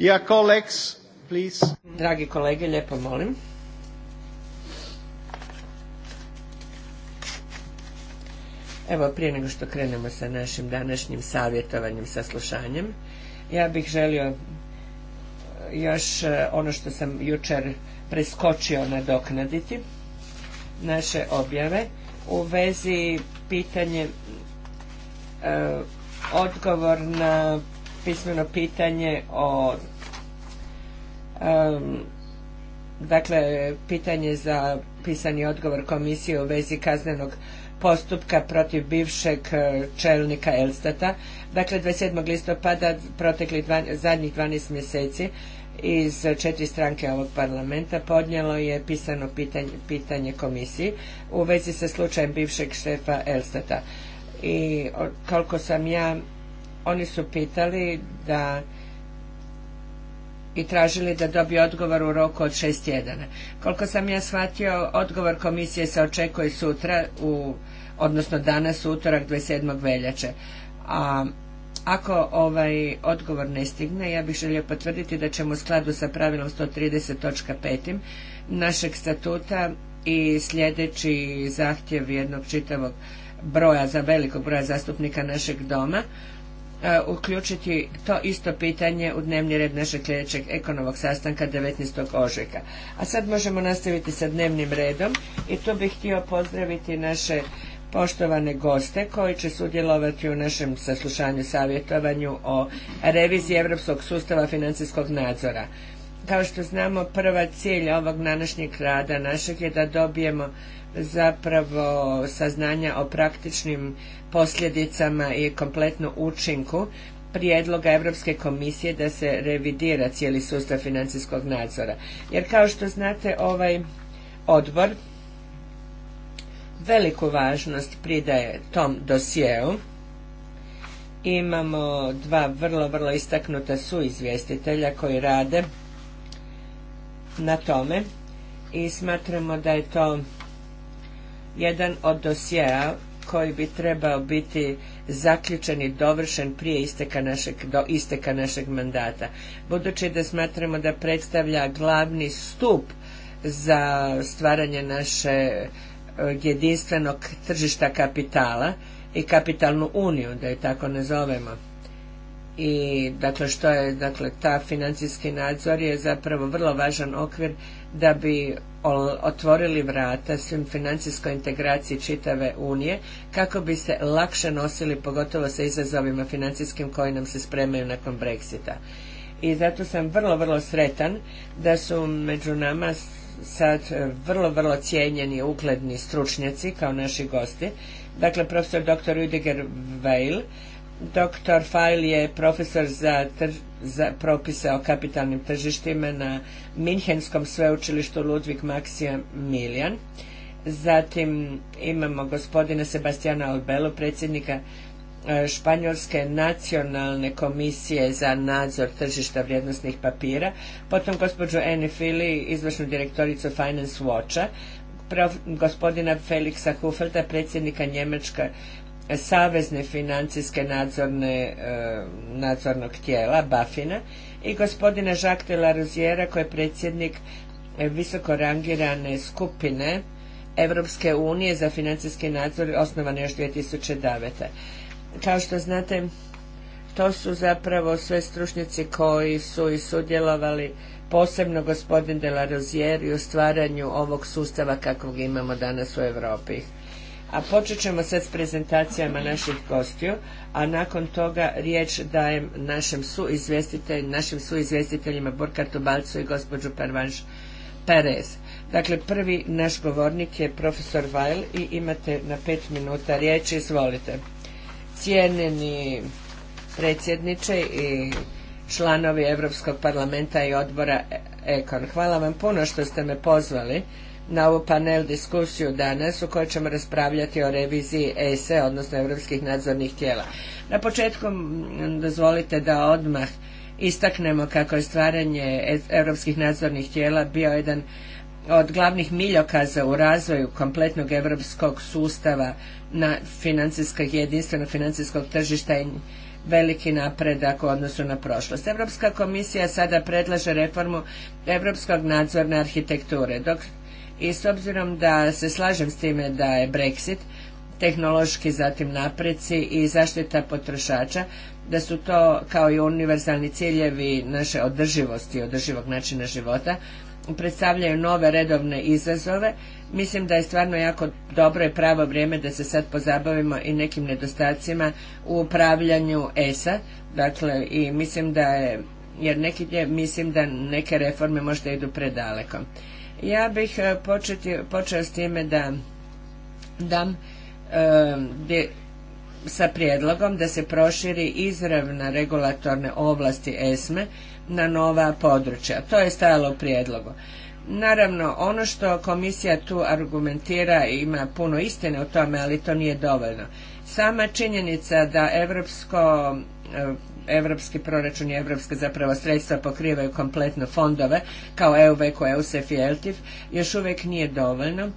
Dear Dragi kolege, lijepo molim. Evo, prije nego što krenemo sa našim današnjim savjetovanjem, saslušanjem, ja bih želio e, još e, ono što sam jučer preskočio nadoknaditi, naše objave u vezi pitanje e, odgovor na pismeno pitanje o dakle pitanje za pisani odgovor komisije u vezi kaznenog postupka protiv bivšeg e, čelnika Elstata. Dakle, 27. listopada protekli zadnjih 12 mjeseci iz četiri stranke ovog parlamenta podnijelo je pisano pitanje, pitanje komisiji u vezi sa slučajem bivšeg šefa Elstata. I koliko sam ja oni su pitali da i tražili da dobije odgovor u roku od šest tjedana. Koliko sam ja shvatio, odgovor komisije se očekuje sutra, u, odnosno danas, utorak 27. veljače. A ako ovaj odgovor ne stigne, ja bih želio potvrditi da ćemo u skladu sa pravilom 130.5 našeg statuta i sljedeći zahtjev jednog čitavog broja, za velikog broja zastupnika našeg doma, E, uključiti to isto pitanje u dnevni red našeg sljedećeg ekonomog sastanka 19. ožujka. A sad možemo nastaviti sa dnevnim redom i tu bih htio pozdraviti naše poštovane goste koji će sudjelovati u našem saslušanju savjetovanju o reviziji Europskog sustava financijskog nadzora. Kao što znamo, prva cilj ovog današnjeg rada našeg je da dobijemo zapravo saznanja o praktičnim posljedicama i kompletnu učinku prijedloga Europske komisije da se revidira cijeli sustav financijskog nadzora. Jer kao što znate ovaj odbor veliku važnost pridaje tom dosjeu. Imamo dva vrlo, vrlo istaknuta suizvjestitelja koji rade na tome i smatramo da je to jedan od dosjea koji bi trebao biti zaključen i dovršen prije isteka našeg, isteka mandata. Budući da smatramo da predstavlja glavni stup za stvaranje naše e, jedinstvenog tržišta kapitala i kapitalnu uniju, da je tako nazovemo. I dakle što je, dakle ta financijski nadzor je zapravo vrlo važan okvir da bi otvorili vrata svim financijskoj integraciji čitave unije kako bi se lakše nosili pogotovo sa izazovima financijskim koji nam se spremaju nakon Brexita. I zato sam vrlo, vrlo sretan da su među nama sad vrlo, vrlo cijenjeni ugledni stručnjaci kao naši gosti. Dakle, profesor dr. Rüdiger Weil, Doktor Fajl je profesor za, za propise o kapitalnim tržištima na Minhenskom sveučilištu Ludvig Maksija Miljan. Zatim imamo gospodina Sebastiana Albelo, predsjednika e, Španjolske nacionalne komisije za nadzor tržišta vrijednosnih papira, potom gospođu Eni Fili, izvršnu direktoricu Finance Watcha, gospodina Felixa Hufelta, predsjednika Njemačka savezne financijske nadzorne, e, nadzornog tijela, Bafina, i gospodina Jacques de la koji je predsjednik visoko rangirane skupine Evropske unije za financijski nadzor osnovane još 2009. Kao što znate, to su zapravo sve stručnjaci koji su i sudjelovali posebno gospodin de la u stvaranju ovog sustava kakvog imamo danas u Europi a počet ćemo sad s prezentacijama naših gostiju, a nakon toga riječ dajem našem našim suizvestiteljima Burkartu Balcu i gospođu Pervanš Perez. Dakle, prvi naš govornik je profesor Vajl i imate na pet minuta riječ, izvolite. Cijenjeni predsjedniče i članovi Europskog parlamenta i odbora Ekon, e-, hvala vam puno što ste me pozvali na ovu panel diskusiju danas u kojoj ćemo raspravljati o reviziji ESE, e, odnosno Europskih nadzornih tijela. Na početku dozvolite da odmah istaknemo kako je stvaranje Europskih e, nadzornih tijela bio jedan od glavnih miljokaza u razvoju kompletnog europskog sustava na financijskog, jedinstvenog financijskog tržišta i veliki napredak u odnosu na prošlost. Europska komisija sada predlaže reformu europskog nadzorne arhitekture, dok i s obzirom da se slažem s time da je Brexit, tehnološki zatim napreci i zaštita potrošača, da su to kao i univerzalni ciljevi naše održivosti i održivog načina života, predstavljaju nove redovne izazove. Mislim da je stvarno jako dobro i pravo vrijeme da se sad pozabavimo i nekim nedostacima u upravljanju ESA. Dakle, i mislim da je, jer neki, mislim da neke reforme možda idu predaleko. Ja bih e, početi, počeo s time da dam e, sa prijedlogom da se proširi izravna regulatorne ovlasti ESME na nova područja. To je stajalo u prijedlogu. Naravno, ono što komisija tu argumentira ima puno istine u tome, ali to nije dovoljno. Sama činjenica da Europsko e, europski proračun i europska zapravo sredstva pokrivaju kompletno fondove kao EUVEC, EUSEF i ELTIF još uvijek nije dovoljno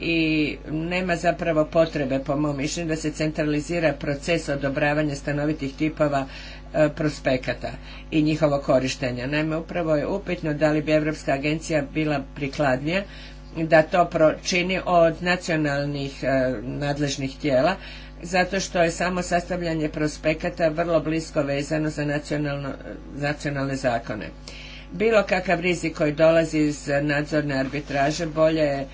i nema zapravo potrebe po mom mišljenju da se centralizira proces odobravanja stanovitih tipova e, prospekata i njihovo korištenje. Naime, upravo je upitno da li bi Europska agencija bila prikladnija da to čini od nacionalnih e, nadležnih tijela zato što je samo sastavljanje prospekata vrlo blisko vezano za nacionalne zakone. Bilo kakav rizik koji dolazi iz nadzorne arbitraže bolje je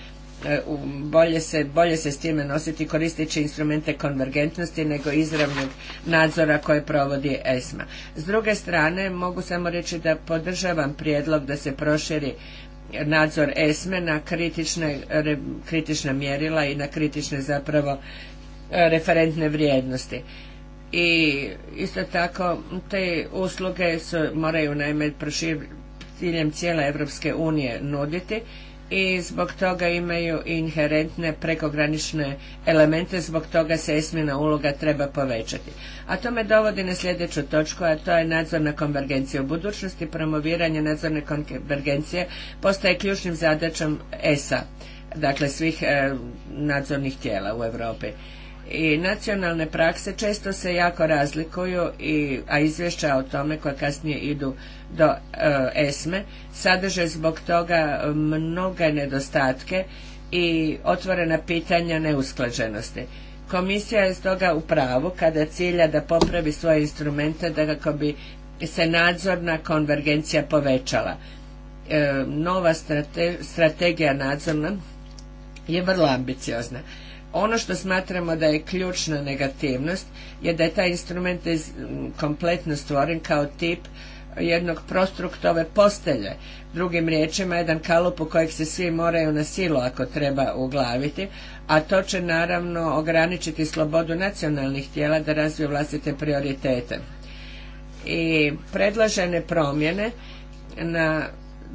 bolje se, bolje se s time nositi koristeći instrumente konvergentnosti nego izravnog nadzora koje provodi ESMA. S druge strane, mogu samo reći da podržavam prijedlog da se proširi nadzor ESME na kritične, kritična mjerila i na kritične zapravo referentne vrijednosti. I isto tako te usluge su, moraju naime proširiti ciljem cijele Europske unije nuditi i zbog toga imaju inherentne prekogranične elemente, zbog toga se esmina uloga treba povećati. A to me dovodi na sljedeću točku, a to je nadzorna konvergencija. U budućnosti promoviranje nadzorne konvergencije postaje ključnim zadaćom ESA, dakle svih e, nadzornih tijela u Europi i nacionalne prakse često se jako razlikuju, a izvješća o tome koja kasnije idu do e, ESME sadrže zbog toga mnoge nedostatke i otvorena pitanja neusklađenosti. Komisija je stoga u pravu kada cilja da popravi svoje instrumente da kako bi se nadzorna konvergencija povećala. E, nova strategija nadzorna je vrlo ambiciozna ono što smatramo da je ključna negativnost je da je taj instrument kompletno stvoren kao tip jednog prostruktove postelje. Drugim riječima, jedan kalup u kojeg se svi moraju na silu ako treba uglaviti, a to će naravno ograničiti slobodu nacionalnih tijela da razviju vlastite prioritete. I predložene promjene na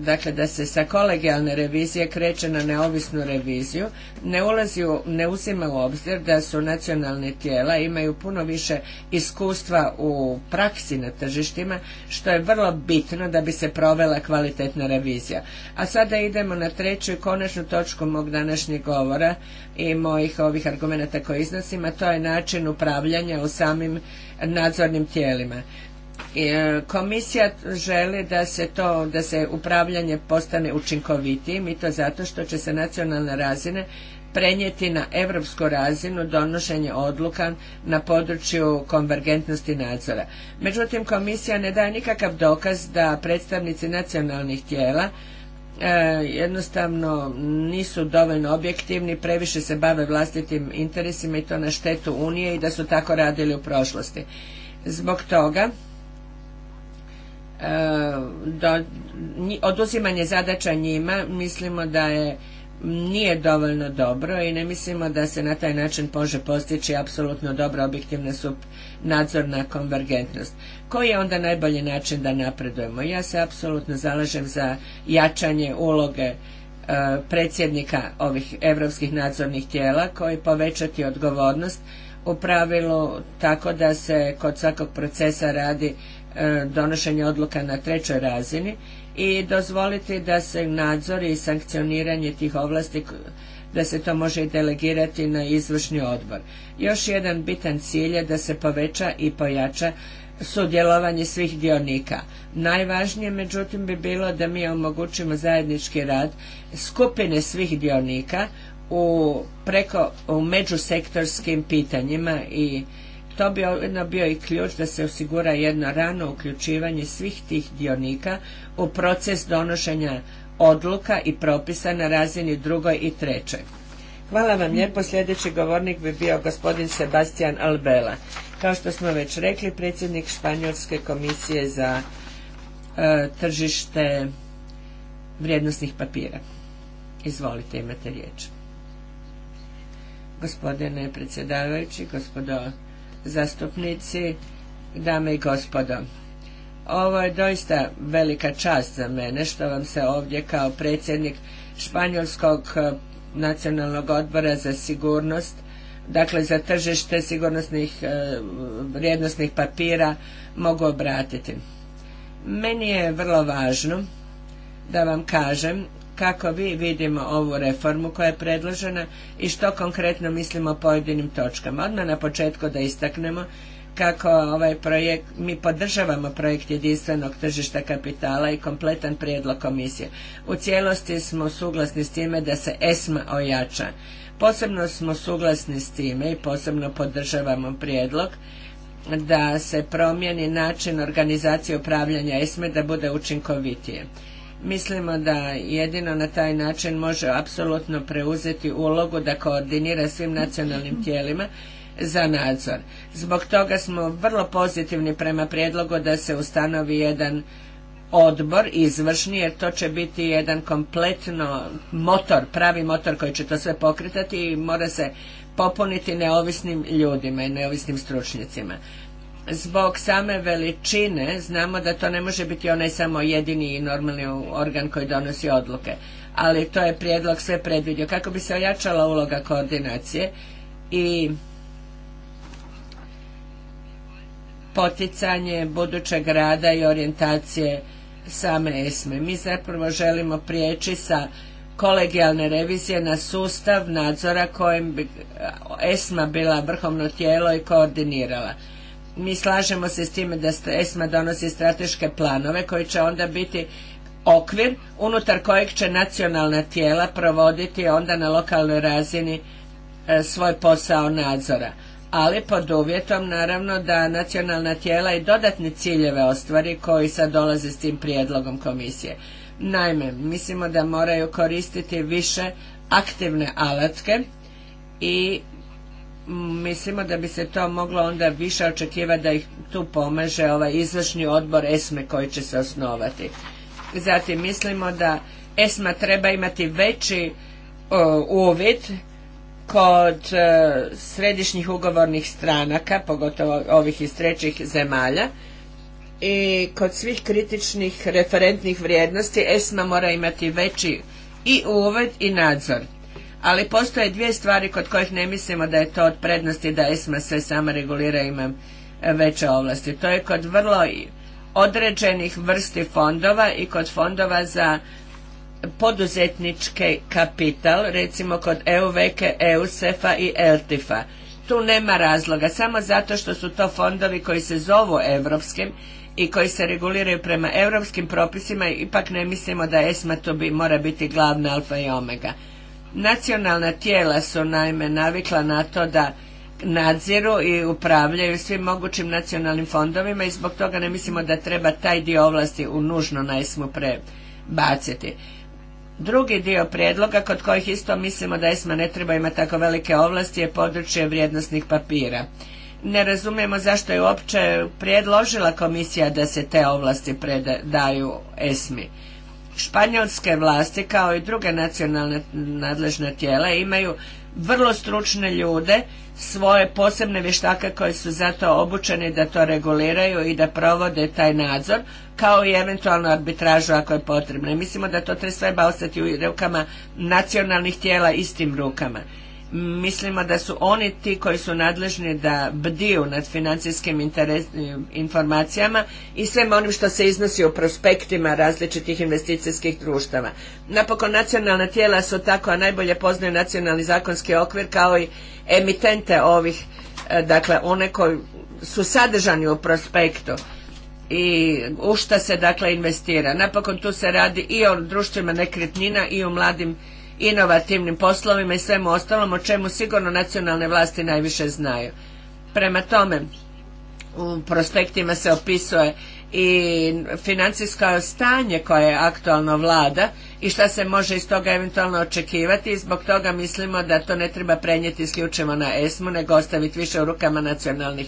dakle da se sa kolegijalne revizije kreće na neovisnu reviziju, ne, ulazi ne uzima u obzir da su nacionalna tijela, imaju puno više iskustva u praksi na tržištima, što je vrlo bitno da bi se provela kvalitetna revizija. A sada idemo na treću i konačnu točku mog današnjeg govora i mojih ovih argumenata koje iznosim, a to je način upravljanja u samim nadzornim tijelima. E, komisija želi da se to, da se upravljanje postane učinkovitijim i to zato što će se nacionalne razine prenijeti na europsku razinu donošenje odluka na području konvergentnosti nadzora. Međutim, komisija ne daje nikakav dokaz da predstavnici nacionalnih tijela e, jednostavno nisu dovoljno objektivni, previše se bave vlastitim interesima i to na štetu Unije i da su tako radili u prošlosti. Zbog toga oduzimanje zadaća njima mislimo da je nije dovoljno dobro i ne mislimo da se na taj način može postići apsolutno dobra objektivna sub nadzorna konvergentnost. Koji je onda najbolji način da napredujemo? Ja se apsolutno zalažem za jačanje uloge e, predsjednika ovih europskih nadzornih tijela koji povećati odgovornost u pravilu tako da se kod svakog procesa radi E, donošenje odluka na trećoj razini i dozvoliti da se nadzor i sankcioniranje tih ovlasti da se to može i delegirati na izvršni odbor. Još jedan bitan cilj je da se poveća i pojača sudjelovanje svih dionika. Najvažnije međutim bi bilo da mi omogućimo zajednički rad skupine svih dionika u preko u međusektorskim pitanjima i to bi ujedno bio i ključ da se osigura jedno rano uključivanje svih tih dionika u proces donošenja odluka i propisa na razini drugoj i trećoj. Hvala vam lijepo. Sljedeći govornik bi bio gospodin Sebastian Albela. Kao što smo već rekli, predsjednik Španjolske komisije za e, tržište vrijednosnih papira. Izvolite, imate riječ. Gospodine predsjedavajući, gospodo zastupnici, dame i gospodo. Ovo je doista velika čast za mene što vam se ovdje kao predsjednik Španjolskog e, nacionalnog odbora za sigurnost dakle za tržište sigurnosnih e, vrijednostnih papira mogu obratiti. Meni je vrlo važno da vam kažem kako vi vidimo ovu reformu koja je predložena i što konkretno mislimo o pojedinim točkama. Odmah na početku da istaknemo kako ovaj projekt, mi podržavamo projekt jedinstvenog tržišta kapitala i kompletan prijedlog komisije. U cijelosti smo suglasni s time da se ESMA ojača. Posebno smo suglasni s time i posebno podržavamo prijedlog da se promijeni način organizacije upravljanja ESME da bude učinkovitije. Mislimo da jedino na taj način može apsolutno preuzeti ulogu da koordinira svim nacionalnim tijelima za nadzor. Zbog toga smo vrlo pozitivni prema prijedlogu da se ustanovi jedan odbor izvršni jer to će biti jedan kompletno motor, pravi motor koji će to sve pokretati i mora se popuniti neovisnim ljudima i neovisnim stručnjacima zbog same veličine znamo da to ne može biti onaj samo jedini i normalni organ koji donosi odluke. Ali to je prijedlog sve predvidio. Kako bi se ojačala uloga koordinacije i poticanje budućeg rada i orijentacije same ESME. Mi zapravo želimo prijeći sa kolegijalne revizije na sustav nadzora kojem bi ESMA bila vrhovno tijelo i koordinirala mi slažemo se s time da ESMA donosi strateške planove koji će onda biti okvir unutar kojeg će nacionalna tijela provoditi onda na lokalnoj razini e, svoj posao nadzora. Ali pod uvjetom naravno da nacionalna tijela i dodatne ciljeve ostvari koji sad dolaze s tim prijedlogom komisije. Naime, mislimo da moraju koristiti više aktivne alatke i mislimo da bi se to moglo onda više očekivati da ih tu pomaže ovaj izvršni odbor ESME koji će se osnovati. Zatim mislimo da ESMA treba imati veći uvid kod e, središnjih ugovornih stranaka, pogotovo ovih iz trećih zemalja, i kod svih kritičnih referentnih vrijednosti ESMA mora imati veći i uvid i nadzor ali postoje dvije stvari kod kojih ne mislimo da je to od prednosti da ESMA sve sama regulira i e, veće ovlasti. To je kod vrlo određenih vrsti fondova i kod fondova za poduzetnički kapital, recimo kod EUVEKE, EUSEFA i ELTIFA. Tu nema razloga, samo zato što su to fondovi koji se zovu evropskim i koji se reguliraju prema europskim propisima, ipak ne mislimo da ESMA to bi, mora biti glavna alfa i omega. Nacionalna tijela su naime navikla na to da nadziru i upravljaju svim mogućim nacionalnim fondovima i zbog toga ne mislimo da treba taj dio ovlasti u nužno najsmu prebaciti. Drugi dio prijedloga kod kojih isto mislimo da ESMA ne treba imati tako velike ovlasti je područje vrijednosnih papira. Ne razumijemo zašto je uopće predložila komisija da se te ovlasti predaju ESMI. Španjolske vlasti kao i druge nacionalne nadležna tijela imaju vrlo stručne ljude, svoje posebne vještake koji su zato obučeni da to reguliraju i da provode taj nadzor, kao i eventualno arbitražu ako je potrebno. I mislimo da to treba ostati u rukama nacionalnih tijela istim rukama mislimo da su oni ti koji su nadležni da bdiju nad financijskim e, informacijama i svem onim što se iznosi u prospektima različitih investicijskih društava. Napokon nacionalna tijela su tako, a najbolje poznaju nacionalni zakonski okvir kao i emitente ovih, e, dakle one koji su sadržani u prospektu i u šta se dakle investira. Napokon tu se radi i o društvima nekretnina i o mladim inovativnim poslovima i svemu ostalom o čemu sigurno nacionalne vlasti najviše znaju. Prema tome, u prospektima se opisuje i financijsko stanje koje je aktualno vlada i šta se može iz toga eventualno očekivati i zbog toga mislimo da to ne treba prenijeti isključivo na ESMU nego ostaviti više u rukama nacionalnih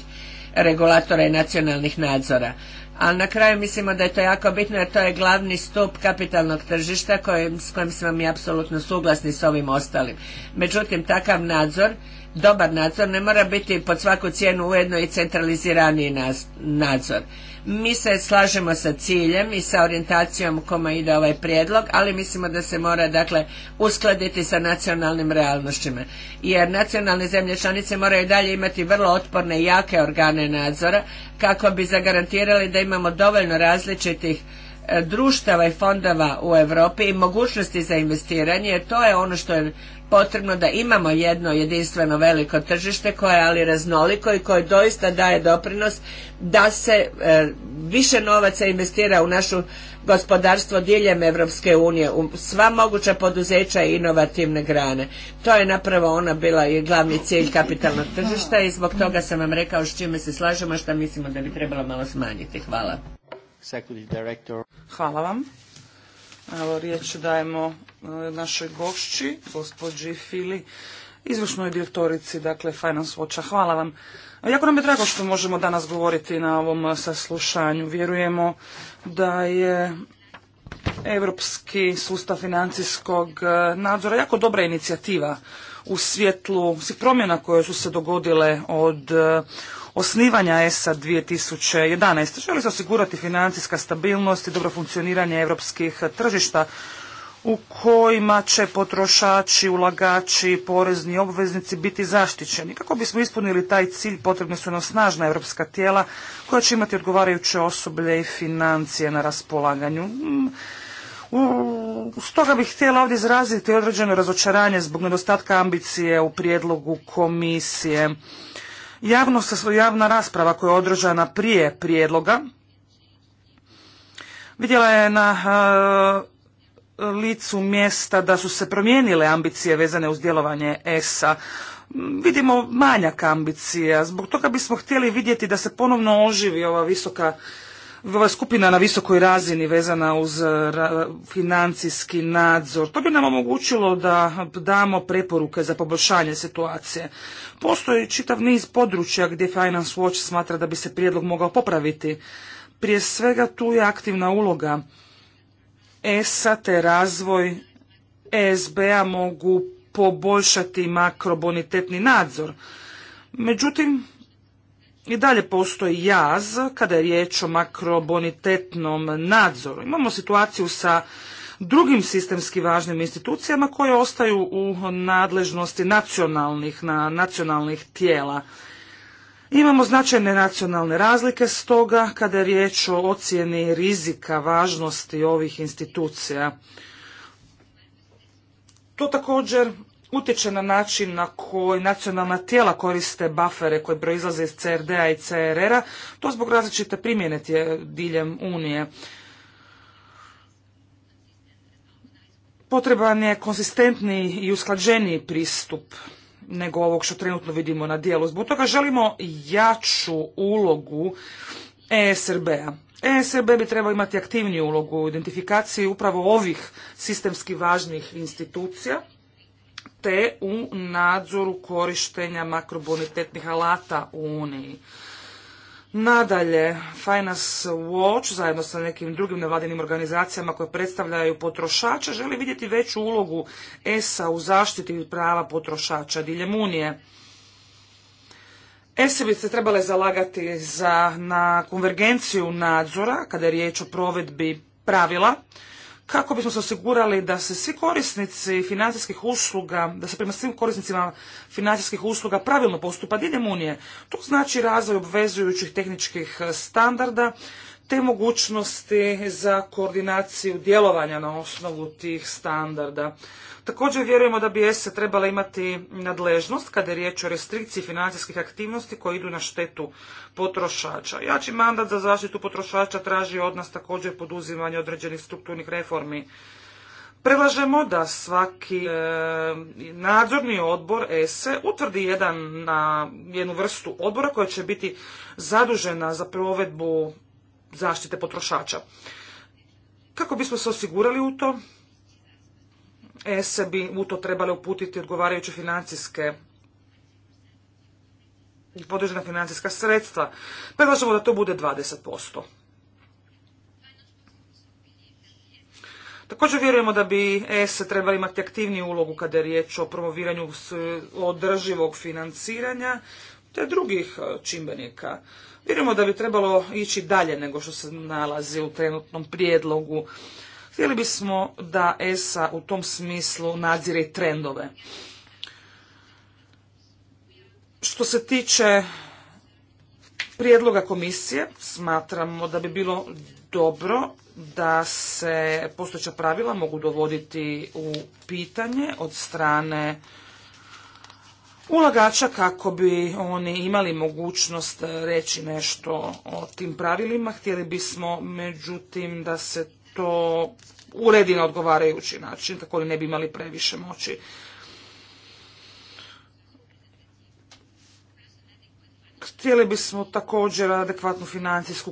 regulatora i nacionalnih nadzora ali na kraju mislimo da je to jako bitno jer to je glavni stup kapitalnog tržišta s kojim smo mi apsolutno suglasni s ovim ostalim. Međutim, takav nadzor, dobar nadzor ne mora biti pod svaku cijenu ujedno i centraliziraniji nadzor. Mi se slažemo sa ciljem i sa orijentacijom kome ide ovaj prijedlog, ali mislimo da se mora dakle uskladiti sa nacionalnim realnošćima. Jer nacionalne zemlje članice moraju dalje imati vrlo otporne i jake organe nadzora kako bi zagarantirali da imamo dovoljno različitih društava i fondova u Europi i mogućnosti za investiranje jer to je ono što je potrebno da imamo jedno jedinstveno veliko tržište koje je ali raznoliko i koje doista daje doprinos da se e, više novaca investira u našu gospodarstvo diljem Evropske unije, u sva moguća poduzeća i inovativne grane. To je napravo ona bila i glavni cilj kapitalnog tržišta i zbog toga sam vam rekao s čime se slažemo, što mislimo da bi trebalo malo smanjiti. Hvala. Hvala vam. Evo riječ dajemo e, našoj gošći, gospođi Fili, izvršnoj direktorici, dakle Finance Watcha. Hvala vam. Jako nam je drago što možemo danas govoriti na ovom saslušanju. Vjerujemo da je Europski sustav financijskog e, nadzora jako dobra inicijativa u svjetlu svih promjena koje su se dogodile od e, osnivanja ESA 2011. Želi se osigurati financijska stabilnost i dobro funkcioniranje europskih tržišta u kojima će potrošači, ulagači, porezni obveznici biti zaštićeni. Kako bismo ispunili taj cilj potrebne su nam snažna europska tijela koja će imati odgovarajuće osoblje i financije na raspolaganju. Mm, stoga bih htjela ovdje izraziti određeno razočaranje zbog nedostatka ambicije u prijedlogu komisije javna rasprava koja je održana prije prijedloga vidjela je na e, licu mjesta da su se promijenile ambicije vezane uz djelovanje ESA. Vidimo manjak ambicija, zbog toga bismo htjeli vidjeti da se ponovno oživi ova visoka skupina na visokoj razini vezana uz eh, financijski nadzor. To bi nam omogućilo da damo preporuke za poboljšanje situacije. Postoji čitav niz područja gdje Finance Watch smatra da bi se prijedlog mogao popraviti. Prije svega tu je aktivna uloga ESA te razvoj ESB-a mogu poboljšati makrobonitetni nadzor. Međutim, i dalje postoji jaz kada je riječ o makrobonitetnom nadzoru. Imamo situaciju sa drugim sistemski važnim institucijama koje ostaju u nadležnosti nacionalnih, na nacionalnih tijela. Imamo značajne nacionalne razlike stoga kada je riječ o ocjeni rizika važnosti ovih institucija. To također utječe na način na koji nacionalna tijela koriste bafere koje proizlaze iz CRD-a i CRR-a, to zbog različite primjene diljem Unije. Potreban je konsistentni i usklađeniji pristup nego ovog što trenutno vidimo na dijelu. Zbog toga želimo jaču ulogu ESRB-a. ESRB bi trebao imati aktivniju ulogu u identifikaciji upravo ovih sistemski važnih institucija te u nadzoru korištenja makrobonitetnih alata u Uniji. Nadalje, Finance Watch zajedno sa nekim drugim nevladinim organizacijama koje predstavljaju potrošače želi vidjeti veću ulogu ESA u zaštiti prava potrošača diljem Unije. ESA bi se trebale zalagati za, na konvergenciju nadzora kada je riječ o provedbi pravila kako bismo se osigurali da se svi korisnici financijskih usluga, da se prema svim korisnicima financijskih usluga pravilno postupa diljem Unije. To znači razvoj obvezujućih tehničkih standarda te mogućnosti za koordinaciju djelovanja na osnovu tih standarda. Također vjerujemo da bi ESE trebala imati nadležnost kada je riječ o restrikciji financijskih aktivnosti koje idu na štetu potrošača. Jači mandat za zaštitu potrošača traži od nas također poduzimanje određenih strukturnih reformi. Predlažemo da svaki e, nadzorni odbor ESE utvrdi jedan na jednu vrstu odbora koja će biti zadužena za provedbu zaštite potrošača. Kako bismo se osigurali u to, ESE bi u to trebale uputiti odgovarajuće financijske i podređena financijska sredstva. Predlažemo da to bude 20%. Također vjerujemo da bi ESE trebali imati aktivniju ulogu kada je riječ o promoviranju održivog financiranja te drugih e, čimbenika. Vjerujemo da bi trebalo ići dalje nego što se nalazi u trenutnom prijedlogu. Htjeli bismo da ESA u tom smislu nadzire trendove. Što se tiče prijedloga komisije, smatramo da bi bilo dobro da se postojeća pravila mogu dovoditi u pitanje od strane ulagača kako bi oni imali mogućnost e, reći nešto o tim pravilima. Htjeli bismo međutim da se to uredi na odgovarajući način kako oni ne bi imali previše moći. Htjeli bismo također adekvatnu financijsku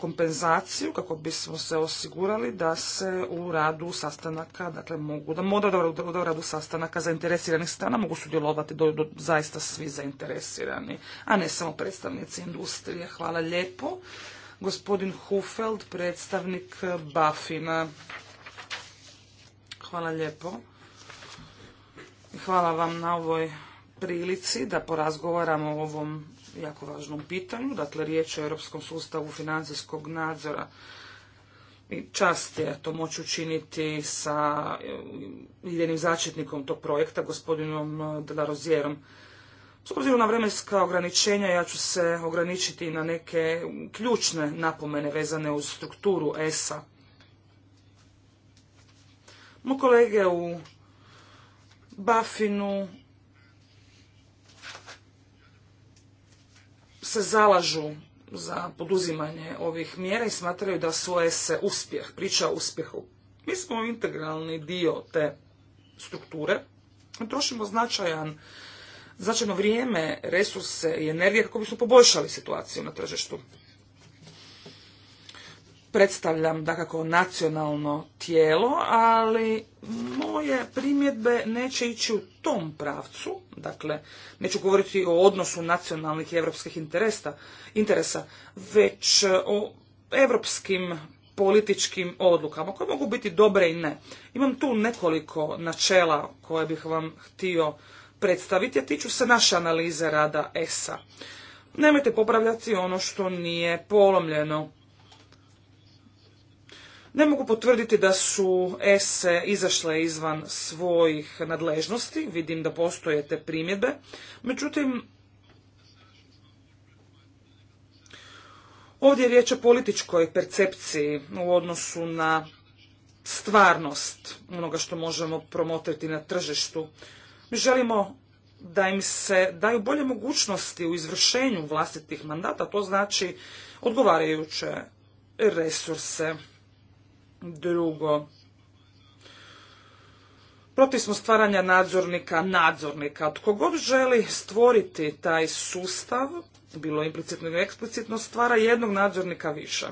kompenzaciju kako bismo se osigurali da se u radu sastanaka, dakle mogu, da moda da u radu sastanaka zainteresiranih strana mogu sudjelovati do, do, zaista svi zainteresirani, a ne samo predstavnici industrije. Hvala lijepo. Gospodin Hufeld, predstavnik Bafina. Hvala lijepo. Hvala vam na ovoj prilici da porazgovaramo o ovom jako važnom pitanju, dakle riječ je o Europskom sustavu financijskog nadzora. I čast je to moći učiniti sa e, jedinim začetnikom tog projekta, gospodinom e, Delarozierom. S obzirom na vremenska ograničenja, ja ću se ograničiti na neke ključne napomene vezane uz strukturu ESA. Mo kolege u Bafinu se zalažu za poduzimanje ovih mjera i smatraju da svoje se uspjeh, priča o uspjehu. Mi smo integralni dio te strukture, trošimo značajan, značajno vrijeme, resurse i energije kako bismo poboljšali situaciju na tržištu predstavljam dakako nacionalno tijelo, ali moje primjedbe neće ići u tom pravcu, dakle neću govoriti o odnosu nacionalnih i europskih interesa, interesa već o europskim političkim odlukama koje mogu biti dobre i ne. Imam tu nekoliko načela koje bih vam htio predstaviti, a tiču se naše analize rada ESA. Nemojte popravljati ono što nije polomljeno ne mogu potvrditi da su ESE izašle izvan svojih nadležnosti, vidim da postoje te primjedbe, međutim, ovdje je riječ o političkoj percepciji u odnosu na stvarnost onoga što možemo promotriti na tržištu. Mi želimo da im se daju bolje mogućnosti u izvršenju vlastitih mandata, to znači odgovarajuće resurse. Drugo, protiv smo stvaranja nadzornika, nadzornika. Tko god želi stvoriti taj sustav, bilo implicitno ili eksplicitno, stvara jednog nadzornika više.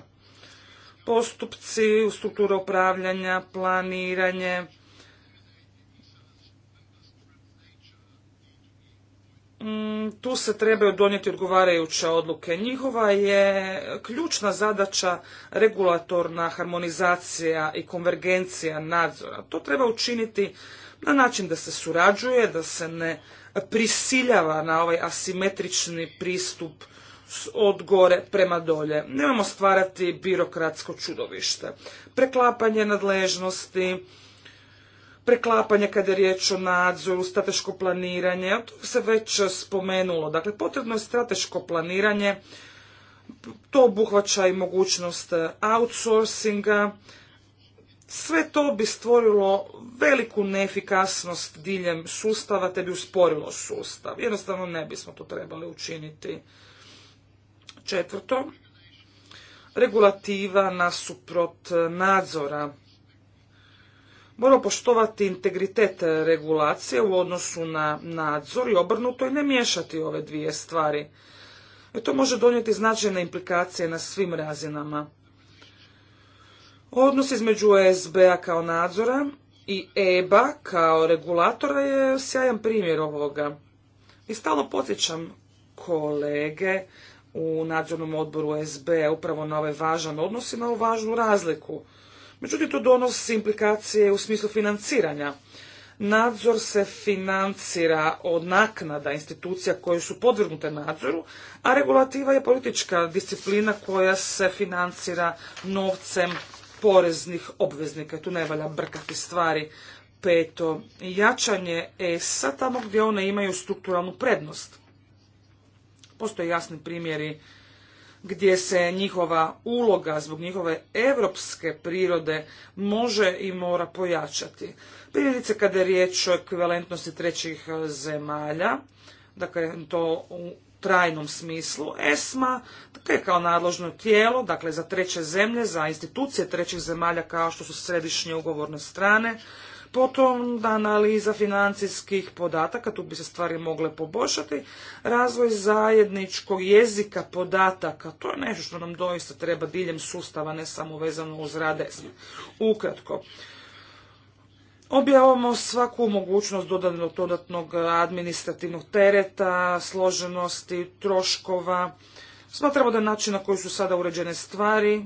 Postupci, struktura upravljanja, planiranje, Mm, tu se trebaju donijeti odgovarajuće odluke. Njihova je ključna zadaća regulatorna harmonizacija i konvergencija nadzora. To treba učiniti na način da se surađuje, da se ne prisiljava na ovaj asimetrični pristup od gore prema dolje. Nemamo stvarati birokratsko čudovište. Preklapanje nadležnosti, Preklapanje kada je riječ o nadzoru, strateško planiranje, to se već spomenulo. Dakle, potrebno je strateško planiranje, to obuhvaća i mogućnost outsourcinga. Sve to bi stvorilo veliku neefikasnost diljem sustava, te bi usporilo sustav. Jednostavno ne bismo to trebali učiniti. Četvrto, regulativa nasuprot nadzora mora poštovati integritet regulacije u odnosu na nadzor i obrnuto i ne miješati ove dvije stvari. I e, to može donijeti značajne implikacije na svim razinama. Odnos između e SBA kao nadzora i EBA kao regulatora je sjajan primjer ovoga. I stalno podsjećam kolege u nadzornom odboru e SB upravo na ovaj važan odnos i na ovu važnu razliku Međutim, to donosi implikacije u smislu financiranja. Nadzor se financira od naknada institucija koje su podvrgnute nadzoru, a regulativa je politička disciplina koja se financira novcem poreznih obveznika. Tu ne valja brkati stvari. Peto, jačanje ESA tamo gdje one imaju strukturalnu prednost. Postoje jasni primjeri gdje se njihova uloga zbog njihove europske prirode može i mora pojačati. Primjerice kada je riječ o ekvivalentnosti trećih e, zemalja, dakle to u trajnom smislu, ESMA dakle, kao nadložno tijelo, dakle za treće zemlje, za institucije trećih zemalja kao što su središnje ugovorne strane, Potom analiza financijskih podataka, tu bi se stvari mogle poboljšati. Razvoj zajedničkog jezika podataka, to je nešto što nam doista treba diljem sustava, ne samo vezano uz rade. Ukratko, Objavamo svaku mogućnost dodatnog, dodatnog administrativnog tereta, složenosti, troškova. Smatramo da način na koji su sada uređene stvari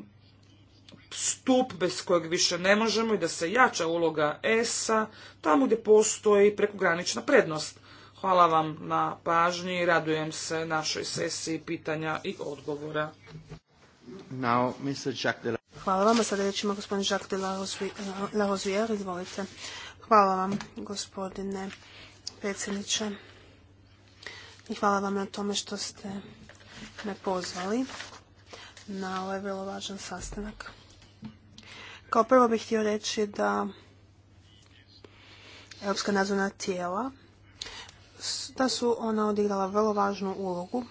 stup bez kojeg više ne možemo i da se jača uloga ESA tamo gdje postoji prekogranična prednost. Hvala vam na pažnji i radujem se našoj sesiji pitanja i odgovora. Hvala vam, a sada ima gospodin Jacques de eh, izvolite. Hvala vam, gospodine predsjedniče. I hvala vam na tome što ste me pozvali na ovaj vrlo važan sastanak. Kao prvo bih htio reći da Europska nadzorna tijela da su ona odigrala vrlo važnu ulogu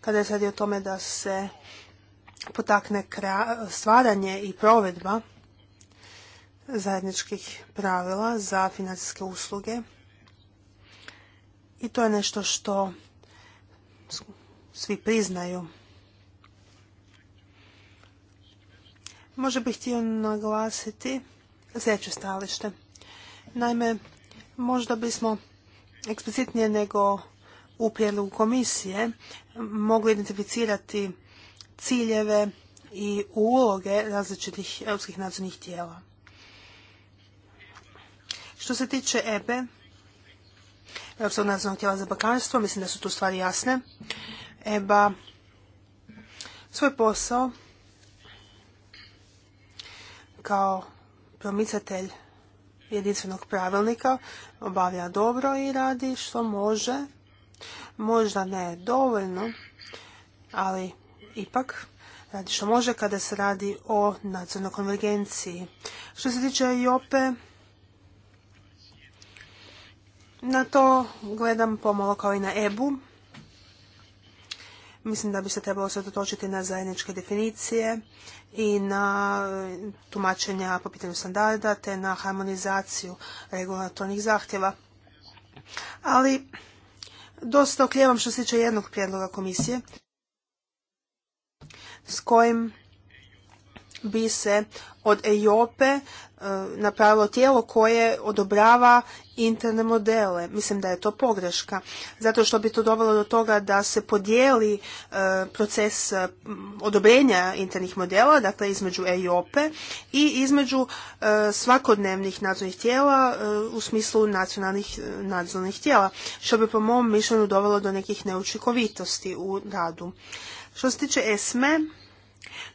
kada je sad o tome da se potakne stvaranje i provedba zajedničkih pravila za financijske usluge. I to je nešto što svi priznaju Možda bih htio naglasiti sljedeće stalište. Naime, možda bismo eksplicitnije nego u prijedlogu komisije mogli identificirati ciljeve i uloge različitih europskih nadzornih tijela. Što se tiče EBE, e, Europskog nadzornog tijela za bakanstvo mislim da su tu stvari jasne. EBA svoj posao kao promicatelj jedinstvenog pravilnika obavlja dobro i radi što može, možda ne dovoljno, ali ipak radi što može kada se radi o nacionalnoj konvergenciji. Što se tiče ope, na to gledam pomalo kao i na EBU. Mislim da bi se trebalo otočiti na zajedničke definicije i na e, tumačenja po pitanju standarda te na harmonizaciju regulatornih zahtjeva. Ali dosta okljevam što se tiče jednog prijedloga komisije s kojim bi se od EIOPE Eh, napravilo tijelo koje odobrava interne modele. Mislim da je to pogreška. Zato što bi to dovelo do toga da se podijeli eh, proces eh, odobrenja internih modela, dakle između EIOPE i između svakodnevnih nadzornih tijela u smislu nacionalnih nadzornih tijela, što bi po mom mišljenju dovelo do nekih neučinkovitosti u radu. Što se tiče ESME,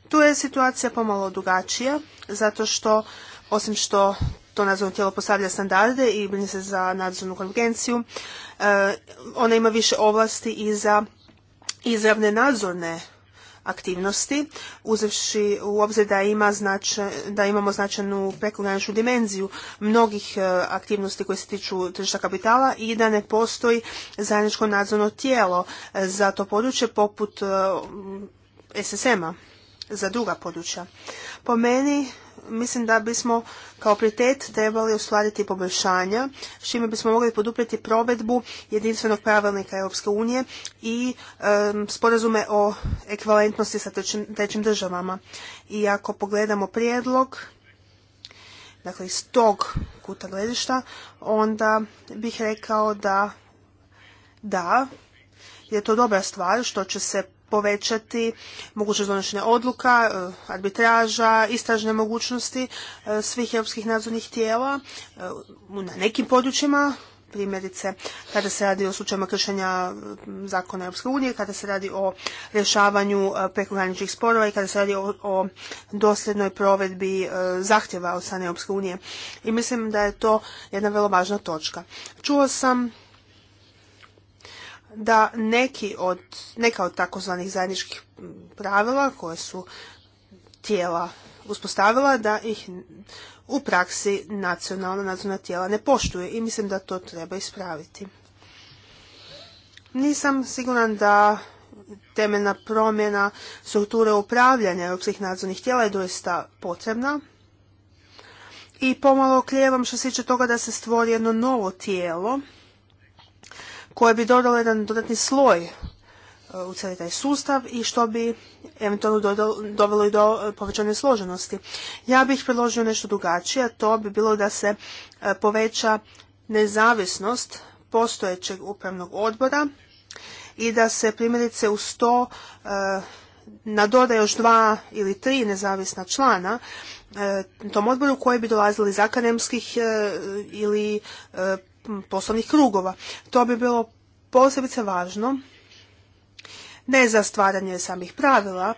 tu je situacija pomalo drugačija, zato što osim što to nadzorno tijelo postavlja standarde i brine se za nadzornu konvergenciju, e, ona ima više ovlasti i za izravne nadzorne aktivnosti, uzevši u obzir da, ima značaj, da imamo značajnu prekograničnu dimenziju mnogih e, aktivnosti koje se tiču tržišta kapitala i da ne postoji zajedničko nadzorno tijelo e, za to područje poput SSM-a za druga područja. Po meni mislim da bismo kao prioritet trebali uskladiti poboljšanja, s čime bismo mogli poduprijeti provedbu jedinstvenog pravilnika Europske unije i sporazume o ekvivalentnosti sa trećim, državama. I ako pogledamo prijedlog, dakle iz tog kuta gledišta, onda bih rekao da da, je to dobra stvar što će se povećati mogućnost donošenja odluka, e, arbitraža, istražne mogućnosti e, svih europskih nadzornih tijela e, na nekim područjima, primjerice kada se radi o slučajima kršenja zakona Europske unije, kada se radi o rješavanju prekograničnih sporova i kada se radi o, dosljednoj provedbi zahtjeva od strane Europske unije. I mislim da je to jedna vrlo važna točka. Čuo sam da neki od, neka od takozvanih zajedničkih pravila koje su tijela uspostavila da ih u praksi nacionalna nadzorna tijela ne poštuje i mislim da to treba ispraviti. Nisam siguran da temeljna promjena strukture upravljanja europskih nadzornih tijela je doista potrebna. I pomalo oklijevam što se tiče toga da se stvori jedno novo tijelo koje bi dodalo jedan dodatni sloj e, u cijeli taj sustav i što bi eventualno dovelo i do e, povećane složenosti. Ja bih predložio nešto drugačije, a to bi bilo da se e, poveća nezavisnost postojećeg upravnog odbora i da se primjerice uz to nadoda još dva ili tri nezavisna člana tom odboru koji bi dolazili iz akademskih ili poslovnih krugova. To bi bilo posebice važno ne za stvaranje samih pravila,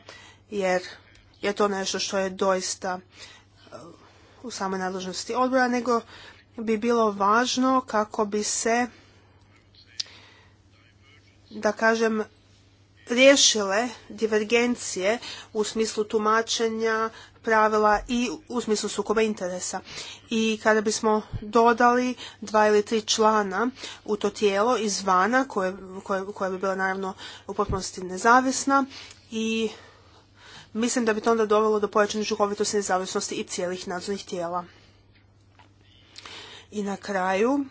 jer je to nešto što je doista e, u samoj nadležnosti odbora, nego bi bilo važno kako bi se, da kažem, riješile divergencije u smislu tumačenja pravila i u smislu sukoba interesa. I kada bismo dodali dva ili tri člana u to tijelo izvana, koje, koje, koja bi bila naravno u potpunosti nezavisna i mislim da bi to onda dovelo do pojačane učinkovitosti nezavisnosti i cijelih nadzornih tijela. I na kraju,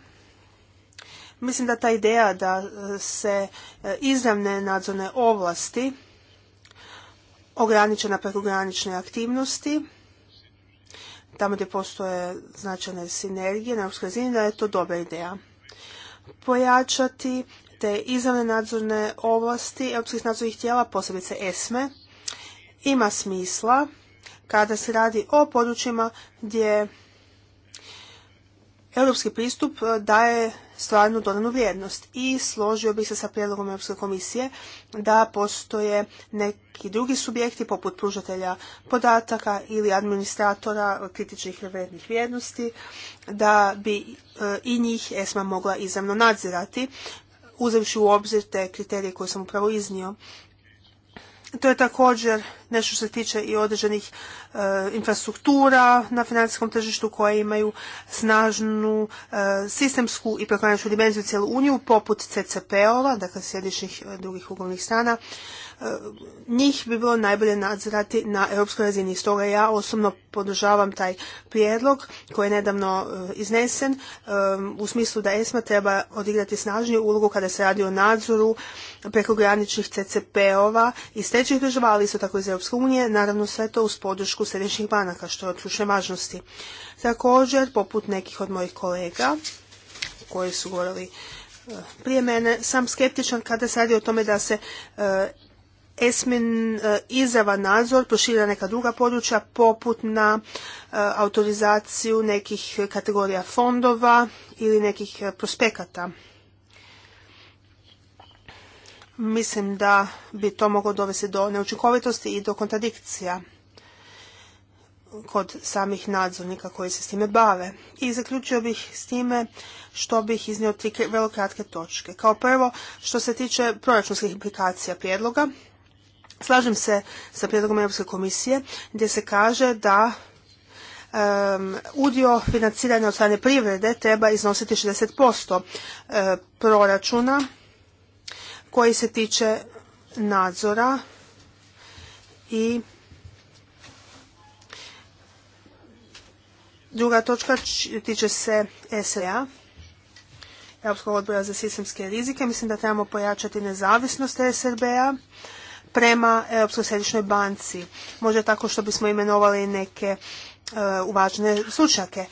mislim da ta ideja da e, se e, izravne nadzorne ovlasti ograničena prekogranične aktivnosti, tamo gdje postoje značajne sinergije na europskoj razini, da je to dobra ideja. Pojačati te izravne nadzorne ovlasti europskih nadzornih tijela, posebice ESME, ima smisla kada se radi o područjima gdje europski pristup daje stvarnu dodanu vrijednost. I složio bih se sa prijedlogom Europske komisije da postoje neki drugi subjekti poput pružatelja podataka ili administratora kritičnih vrednih vrijednosti da bi e, i njih ESMA mogla izravno nadzirati uzevši u obzir te kriterije koje sam upravo iznio to je također nešto što se tiče i određenih e, infrastruktura na financijskom tržištu koje imaju snažnu e, sistemsku i prekonačnu dimenziju cijelu uniju poput CCP-ova, dakle središnjih e, drugih ugovornih strana njih bi bilo najbolje nadzirati na europskoj razini. Stoga ja osobno podržavam taj prijedlog koji je nedavno e, iznesen u smislu da ESMA treba odigrati snažniju ulogu kada se radi o nadzoru prekograničnih CCP-ova iz trećih država, ali isto tako iz Europske unije, naravno sve to uz podršku središnjih banaka, što je od ključne važnosti. Također, poput nekih od mojih kolega koji su govorili e, prije mene sam skeptičan kada se radi o tome da se e, Esmin e, izravan nadzor prošira neka druga područja poput na e, autorizaciju nekih kategorija fondova ili nekih e, prospekata. Mislim da bi to moglo dovesti do neučinkovitosti i do kontradikcija kod samih nadzornika koji se s time bave. I zaključio bih s time što bih iznio tri vrlo kratke točke. Kao prvo, što se tiče proračunskih implikacija prijedloga, Slažem se sa prijedlogom Europske komisije gdje se kaže da udio financiranja od strane privrede treba iznositi 60% e, proračuna koji se tiče nadzora i druga točka tiče se SRA. Europskog odbora za sistemske rizike. Mislim da trebamo pojačati nezavisnost SRB-a prema Europskoj središnjoj banci. Možda tako što bismo imenovali neke e, uvažene slučake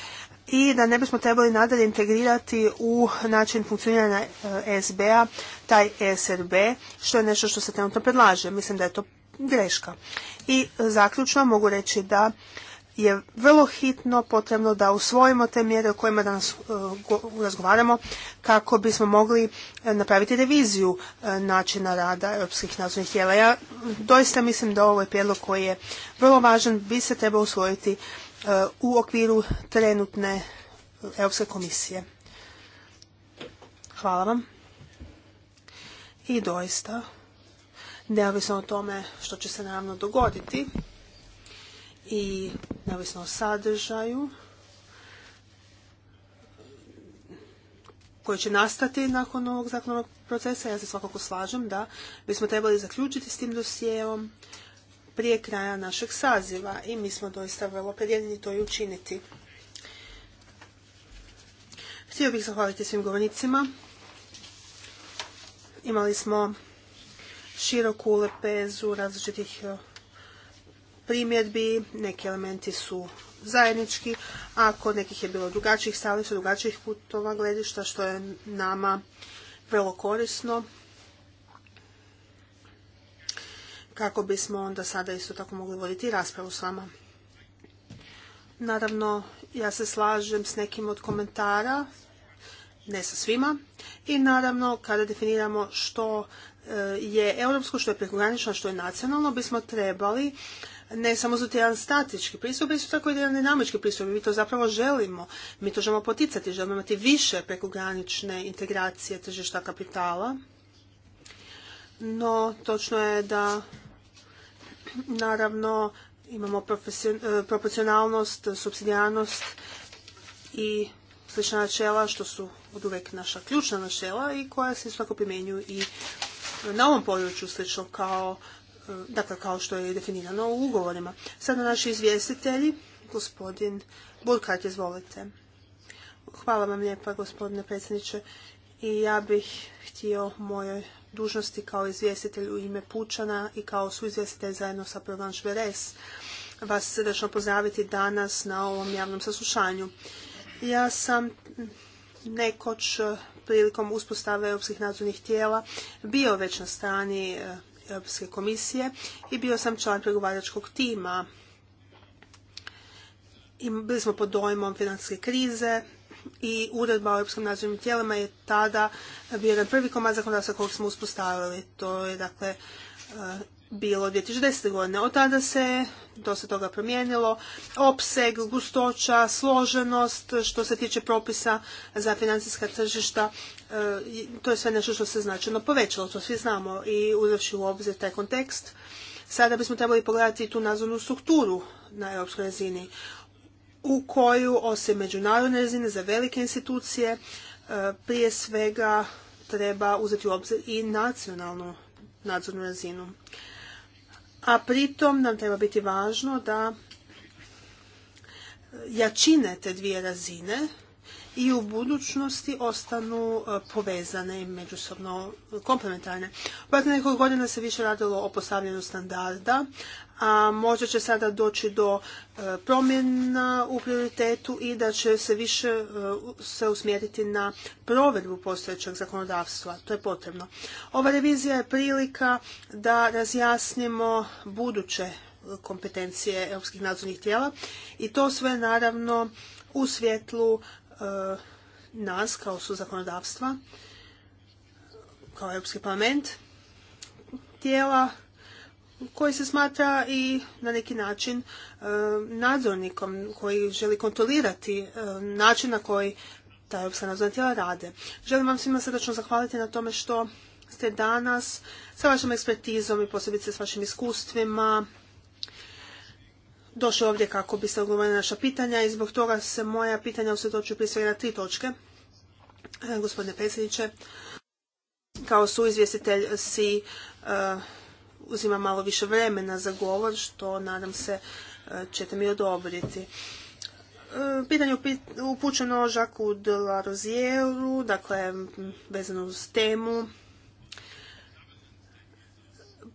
i da ne bismo trebali nadalje integrirati u način funkcioniranja e, SBA taj e SRB, što je nešto što se trenutno predlaže. Mislim da je to greška. I zaključno mogu reći da je vrlo hitno potrebno da usvojimo te mjere o kojima danas e, razgovaramo kako bismo mogli e, napraviti reviziju e, načina rada europskih nadzornih tijela. Ja doista mislim da je ovaj prijedlog koji je vrlo važan bi se trebao usvojiti u okviru trenutne Europske komisije. Hvala vam. I doista, neovisno o tome što će se naravno dogoditi, i neovisno o sadržaju koji će nastati nakon ovog zakonovog procesa. Ja se svakako slažem da bismo trebali zaključiti s tim dosijevom prije kraja našeg saziva i mi smo doista vrlo predjedini to i učiniti. Htio bih zahvaliti svim govornicima. Imali smo široku lepezu različitih primjedbi, neki elementi su zajednički, a kod nekih je bilo drugačijih su drugačijih putova gledišta, što je nama vrlo korisno. Kako bismo onda sada isto tako mogli voditi raspravu s vama. Naravno, ja se slažem s nekim od komentara, ne sa svima. I naravno, kada definiramo što e, je europsko, što je prekogranično, što je nacionalno, bismo trebali ne samo za jedan statički pristup, već su tako i jedan dinamički pristup. Mi to zapravo želimo. Mi to želimo poticati. Želimo imati više prekogranične integracije tržišta kapitala. No, točno je da naravno imamo e, proporcionalnost, subsidijarnost i slična načela što su od uvek naša ključna načela i koja se svako tako primjenjuju i na ovom području slično kao dakle kao što je definirano u ugovorima. Sada naši izvjestitelji, gospodin Burkart, izvolite. Hvala vam lijepa, gospodine predsjedniče. I ja bih htio moje dužnosti kao izvjestitelj u ime Pučana i kao suizvjestitelj zajedno sa Provanš Šveres vas srdečno pozdraviti danas na ovom javnom saslušanju. Ja sam nekoć prilikom uspostave europskih nadzornih tijela bio već na strani e, Europske komisije i bio sam član pregovaračkog tima. I bili smo pod dojmom financijske krize i uredba o europskim nadzornim tijelima je tada bio jedan prvi komad zakonodavstva kojeg smo uspostavili. To je dakle bilo 2010. godine. Od tada se dosta toga promijenilo. Opseg, gustoća, složenost što se tiče propisa za financijska tržišta, e, to je sve nešto što se značajno povećalo, to svi znamo i uzavši u obzir taj kontekst. Sada bismo trebali pogledati tu nadzornu strukturu na europskoj razini u koju osim međunarodne razine za velike institucije e, prije svega treba uzeti u obzir i nacionalnu nadzornu razinu a pritom nam treba biti važno da jačine te dvije razine i u budućnosti ostanu e, povezane i međusobno komplementarne. Protiv nekoliko godina se više radilo o postavljanju standarda, a možda će sada doći do e, promjena u prioritetu i da će se više e, se usmjeriti na provedbu postojećeg zakonodavstva. To je potrebno. Ova revizija je prilika da razjasnimo buduće kompetencije europskih nadzornih tijela i to sve naravno u svjetlu E, nas kao su zakonodavstva, kao Europski parlament, tijela koji se smatra i na neki način e, nadzornikom koji želi kontrolirati e, način na koji ta europska nadzorna tijela rade. Želim vam svima srdačno zahvaliti na tome što ste danas sa vašom ekspertizom i posebice s vašim iskustvima došli ovdje kako bi se na naša pitanja i zbog toga se moja pitanja usredočuju prije svega na tri točke. E, gospodine predsjedniče, kao su izvjestitelj si e, uzima malo više vremena za govor, što nadam se e, ćete mi odobriti. Pitanje upućeno Žaku de la dakle, vezano uz temu.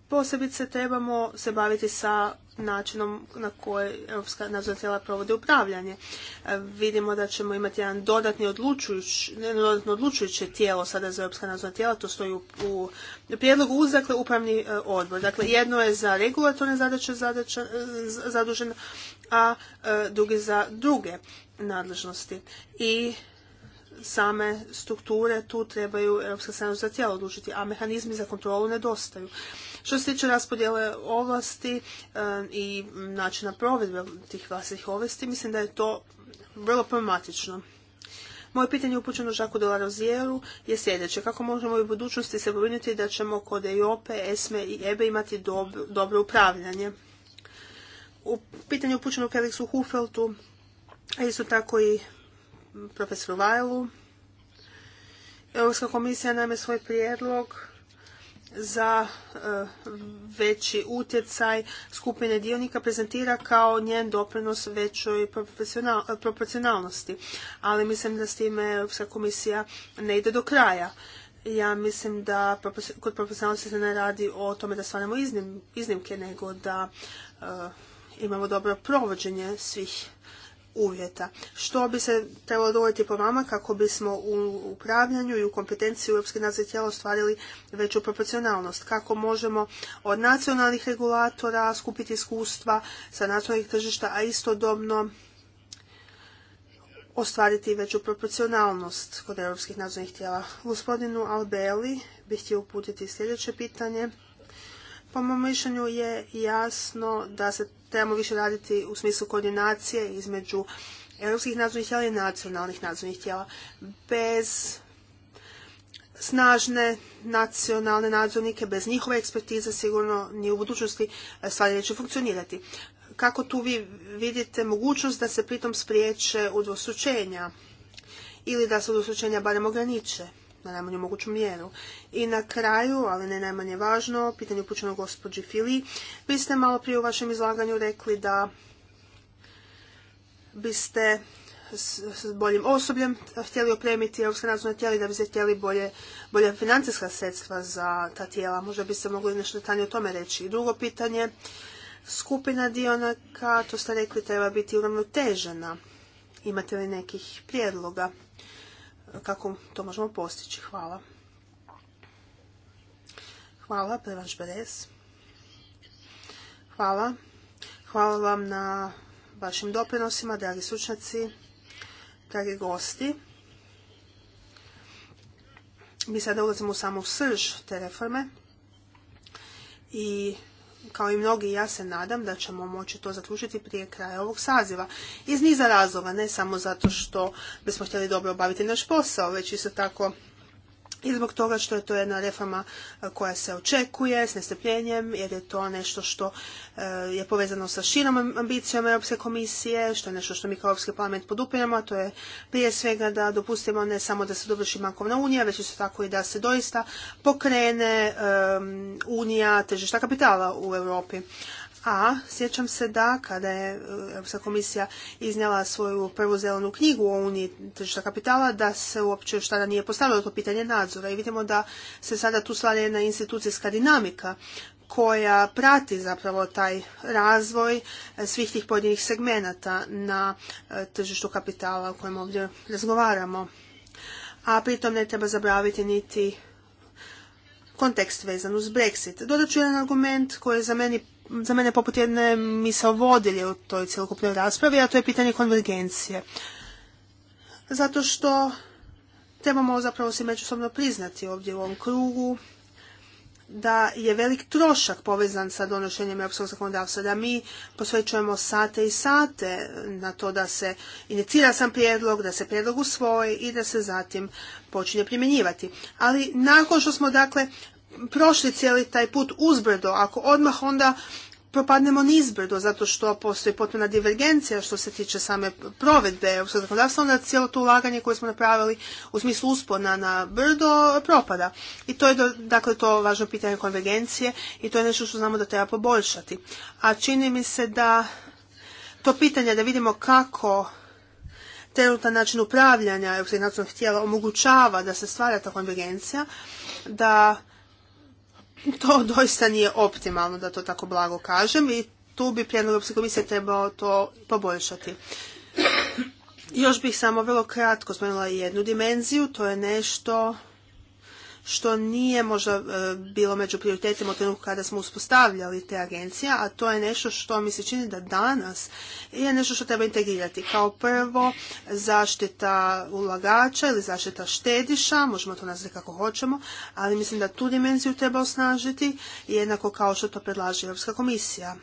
Posebice trebamo se baviti sa načinom na koje Europska nadzorna tijela provode upravljanje. E, vidimo da ćemo imati jedan dodatni odlučujuć, dodatno odlučujuće tijelo sada za Europska nadzorna tijela, to stoji u, u prijedlogu uz upravni e, odbor. Dakle, jedno je za regulatorne zadaće e, zadužen zaduženo, a drugi za druge nadležnosti. I same strukture, tu trebaju Europska za tijelo odlučiti, a mehanizmi za kontrolu nedostaju. Što se tiče raspodjele ovlasti e, i načina provedbe tih vlastnih ovlasti, mislim da je to vrlo problematično. Moje pitanje upućeno Žaku de la je sljedeće. Kako možemo u budućnosti se pobrinuti da ćemo kod EOP, ESME i EBE imati dobro, upravljanje? U pitanju upućeno Felixu Hufeltu, a isto tako i profesoru Vajlu. Europska komisija nam je svoj prijedlog za e, veći utjecaj skupine dionika prezentira kao njen doprinos većoj proporcionalnosti. Ali mislim da s time Europska komisija ne ide do kraja. Ja mislim da kod proporcionalnosti se ne radi o tome da stvaramo iznimke, nego da e, imamo dobro provođenje svih uvjeta. Što bi se trebalo dovoljiti po vama kako bismo u upravljanju i u kompetenciji Europske nadzornih tijela ostvarili veću proporcionalnost? Kako možemo od nacionalnih regulatora skupiti iskustva sa nacionalnih tržišta, a istodobno ostvariti veću proporcionalnost kod europskih nadzornih tijela. Gospodinu Albeli bih htio uputiti sljedeće pitanje po mom mišljenju je jasno da se trebamo više raditi u smislu koordinacije između europskih nadzornih tijela i nacionalnih nadzornih tijela. Bez snažne nacionalne nadzornike, bez njihove ekspertize sigurno ni u budućnosti e, stvari neće funkcionirati. Kako tu vi vidite mogućnost da se pritom spriječe udvostručenja ili da se udvostručenja barem ograniče? na najmanju moguću mjeru. I na kraju, ali ne najmanje važno, pitanje upućeno gospođi Fili, vi ste malo prije u vašem izlaganju rekli da biste s, boljim osobljem htjeli opremiti europska nadzorne tijela i da biste htjeli bolje, financijska sredstva za ta tijela. Možda biste mogli nešto detaljnije o tome reći. I drugo pitanje, skupina dionaka, to ste rekli, treba biti uravnotežena. Imate li nekih prijedloga? kako to možemo postići. Hvala. Hvala, Prevanš Beres. Hvala. Hvala vam na vašim doprinosima, dragi sučnjaci, dragi gosti. Mi sada ulazimo u samu srž te reforme i kao i mnogi ja se nadam da ćemo moći to zaključiti prije kraja ovog saziva. Iz niza razloga, ne samo zato što bismo htjeli dobro obaviti naš posao, već isto tako i zbog toga što je to jedna reforma e, koja se očekuje s nestrpljenjem, jer je to nešto što e, je povezano sa širom ambicijom Europske komisije, što je nešto što mi kao Europski parlament podupiramo, a to je prije svega da dopustimo ne samo da se dovrši bankovna unija, već isto tako i da se doista pokrene unija tržišta kapitala u Europi a sjećam se da kada je e, Europska komisija iznijela svoju prvu zelenu knjigu o Uniji tržišta kapitala, da se uopće još tada nije postavilo to pitanje nadzora i vidimo da se sada tu stvara jedna institucijska dinamika koja prati zapravo taj razvoj e, svih tih pojedinih segmenata na e, tržištu kapitala o kojem ovdje razgovaramo. A pritom ne treba zabraviti niti kontekst vezan uz Brexit. Dodat ću jedan argument koji je za meni za mene poput jedne misao vodilje u toj cjelokupnoj raspravi, a to je pitanje konvergencije. Zato što trebamo zapravo se međusobno priznati ovdje u ovom krugu da je velik trošak povezan sa donošenjem europskog zakonodavstva, da mi posvećujemo sate i sate na to da se inicira sam prijedlog, da se prijedlog usvoji i da se zatim počinje primjenjivati. Ali nakon što smo dakle prošli cijeli taj put uzbrdo, ako odmah onda propadnemo nizbrdo, zato što postoji potpuna divergencija što se tiče same provedbe europskog zakonodavstva, onda cijelo to ulaganje koje smo napravili u smislu uspona na brdo propada. I to je dakle to važno pitanje konvergencije i to je nešto što znamo da treba poboljšati. A čini mi se da to pitanje da vidimo kako trenutan način upravljanja europskih nacionalnih tijela omogućava da se stvara ta konvergencija, da to doista nije optimalno, da to tako blago kažem, i tu bi prijedlog Europske komisije trebao to poboljšati. Još bih samo vrlo kratko spomenula jednu dimenziju, to je nešto što nije možda e, bilo među prioritetima u trenutku kada smo uspostavljali te agencije, a to je nešto što mi se čini da danas je nešto što treba integrirati. Kao prvo, zaštita ulagača ili zaštita štediša, možemo to nazvati kako hoćemo, ali mislim da tu dimenziju treba osnažiti, jednako kao što to predlaže Europska komisija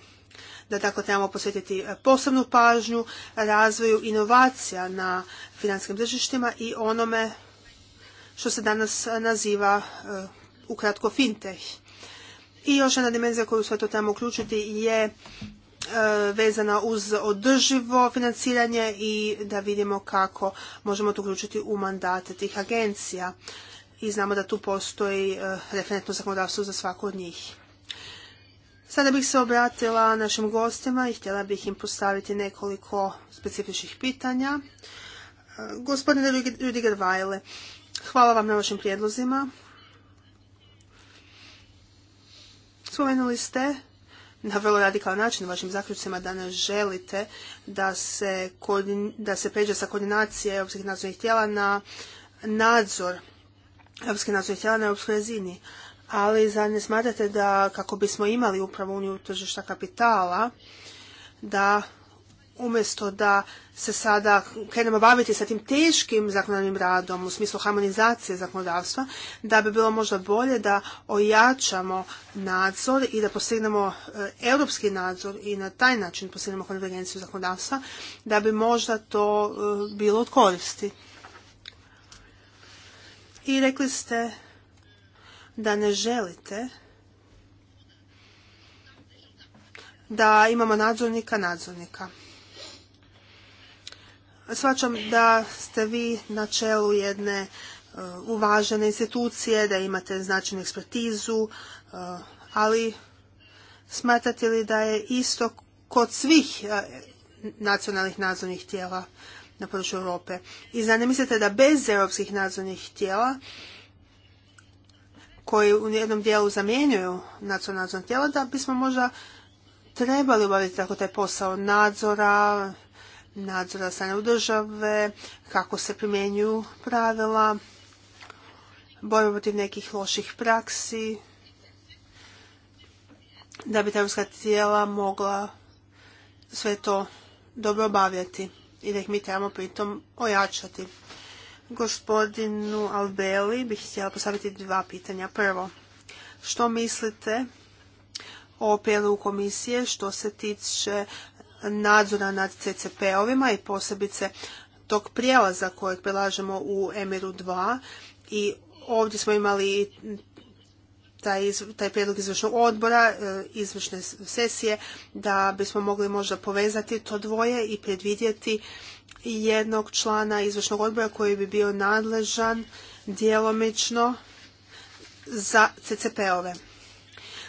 da tako trebamo posvetiti e, posebnu pažnju razvoju inovacija na financijskim tržištima i onome što se danas eh, naziva eh, ukratko fintech. I još jedna dimenzija koju sve to trebamo uključiti je eh, vezana uz održivo financiranje i da vidimo kako možemo to uključiti u mandate tih agencija. I znamo da tu postoji referentno zakonodavstvo za svaku od njih. Sada bih se obratila našim gostima i htjela bih im postaviti nekoliko specifičnih pitanja. Gospodine Rudiger Vajle, Hvala vam na vašim prijedlozima. Spomenuli ste na vrlo radikalan način u vašim zaključcima da ne želite da se, da pređe sa koordinacije europskih nadzornih tijela na nadzor europskih nadzornih tijela na europskoj razini. Ali zar ne smatrate da kako bismo imali upravo uniju tržišta kapitala, da umjesto da se sada krenemo baviti sa tim teškim zakonodavnim radom u smislu harmonizacije zakonodavstva, da bi bilo možda bolje da ojačamo nadzor i da postignemo e, europski nadzor i na taj način postignemo konvergenciju zakonodavstva, da bi možda to e, bilo od koristi. I rekli ste da ne želite da imamo nadzornika nadzornika. Svačam da ste vi na čelu jedne e, uvažene institucije, da imate značajnu ekspertizu, e, ali smatrate li da je isto kod svih e, nacionalnih nadzornih tijela na području Europe? I zna ne mislite da bez europskih nadzornih tijela koji u jednom dijelu zamjenjuju nacionalna nadzorna tijela, da bismo možda trebali obaviti tako taj posao nadzora, nadzora strane države, kako se primjenjuju pravila, borba protiv nekih loših praksi, da bi europska tijela mogla sve to dobro obavljati i da ih mi trebamo pritom ojačati. Gospodinu Albeli bih htjela postaviti dva pitanja. Prvo, što mislite o prijedlogu komisije što se tiče nadzora nad CCP-ovima i posebice tog prijelaza kojeg prelažemo u EMIR-u 2 i ovdje smo imali taj, taj prijedlog izvršnog odbora, e, izvršne sesije, da bismo mogli možda povezati to dvoje i predvidjeti jednog člana izvršnog odbora koji bi bio nadležan djelomično za CCP-ove.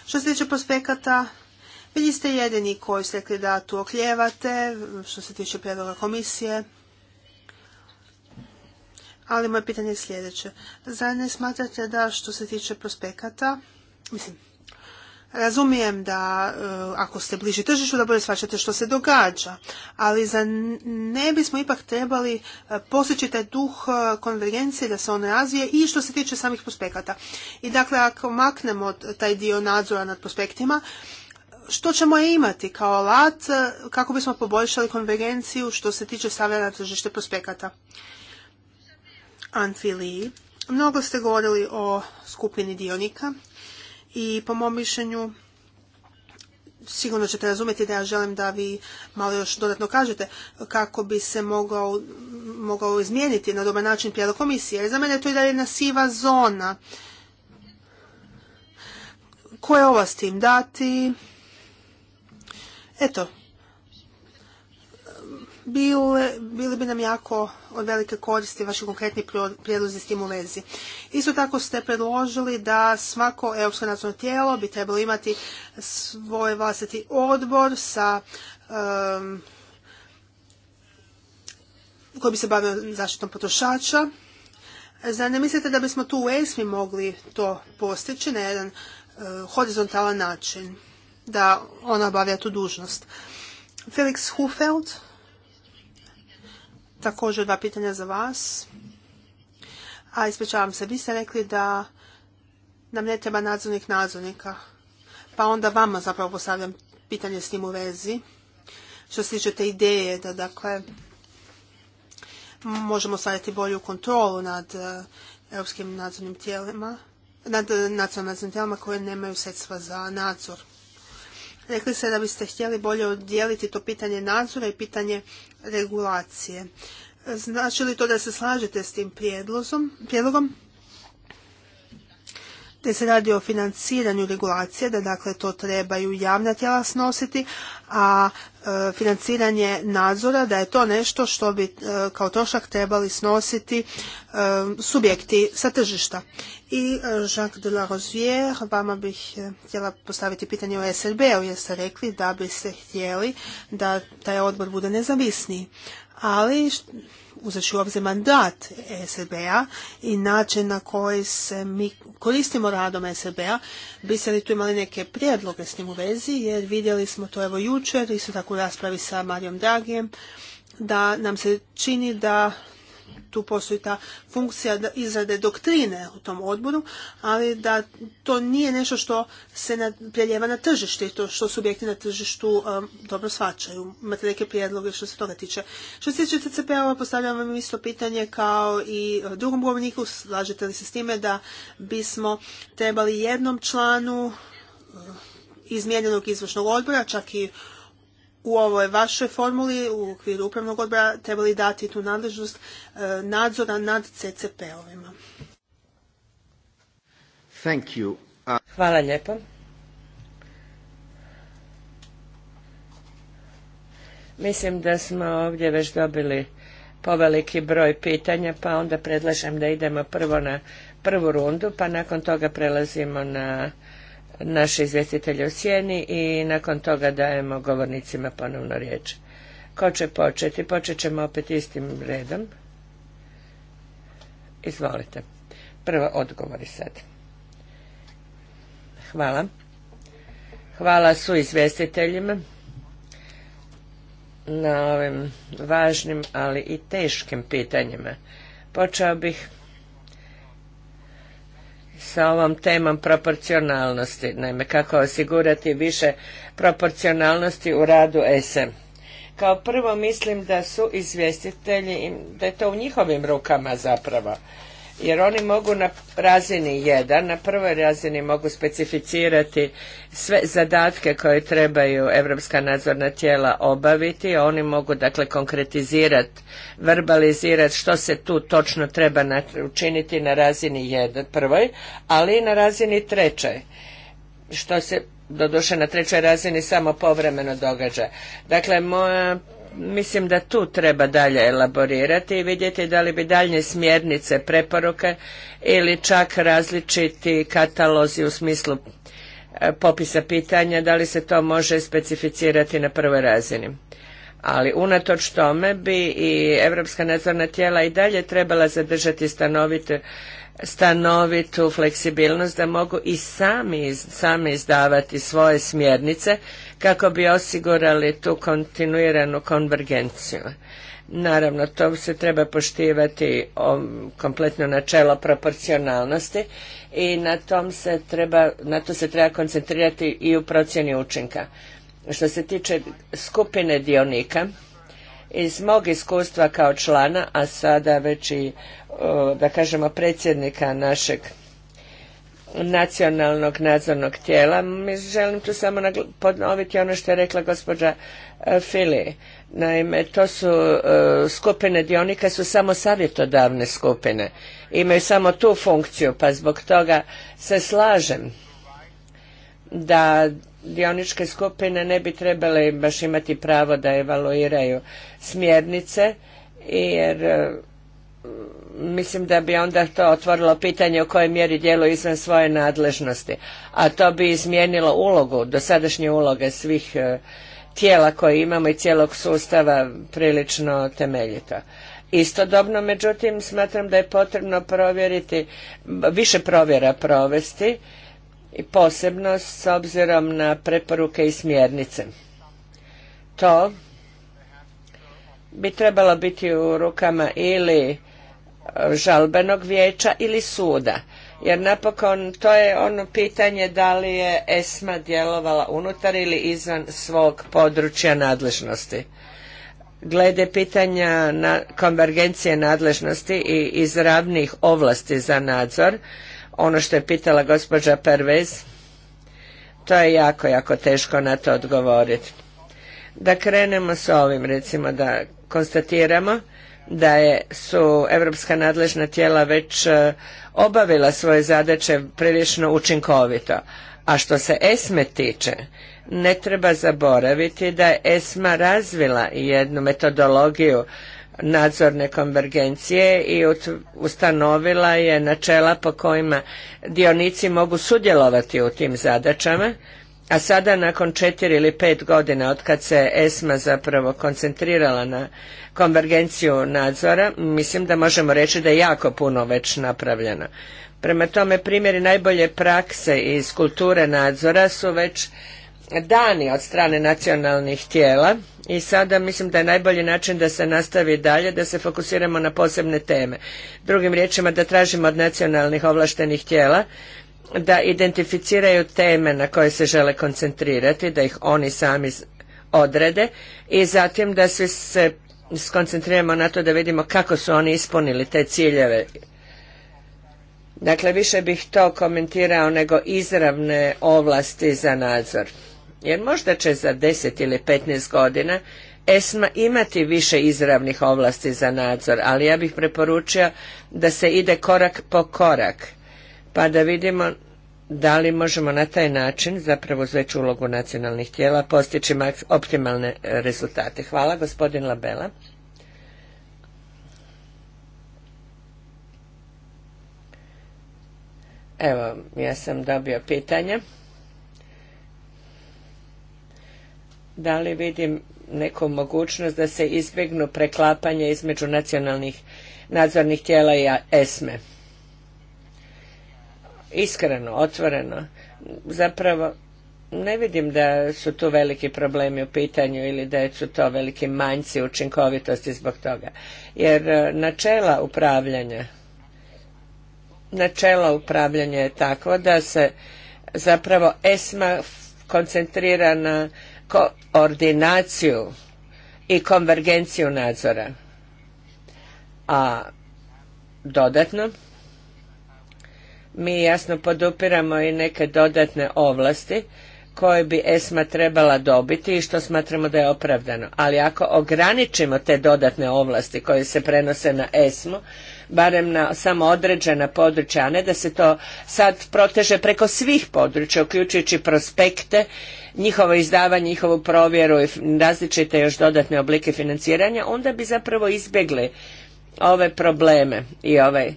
Što se tiče prospekata, vi ste jedini koji ste rekli da tu okljevate što se tiče predloga komisije. Ali moje pitanje je sljedeće. Zar ne smatrate da što se tiče prospekata, mislim, Razumijem da e, ako ste bliži tržištu da bolje svačate što se događa, ali za ne bismo ipak trebali e, posjeći taj duh e, konvergencije da se on razvije i što se tiče samih prospekata. I dakle, ako maknemo taj dio nadzora nad prospektima, što ćemo imati kao alat e, kako bismo poboljšali konvergenciju što se tiče stavljanja na tržište prospekata. Anfili, mnogo ste govorili o skupini dionika i po mom mišljenju sigurno ćete razumjeti da ja želim da vi malo još dodatno kažete kako bi se mogao, izmijeniti na dobar način prijedlog komisije. Jer za mene je to i dalje jedna siva zona. Koje ovlasti im dati, Eto, bili bi nam jako od velike koristi vaši konkretni prijedlozi s tim u vezi. Isto tako ste predložili da svako europsko nacionalno tijelo bi trebalo imati svoj vlastiti odbor sa koji bi se bavio zaštitom potrošača. Zar ne mislite da bismo tu u ESMI mogli to postići na jedan eh, horizontalan način? da ona obavlja tu dužnost. Felix Hufeld, također dva pitanja za vas. A ispričavam se, vi ste rekli da nam ne treba nadzornik nadzornika. Pa onda vama zapravo postavljam pitanje s njim u vezi. Što se tiče te ideje da dakle možemo staviti bolju kontrolu nad eh, europskim nadzornim tijelima, nad eh, nacionalnim nadzornim tijelima koje nemaju sredstva za nadzor. Rekli ste da biste htjeli bolje odijeliti to pitanje nadzora i pitanje regulacije. Znači li to da se slažete s tim prijedlogom? te se radi o financiranju regulacije, da dakle to trebaju javna tijela snositi, a e, financiranje nadzora da je to nešto što bi e, kao trošak trebali snositi e, subjekti sa tržišta. I Jacques de la Rosière, vama bih htjela postaviti pitanje o SRB-u jer ste rekli da biste htjeli da taj odbor bude nezavisniji. Ali uzeći u obzir mandat SRB-a i način na koji se mi koristimo radom SRB-a, biste li tu imali neke prijedloge s njim u vezi, jer vidjeli smo to evo jučer, isto tako u raspravi sa Marijom Dragijem, da nam se čini da tu postoji ta funkcija izrade doktrine u tom odboru, ali da to nije nešto što se prijeljeva na tržište i to što subjekti na tržištu um, dobro svačaju. Imate neke prijedloge što se toga tiče. Što se tiče ccp ova postavljam vam isto pitanje kao i uh, drugom govorniku. Slažete li se s time da bismo trebali jednom članu uh, izmijenjenog izvršnog odbora, čak i u ovoj vašoj formuli u okviru upravnog odbora trebali dati tu nadležnost e, nadzora nad CCP-ovima. Hvala lijepo. Mislim da smo ovdje već dobili poveliki broj pitanja, pa onda predlažem da idemo prvo na prvu rundu, pa nakon toga prelazimo na naše izvjestitelje u sjeni i nakon toga dajemo govornicima ponovno riječ. Ko će početi? Počet ćemo opet istim redom. Izvolite. Prvo odgovori sad. Hvala. Hvala su izvjestiteljima na ovim važnim, ali i teškim pitanjima. Počeo bih sa ovom temom proporcionalnosti, naime kako osigurati više proporcionalnosti u radu ESE. Kao prvo mislim da su izvjestitelji, da je to u njihovim rukama zapravo, jer oni mogu na razini jedan, na prvoj razini mogu specificirati sve zadatke koje trebaju evropska nadzorna tijela obaviti, oni mogu dakle konkretizirati, verbalizirati što se tu točno treba učiniti na razini 1, prvoj, ali i na razini trećoj, što se doduše na trećoj razini samo povremeno događa. Dakle, moja mislim da tu treba dalje elaborirati i vidjeti da li bi dalje smjernice, preporuke ili čak različiti katalozi u smislu e, popisa pitanja, da li se to može specificirati na prvoj razini. Ali unatoč tome bi i Europska nadzorna tijela i dalje trebala zadržati stanovite stanovitu fleksibilnost da mogu i sami, sami izdavati svoje smjernice kako bi osigurali tu kontinuiranu konvergenciju. Naravno, to se treba poštivati um, kompletno načelo proporcionalnosti i na, tom se treba, na to se treba koncentrirati i u procjeni učinka. Što se tiče skupine dionika, iz mog iskustva kao člana, a sada već i da kažemo predsjednika našeg nacionalnog nadzornog tijela. želim tu samo ponoviti ono što je rekla gospođa e, Fili. Naime, to su e, skupine dionika su samo savjetodavne skupine. Imaju samo tu funkciju, pa zbog toga se slažem da dioničke skupine ne bi trebale baš imati pravo da evaluiraju smjernice jer e, mislim da bi onda to otvorilo pitanje u kojoj mjeri djeluje izvan svoje nadležnosti, a to bi izmijenilo ulogu, dosadašnje uloge svih e, tijela koje imamo i cijelog sustava prilično temeljito. Istodobno, međutim, smatram da je potrebno provjeriti, više provjera provesti, i posebno s obzirom na preporuke i smjernice. To bi trebalo biti u rukama ili žalbenog vijeća ili suda. Jer napokon to je ono pitanje da li je ESMA djelovala unutar ili izvan svog područja nadležnosti. Glede pitanja na konvergencije nadležnosti i izravnih ovlasti za nadzor, ono što je pitala gospođa Pervez, to je jako, jako teško na to odgovoriti. Da krenemo s ovim, recimo da konstatiramo da je, su europska nadležna tijela već e, obavila svoje zadaće prilično učinkovito. A što se ESME tiče, ne treba zaboraviti da je ESMA razvila jednu metodologiju nadzorne konvergencije i ustanovila je načela po kojima dionici mogu sudjelovati u tim zadaćama a sada nakon četiri ili pet godina od kad se ESMA zapravo koncentrirala na konvergenciju nadzora, mislim da možemo reći da je jako puno već napravljeno. Prema tome primjeri najbolje prakse iz kulture nadzora su već dani od strane nacionalnih tijela i sada mislim da je najbolji način da se nastavi dalje, da se fokusiramo na posebne teme. Drugim riječima da tražimo od nacionalnih ovlaštenih tijela da identificiraju teme na koje se žele koncentrirati, da ih oni sami odrede i zatim da svi se skoncentriramo na to da vidimo kako su oni ispunili te ciljeve. Dakle, više bih to komentirao nego izravne ovlasti za nadzor. Jer možda će za 10 ili 15 godina ESMA imati više izravnih ovlasti za nadzor, ali ja bih preporučio da se ide korak po korak, pa da vidimo da li možemo na taj način, zapravo uz veću ulogu nacionalnih tijela, postići optimalne e, rezultate. Hvala, gospodin Labela. Evo, ja sam dobio pitanje. Da li vidim neku mogućnost da se izbjegnu preklapanje između nacionalnih nadzornih tijela i ESME? iskreno, otvoreno, zapravo ne vidim da su tu veliki problemi u pitanju ili da su to veliki manjci učinkovitosti zbog toga. Jer e, načela upravljanja načela upravljanja je takvo da se zapravo ESMA koncentrira na koordinaciju i konvergenciju nadzora. A dodatno mi jasno podupiramo i neke dodatne ovlasti koje bi ESMA trebala dobiti i što smatramo da je opravdano. Ali ako ograničimo te dodatne ovlasti koje se prenose na ESMU, barem na samo određena područja, a ne da se to sad proteže preko svih područja, uključujući prospekte, njihovo izdavanje, njihovu provjeru i različite još dodatne oblike financiranja, onda bi zapravo izbjegli ove probleme i ovaj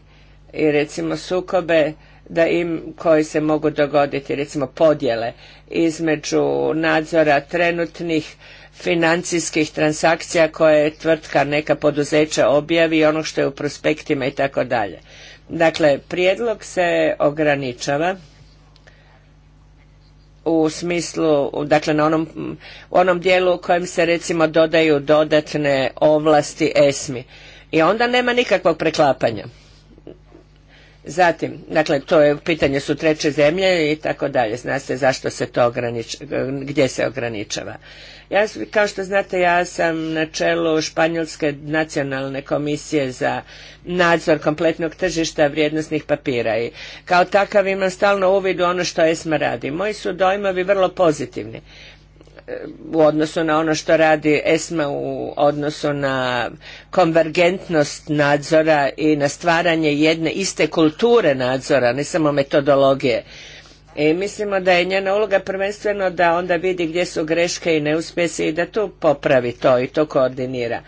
i recimo sukobe da im, koji se mogu dogoditi, recimo podjele između nadzora trenutnih financijskih transakcija koje tvrtka neka poduzeća objavi i ono što je u prospektima i tako dalje. Dakle, prijedlog se ograničava u smislu, dakle na onom, onom dijelu u kojem se recimo dodaju dodatne ovlasti ESMI. I onda nema nikakvog preklapanja. Zatim, dakle, to je, pitanje su treće zemlje i tako dalje. Zna se zašto se to ograničava, gdje se ograničava. Ja, kao što znate, ja sam na čelu Španjolske nacionalne komisije za nadzor kompletnog tržišta vrijednosnih papira i kao takav imam stalno uvid u ono što ESMA radi. Moji su dojmovi vrlo pozitivni u odnosu na ono što radi ESMA u odnosu na konvergentnost nadzora i na stvaranje jedne iste kulture nadzora, ne samo metodologije. I mislimo da je njena uloga prvenstveno da onda vidi gdje su greške i neuspjesi i da tu popravi to i to koordinira.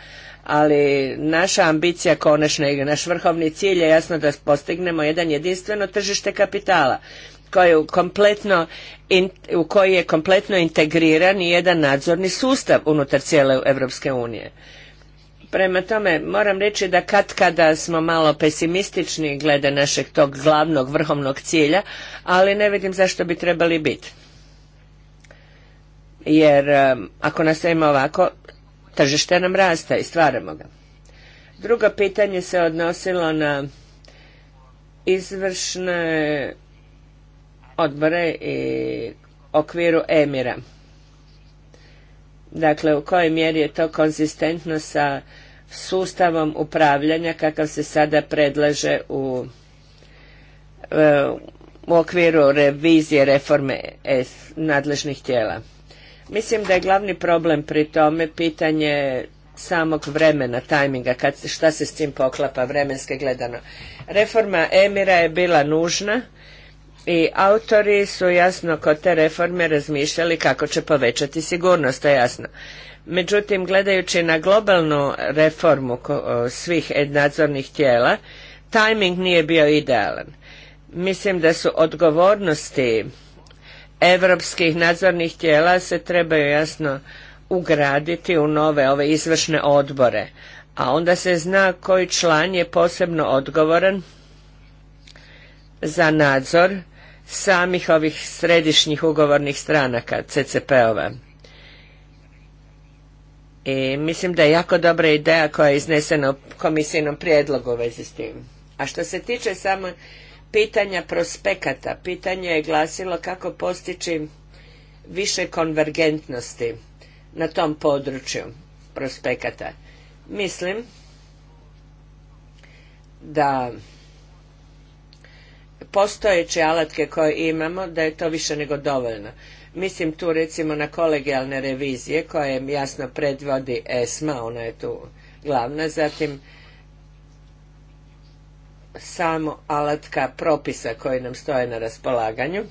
Ali naša ambicija konačna i naš vrhovni cilj je jasno da postignemo jedan jedinstveno tržište kapitala u koji je kompletno integriran i jedan nadzorni sustav unutar cijele Europske unije. Prema tome, moram reći da kad kada smo malo pesimistični glede našeg tog glavnog vrhovnog cilja, ali ne vidim zašto bi trebali biti. Jer um, ako nastavimo ovako, tržište nam rasta i stvaramo ga. Drugo pitanje se odnosilo na izvršne odbore i okviru Emira. Dakle, u kojoj mjeri je to konzistentno sa sustavom upravljanja kakav se sada predlaže u, e, u okviru revizije reforme nadležnih tijela. Mislim da je glavni problem pri tome pitanje samog vremena, tajminga, kad, šta se s tim poklapa vremenske gledano. Reforma Emira je bila nužna i autori su jasno kod te reforme razmišljali kako će povećati sigurnost, to je jasno. Međutim, gledajući na globalnu reformu svih nadzornih tijela, tajming nije bio idealan. Mislim da su odgovornosti evropskih nadzornih tijela se trebaju jasno ugraditi u nove ove izvršne odbore, a onda se zna koji član je posebno odgovoran za nadzor samih ovih središnjih ugovornih stranaka, CCP-ova. I mislim da je jako dobra ideja koja je iznesena u komisijnom prijedlogu u vezi s tim. A što se tiče samo pitanja prospekata, pitanje je glasilo kako postići više konvergentnosti na tom području prospekata. Mislim da postojeće alatke koje imamo da je to više nego dovoljno. Mislim tu recimo na kolegijalne revizije koje jasno predvodi ESMA, ona je tu glavna, zatim samo alatka propisa koji nam stoje na raspolaganju,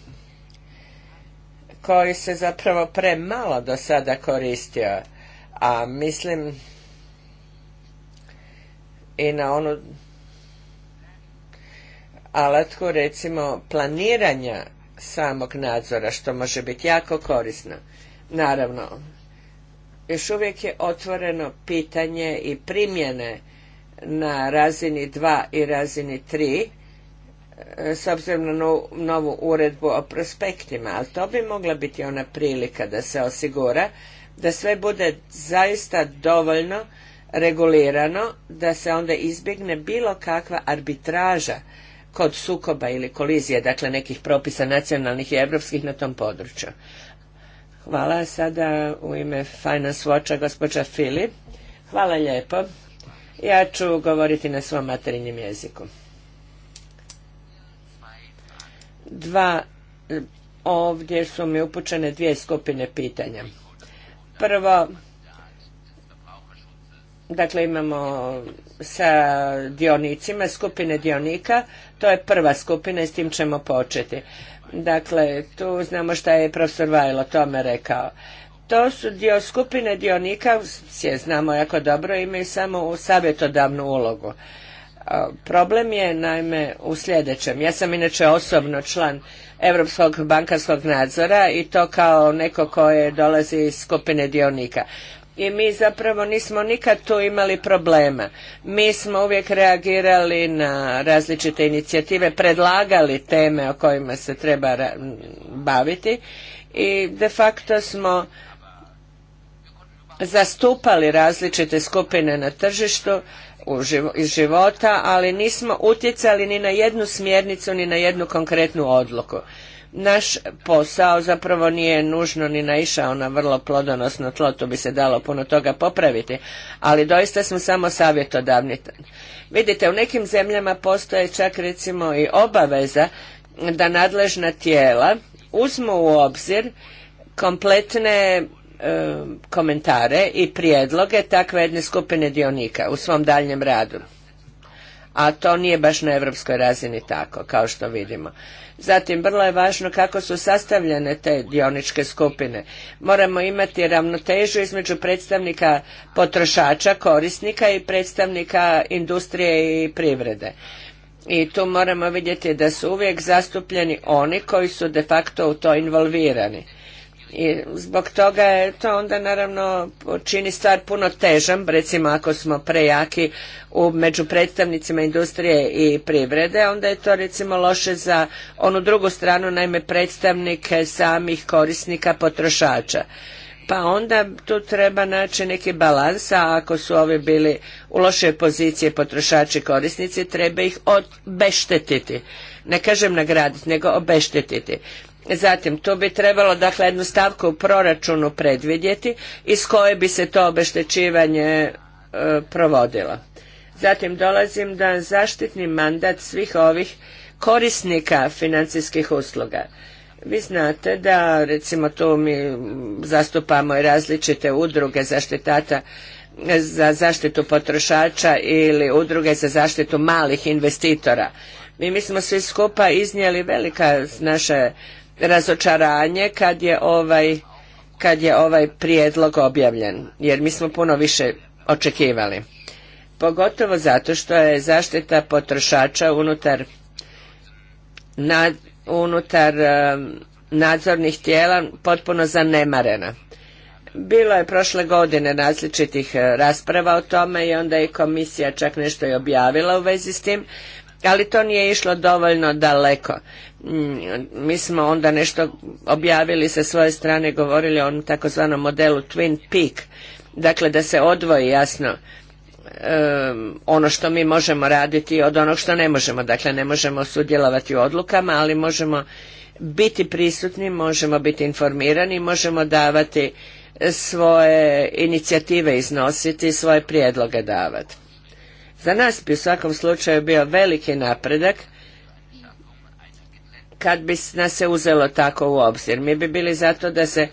koji se zapravo premalo do sada koristio, a mislim i na onu alatku recimo planiranja samog nadzora što može biti jako korisno. Naravno, još uvijek je otvoreno pitanje i primjene na razini 2 i razini 3 e, s obzirom na novu, uredbu o prospektima, ali to bi mogla biti ona prilika da se osigura da sve bude zaista dovoljno regulirano da se onda izbjegne bilo kakva arbitraža kod sukoba ili kolizije, dakle nekih propisa nacionalnih i europskih na tom području. Hvala sada u ime Finance Watcha gospođa Fili. Hvala lijepo. Ja ću govoriti na svom materinjem jeziku. Dva, ovdje su mi upućene dvije skupine pitanja. Prvo, Dakle, imamo sa dionicima, skupine dionika, to je prva skupina i s tim ćemo početi. Dakle, tu znamo šta je profesor Vajlo tome rekao. To su dio skupine dionika, sje znamo jako dobro, imaju samo u savjetodavnu ulogu. Problem je naime u sljedećem. Ja sam inače osobno član Europskog bankarskog nadzora i to kao neko koje dolazi iz skupine dionika i mi zapravo nismo nikad tu imali problema. Mi smo uvijek reagirali na različite inicijative, predlagali teme o kojima se treba baviti i de facto smo zastupali različite skupine na tržištu iz života, ali nismo utjecali ni na jednu smjernicu, ni na jednu konkretnu odluku naš posao zapravo nije nužno ni naišao na vrlo plodonosno tlo, tu bi se dalo puno toga popraviti, ali doista smo samo savjetodavni. Vidite, u nekim zemljama postoje čak recimo i obaveza da nadležna tijela uzmu u obzir kompletne e, komentare i prijedloge takve jedne skupine dionika u svom daljnjem radu. A to nije baš na europskoj razini tako, kao što vidimo. Zatim, vrlo je važno kako su sastavljene te dioničke skupine. Moramo imati ravnotežu između predstavnika potrošača, korisnika i predstavnika industrije i privrede. I tu moramo vidjeti da su uvijek zastupljeni oni koji su de facto u to involvirani. I zbog toga je to onda naravno čini stvar puno težom, recimo ako smo prejaki u, među predstavnicima industrije i privrede, onda je to recimo loše za onu drugu stranu, naime predstavnike samih korisnika potrošača. Pa onda tu treba naći neki balans, a ako su ovi bili u lošoj poziciji potrošači korisnici, treba ih obeštetiti ne kažem nagraditi, nego obeštetiti. Zatim, tu bi trebalo dakle jednu stavku u proračunu predvidjeti iz koje bi se to obeštećivanje e, provodilo. Zatim dolazim da zaštitni mandat svih ovih korisnika financijskih usluga. Vi znate da recimo tu mi zastupamo i različite udruge zaštitata e, za zaštitu potrošača ili udruge za zaštitu malih investitora. Mi, mi smo svi skupa iznijeli velika naše razočaranje kad je ovaj kad je ovaj prijedlog objavljen, jer mi smo puno više očekivali. Pogotovo zato što je zaštita potrošača unutar unutar um, nadzornih tijela potpuno zanemarena. Bilo je prošle godine različitih uh, rasprava o tome i onda je komisija čak nešto i objavila u vezi s tim, ali to nije išlo dovoljno daleko. Mm, mi smo onda nešto objavili sa svoje strane, govorili o takozvanom modelu Twin Peak, dakle da se odvoji jasno ono što mi možemo raditi od onog što ne možemo. Dakle, ne možemo sudjelovati u odlukama, ali možemo biti prisutni, možemo biti informirani, možemo davati svoje inicijative iznositi, svoje prijedloge davati. Za nas bi u svakom slučaju bio veliki napredak kad bi nas se uzelo tako u obzir. Mi bi bili zato da se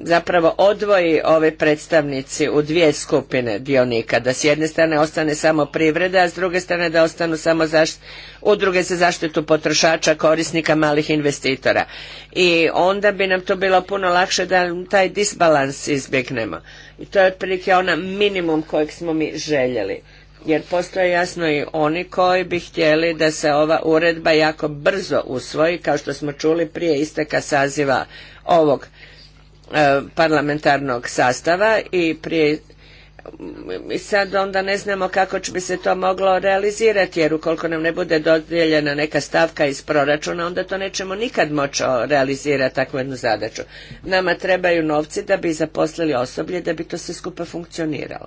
zapravo odvoji ove predstavnici u dvije skupine dionika, da s jedne strane ostane samo privreda, a s druge strane da ostanu samo zašt, udruge za zaštitu potrošača, korisnika, malih investitora. I onda bi nam to bilo puno lakše da taj disbalans izbjegnemo. I to je otprilike ona minimum kojeg smo mi željeli jer postoje jasno i oni koji bi htjeli da se ova uredba jako brzo usvoji, kao što smo čuli prije isteka saziva ovog e, parlamentarnog sastava i prije mm, sad onda ne znamo kako će bi se to moglo realizirati, jer ukoliko nam ne bude dodijeljena neka stavka iz proračuna, onda to nećemo nikad moći realizirati takvu jednu zadaću. Nama trebaju novci da bi zaposlili osoblje, da bi to sve skupa funkcioniralo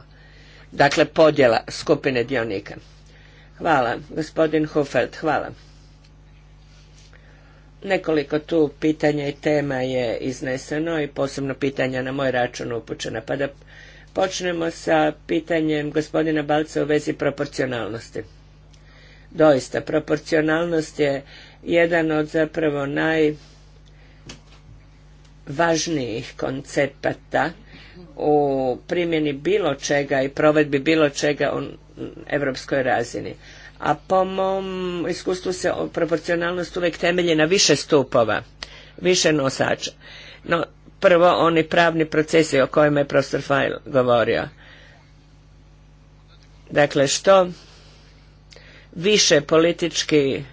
dakle podjela skupine dionika. Hvala, gospodin Hufeld, hvala. Nekoliko tu pitanja i tema je izneseno i posebno pitanja na moj račun upućena. Pa da počnemo sa pitanjem gospodina Balca u vezi proporcionalnosti. Doista, proporcionalnost je jedan od zapravo najvažnijih koncepata u primjeni bilo čega i provedbi bilo čega u europskoj razini. A po mom iskustvu se proporcionalnost uvijek temelji na više stupova, više nosača. No, prvo oni pravni procesi o kojima je profesor Fajl govorio. Dakle, što više politički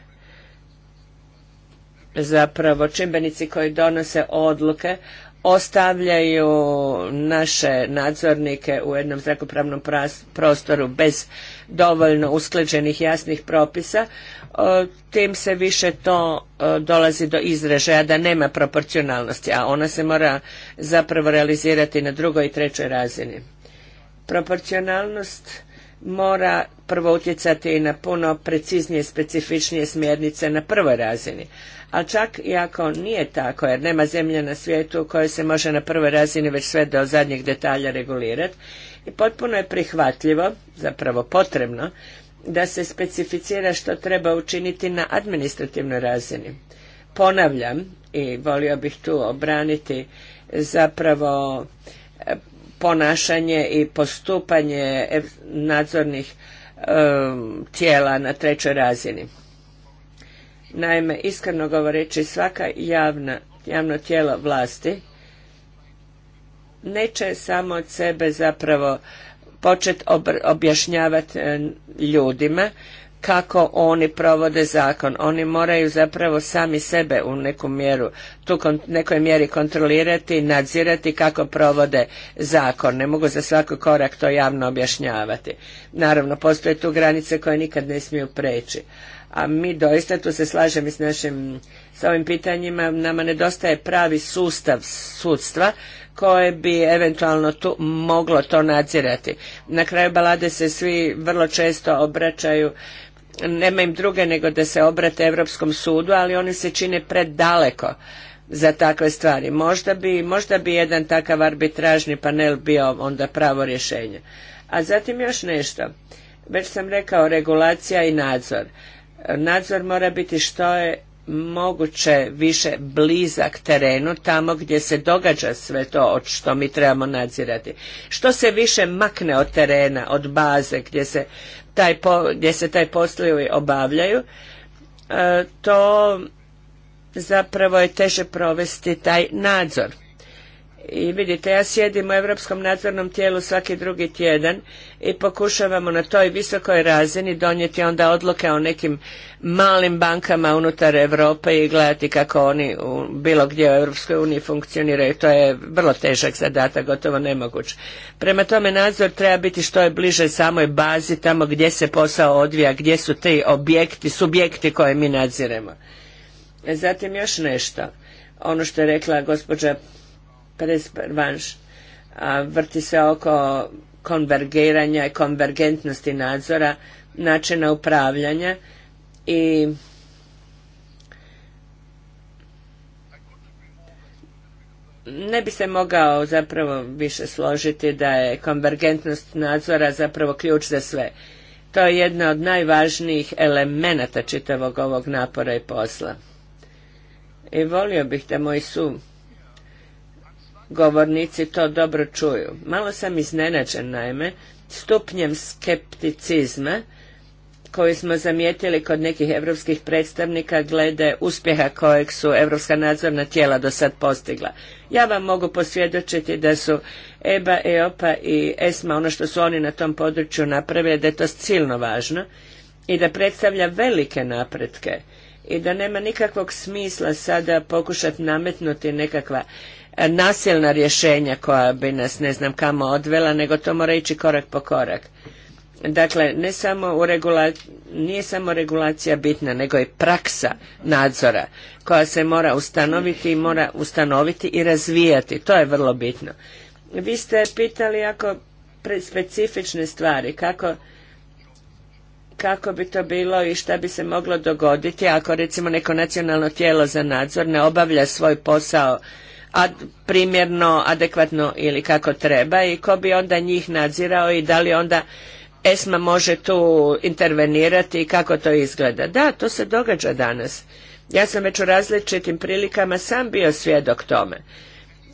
zapravo čimbenici koji donose odluke ostavljaju naše nadzornike u jednom zrakopravnom prostoru bez dovoljno usklađenih jasnih propisa, e, tim se više to e, dolazi do izražaja da nema proporcionalnosti, a ona se mora zapravo realizirati na drugoj i trećoj razini. Proporcionalnost mora prvo utjecati i na puno preciznije, specifičnije smjernice na prvoj razini. A čak i ako nije tako, jer nema zemlje na svijetu u se može na prvoj razini već sve do zadnjih detalja regulirati, i potpuno je prihvatljivo, zapravo potrebno, da se specificira što treba učiniti na administrativnoj razini. Ponavljam, i volio bih tu obraniti zapravo ponašanje i postupanje nadzornih tijela na trećoj razini. Naime, iskreno govoreći, svaka javna, javno tijelo vlasti neće samo od sebe zapravo početi objašnjavati ljudima kako oni provode zakon. Oni moraju zapravo sami sebe u neku mjeru, tu kon, nekoj mjeri kontrolirati, nadzirati kako provode zakon. Ne mogu za svaki korak to javno objašnjavati. Naravno, postoje tu granice koje nikad ne smiju preći. A mi doista, tu se slažem i s našim, s ovim pitanjima, nama nedostaje pravi sustav sudstva koje bi eventualno tu moglo to nadzirati. Na kraju balade se svi vrlo često obraćaju nema im druge nego da se obrate Europskom sudu, ali oni se čine predaleko za takve stvari. Možda bi, možda bi jedan takav arbitražni panel bio onda pravo rješenje. A zatim još nešto. Već sam rekao regulacija i nadzor. Nadzor mora biti što je moguće više blizak terenu tamo gdje se događa sve to što mi trebamo nadzirati. Što se više makne od terena, od baze gdje se taj po, gdje se taj poslovi obavljaju, e, to zapravo je teže provesti taj nadzor. I vidite, ja sjedim u Europskom nadzornom tijelu svaki drugi tjedan i pokušavamo na toj visokoj razini donijeti onda odluke o nekim malim bankama unutar Europe i gledati kako oni u bilo gdje u Europskoj uniji funkcioniraju. To je vrlo težak zadatak, gotovo nemoguć. Prema tome nadzor treba biti što je bliže samoj bazi, tamo gdje se posao odvija, gdje su ti objekti, subjekti koje mi nadziremo. E, zatim još nešto. Ono što je rekla gospođa vrti se oko konvergiranja i konvergentnosti nadzora, načina upravljanja i ne bi se mogao zapravo više složiti da je konvergentnost nadzora zapravo ključ za sve. To je jedna od najvažnijih elemenata čitavog ovog napora i posla. I volio bih da moji su govornici to dobro čuju. Malo sam iznenađen naime stupnjem skepticizma koji smo zamijetili kod nekih europskih predstavnika glede uspjeha kojeg su europska nadzorna tijela do sad postigla. Ja vam mogu posvjedočiti da su EBA, EOPA i ESMA, ono što su oni na tom području napravili, da je to silno važno i da predstavlja velike napretke i da nema nikakvog smisla sada pokušati nametnuti nekakva nasilna rješenja koja bi nas ne znam kamo odvela, nego to mora ići korak po korak. Dakle, ne samo u regula... nije samo regulacija bitna, nego i praksa nadzora koja se mora ustanoviti i mora ustanoviti i razvijati. To je vrlo bitno. Vi ste pitali jako specifične stvari, kako kako bi to bilo i šta bi se moglo dogoditi ako recimo neko nacionalno tijelo za nadzor ne obavlja svoj posao primjerno, adekvatno ili kako treba i ko bi onda njih nadzirao i da li onda ESMA može tu intervenirati i kako to izgleda. Da, to se događa danas. Ja sam već u različitim prilikama sam bio svjedok tome.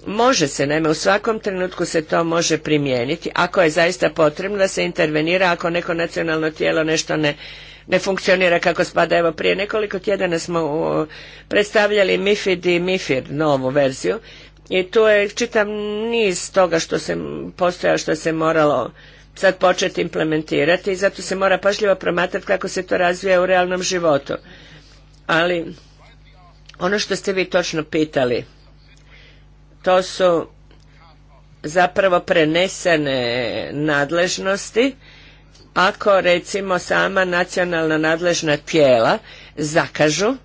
Može se, naime, u svakom trenutku se to može primijeniti, ako je zaista potrebno da se intervenira ako neko nacionalno tijelo nešto ne ne funkcionira kako spada. Evo prije nekoliko tjedana smo uh, predstavljali MIFID i MIFIR novu verziju i tu je čitav niz toga što se postojao, što se moralo sad početi implementirati i zato se mora pažljivo promatrati kako se to razvija u realnom životu. Ali ono što ste vi točno pitali, to su zapravo prenesene nadležnosti ako recimo sama nacionalna nadležna tijela zakažu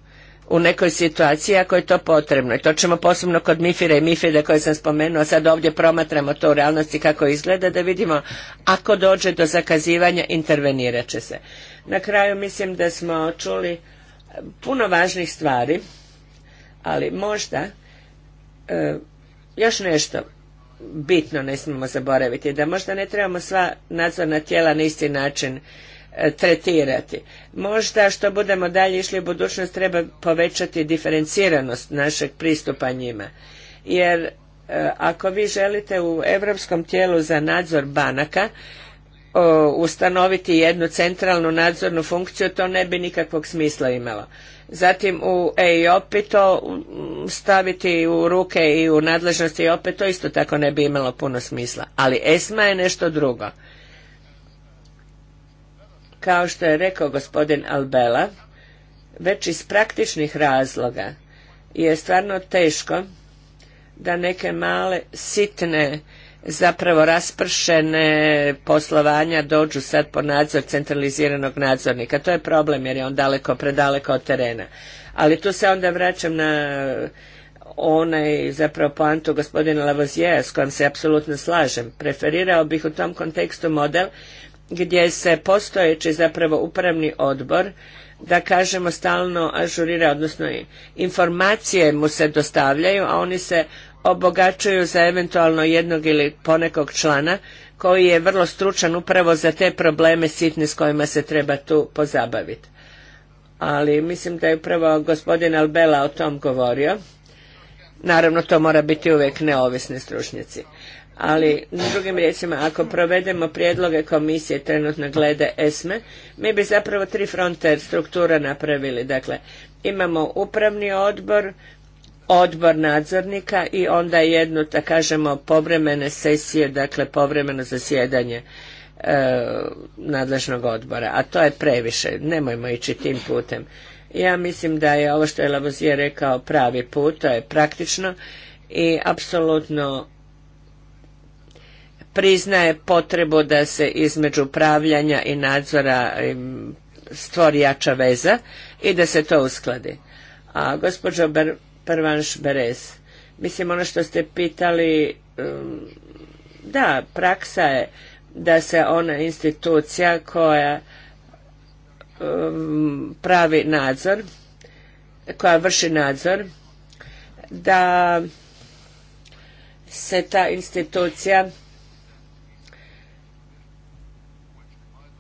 u nekoj situaciji ako je to potrebno. I to ćemo posebno kod Mifira i Mifida koje sam spomenuo, sad ovdje promatramo to u realnosti kako izgleda, da vidimo ako dođe do zakazivanja intervenirat će se. Na kraju mislim da smo čuli puno važnih stvari, ali možda e, još nešto bitno ne smijemo zaboraviti, da možda ne trebamo sva nadzorna tijela na isti način e, tretirati. Možda što budemo dalje išli u budućnost treba povećati diferenciranost našeg pristupa njima. Jer e, ako vi želite u Europskom tijelu za nadzor banaka ustanoviti jednu centralnu nadzornu funkciju, to ne bi nikakvog smisla imalo zatim u EIOPI to mm, staviti u ruke i u nadležnosti EIOPI to isto tako ne bi imalo puno smisla. Ali ESMA je nešto drugo. Kao što je rekao gospodin Albela, već iz praktičnih razloga je stvarno teško da neke male sitne zapravo raspršene poslovanja dođu sad po nadzor centraliziranog nadzornika. To je problem jer je on daleko, predaleko od terena. Ali tu se onda vraćam na onaj zapravo poantu gospodina Lavozijera s kojom se apsolutno slažem. Preferirao bih u tom kontekstu model gdje se postojeći zapravo upravni odbor da kažemo stalno ažurira, odnosno informacije mu se dostavljaju, a oni se obogaćuju za eventualno jednog ili ponekog člana koji je vrlo stručan upravo za te probleme sitne s kojima se treba tu pozabaviti. Ali mislim da je upravo gospodin Albela o tom govorio. Naravno, to mora biti uvijek neovisni stručnjaci. Ali, drugim riječima, ako provedemo prijedloge komisije trenutno glede ESME, mi bi zapravo tri fronte struktura napravili. Dakle, imamo upravni odbor odbor nadzornika i onda jednu, da kažemo, povremene sesije, dakle povremeno zasjedanje e, nadležnog odbora. A to je previše, nemojmo ići tim putem. Ja mislim da je ovo što je Lavozije rekao pravi put, to je praktično i apsolutno priznaje potrebu da se između upravljanja i nadzora stvori jača veza i da se to uskladi. A gospođo Prvanš Berez. Mislim, ono što ste pitali, um, da, praksa je da se ona institucija koja um, pravi nadzor, koja vrši nadzor, da se ta institucija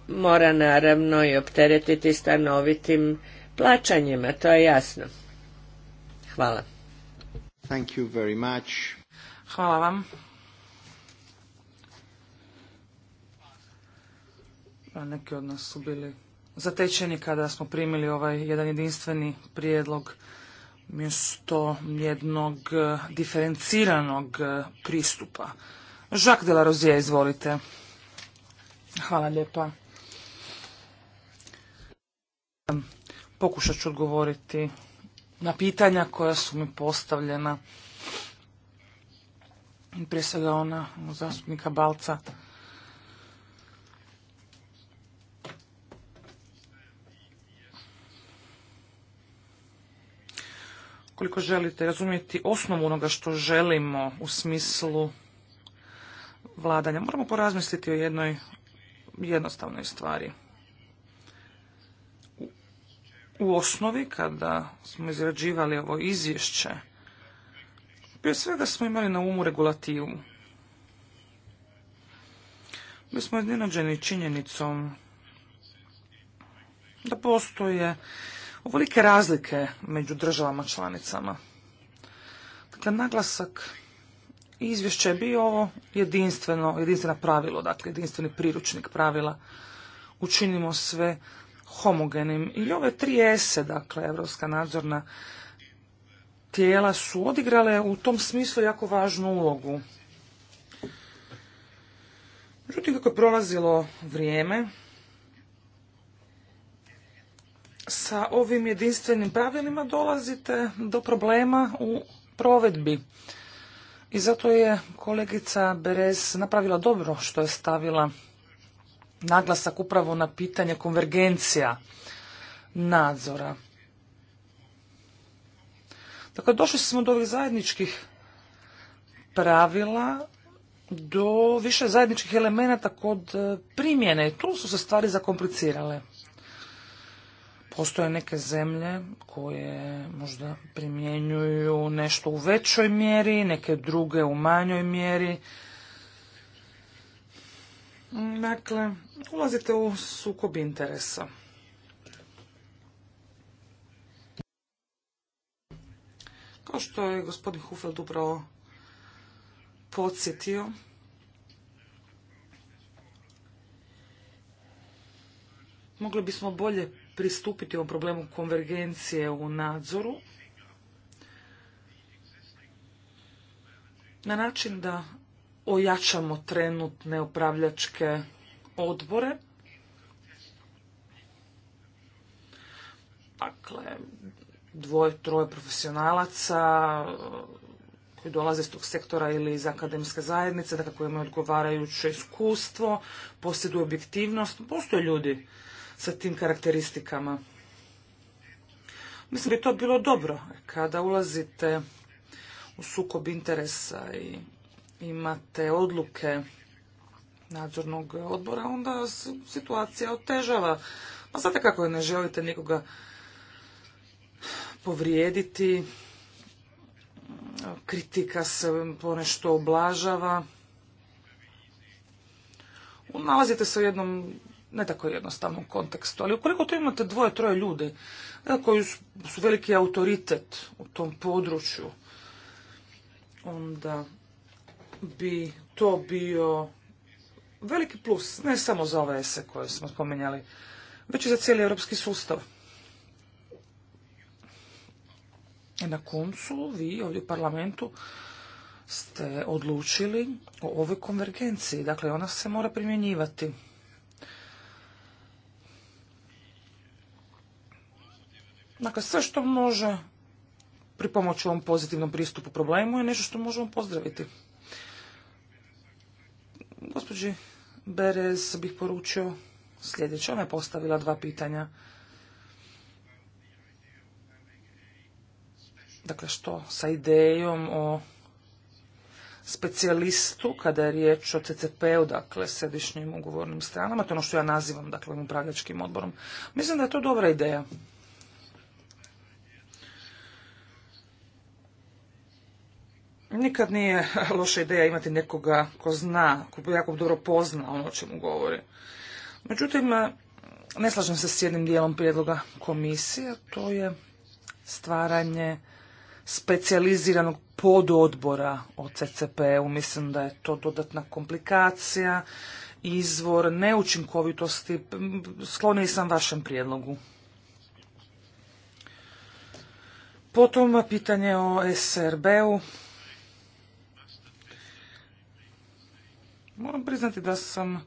mora naravno i opteretiti stanovitim plaćanjima, to je jasno. Hvala. Thank you very much. Hvala vam. neki od nas su bili zatečeni kada smo primili ovaj jedan jedinstveni prijedlog mjesto jednog e, diferenciranog e, pristupa. Jacques de la izvolite. Hvala lijepa. Pokušat ću odgovoriti na pitanja koja su mi postavljena. Prije svega ona zastupnika Balca. koliko želite razumjeti osnovu onoga što želimo u smislu vladanja. Moramo porazmisliti o jednoj jednostavnoj stvari u osnovi kada smo izrađivali ovo izvješće, prije svega smo imali na umu regulativu. Mi smo iznenađeni činjenicom da postoje ovolike razlike među državama članicama. Dakle, naglasak izvješća je bio ovo jedinstveno, jedinstveno pravilo, dakle jedinstveni priručnik pravila. Učinimo sve homogenim. I ove tri ese, dakle, Evropska nadzorna tijela su odigrale u tom smislu jako važnu ulogu. Međutim, kako je prolazilo vrijeme, sa ovim jedinstvenim pravilima dolazite do problema u provedbi. I zato je kolegica Beres napravila dobro što je stavila naglasak upravo na pitanje konvergencija nadzora. Dakle, došli smo do ovih zajedničkih pravila, do više zajedničkih elemenata kod e, primjene. Tu su se stvari zakomplicirale. Postoje neke zemlje koje možda primjenjuju nešto u većoj mjeri, neke druge u manjoj mjeri. Dakle, ulazite u sukob interesa. Kao što je gospodin Hufeld upravo podsjetio, mogli bismo bolje pristupiti ovom problemu konvergencije u nadzoru na način da ojačamo trenutne upravljačke odbore. Dakle, dvoje, troje profesionalaca uh, koji dolaze iz tog sektora ili iz akademske zajednice, dakle koji imaju odgovarajuće iskustvo, posjeduju objektivnost. Postoje ljudi sa tim karakteristikama. Mislim da bi to bilo dobro kada ulazite u sukob interesa i imate odluke nadzornog odbora, onda situacija otežava. Pa znate kako ne želite nikoga povrijediti, kritika se ponešto oblažava. Nalazite se u jednom ne tako jednostavnom kontekstu, ali ukoliko to imate dvoje, troje ljudi e, koji su veliki autoritet u tom području, onda bi to bio veliki plus, ne samo za ove ESE koje smo spomenjali, već i za cijeli europski sustav. I na koncu vi ovdje u parlamentu ste odlučili o ovoj konvergenciji, dakle ona se mora primjenjivati. Dakle, sve što može pripomoći ovom pozitivnom pristupu problemu je nešto što možemo pozdraviti. Gospođi Berez bih poručio sljedeće. Ona je postavila dva pitanja. Dakle, što sa idejom o specijalistu kada je riječ o CCP-u, dakle središnjim ugovornim stranama, to je ono što ja nazivam dakle upravljačkim odborom. Mislim da je to dobra ideja. Nikad nije loša ideja imati nekoga ko zna, ko jako dobro pozna ono o čemu govori. Međutim, ne slažem se s jednim dijelom prijedloga komisije, to je stvaranje specijaliziranog pododbora o CCP-u. Mislim da je to dodatna komplikacija, izvor neučinkovitosti. Skloni sam vašem prijedlogu. Potom pitanje o SRB-u. Moram priznati da sam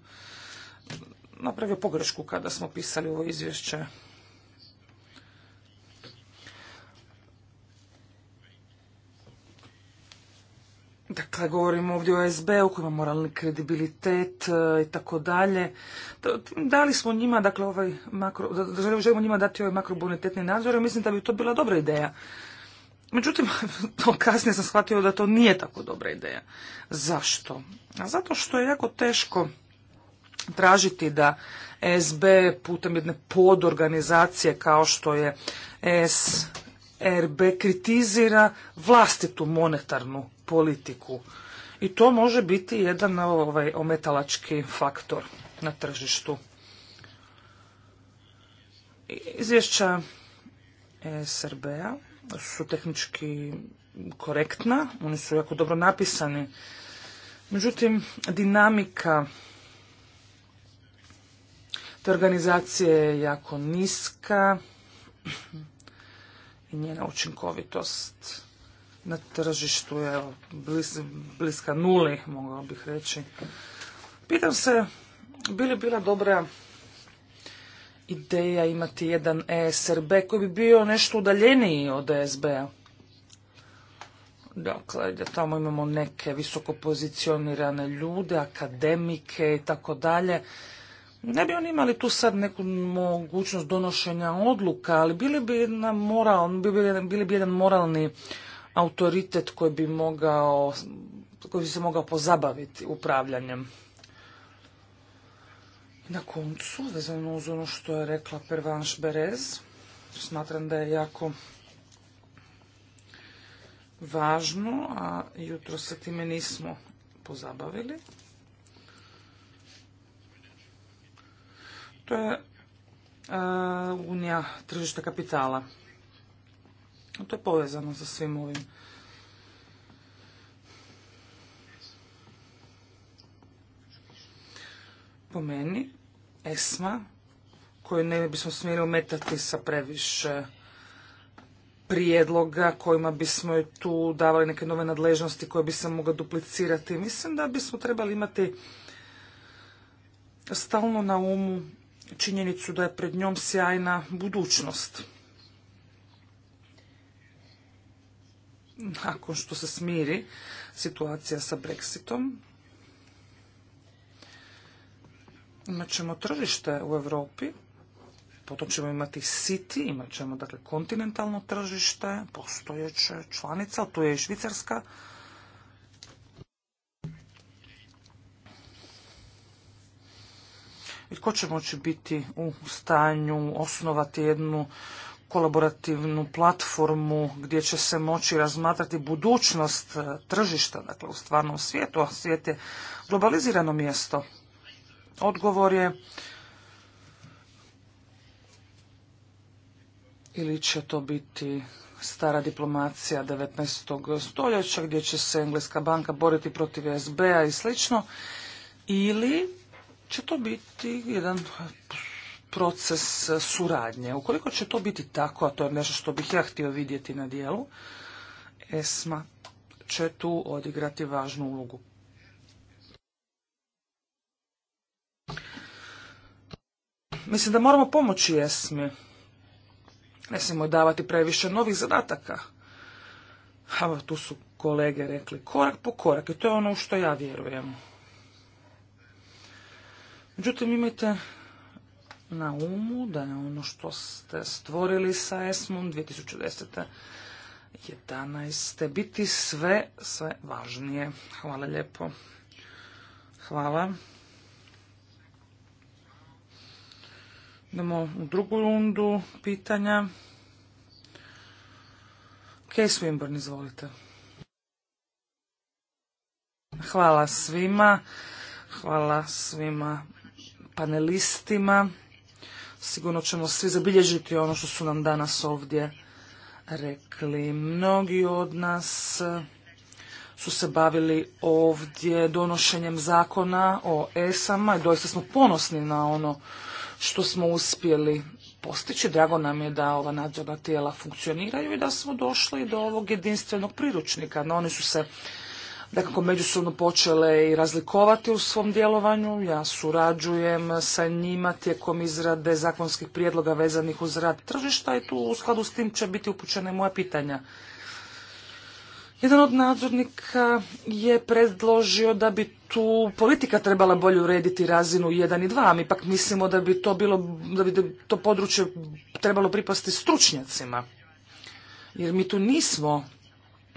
napravio pogrešku kada smo pisali ovo izvješće. Dakle, govorimo ovdje o SB-u koji ima moralni kredibilitet e, i tako dalje. li smo njima, dakle, ovaj želimo njima dati ovaj makrobonitetni nadzor i mislim da bi to bila dobra ideja. Međutim, kasnije sam shvatio da to nije tako dobra ideja. Zašto? Zato što je jako teško tražiti da SB putem jedne podorganizacije kao što je SRB kritizira vlastitu monetarnu politiku. I to može biti jedan ovaj, ometalački faktor na tržištu. Izvješća SRB-a su tehnički korektna, oni su jako dobro napisani. Međutim, dinamika te organizacije je jako niska i njena učinkovitost na tržištu je bliska nuli, mogao bih reći. Pitam se, bi li bila dobra ideja imati jedan ESRB koji bi bio nešto udaljeniji od ESB-a. Dakle, da tamo imamo neke visoko pozicionirane ljude, akademike i tako dalje. Ne bi oni imali tu sad neku mogućnost donošenja odluka, ali bili bi, moral, bili, bili bi jedan moralni autoritet koji bi mogao, koji bi se mogao pozabaviti upravljanjem. Na koncu, vezano uz ono što je rekla Pervanš Berez, smatram da je jako važno, a jutro se time nismo pozabavili. To je e, unija tržišta kapitala. To je povezano sa svim ovim. Po meni, ESMA, koju ne bismo smjeli umetati sa previše prijedloga kojima bismo joj tu davali neke nove nadležnosti koje bi se mogla duplicirati. Mislim da bismo trebali imati stalno na umu činjenicu da je pred njom sjajna budućnost. Nakon što se smiri situacija sa Brexitom, Imat ćemo tržište u Europi, potom ćemo imati City, imat ćemo dakle kontinentalno tržište, postojeće članica, tu je i Švicarska. I tko će moći biti u stanju osnovati jednu kolaborativnu platformu gdje će se moći razmatrati budućnost e, tržišta, dakle u stvarnom svijetu, a svijet je globalizirano mjesto. Odgovor je ili će to biti stara diplomacija 19. stoljeća gdje će se Engleska banka boriti protiv SBA i slično ili će to biti jedan proces suradnje. Ukoliko će to biti tako, a to je nešto što bih ja htio vidjeti na dijelu, ESMA će tu odigrati važnu ulogu. Mislim da moramo pomoći Esmi. Ne smijemo davati previše novih zadataka. A tu su kolege rekli korak po korak i to je ono u što ja vjerujem. Međutim, imajte na umu da je ono što ste stvorili sa Esmom 2010. 11. biti sve, sve važnije. Hvala lijepo. Hvala. Idemo u drugu rundu pitanja. Case Wimborn, izvolite. Hvala svima. Hvala svima panelistima. Sigurno ćemo svi zabilježiti ono što su nam danas ovdje rekli. Mnogi od nas su se bavili ovdje donošenjem zakona o ESAMA i doista smo ponosni na ono što smo uspjeli postići. Drago nam je da ova nadzorna tijela funkcioniraju i da smo došli do ovog jedinstvenog priručnika. No, oni su se nekako međusobno počele i razlikovati u svom djelovanju. Ja surađujem sa njima tijekom izrade zakonskih prijedloga vezanih uz rad tržišta i tu u skladu s tim će biti upućene moja pitanja. Jedan od nadzornika je predložio da bi tu politika trebala bolje urediti razinu 1 i 2, a mi pak mislimo da bi to, bilo, da bi to područje trebalo pripasti stručnjacima. Jer mi tu nismo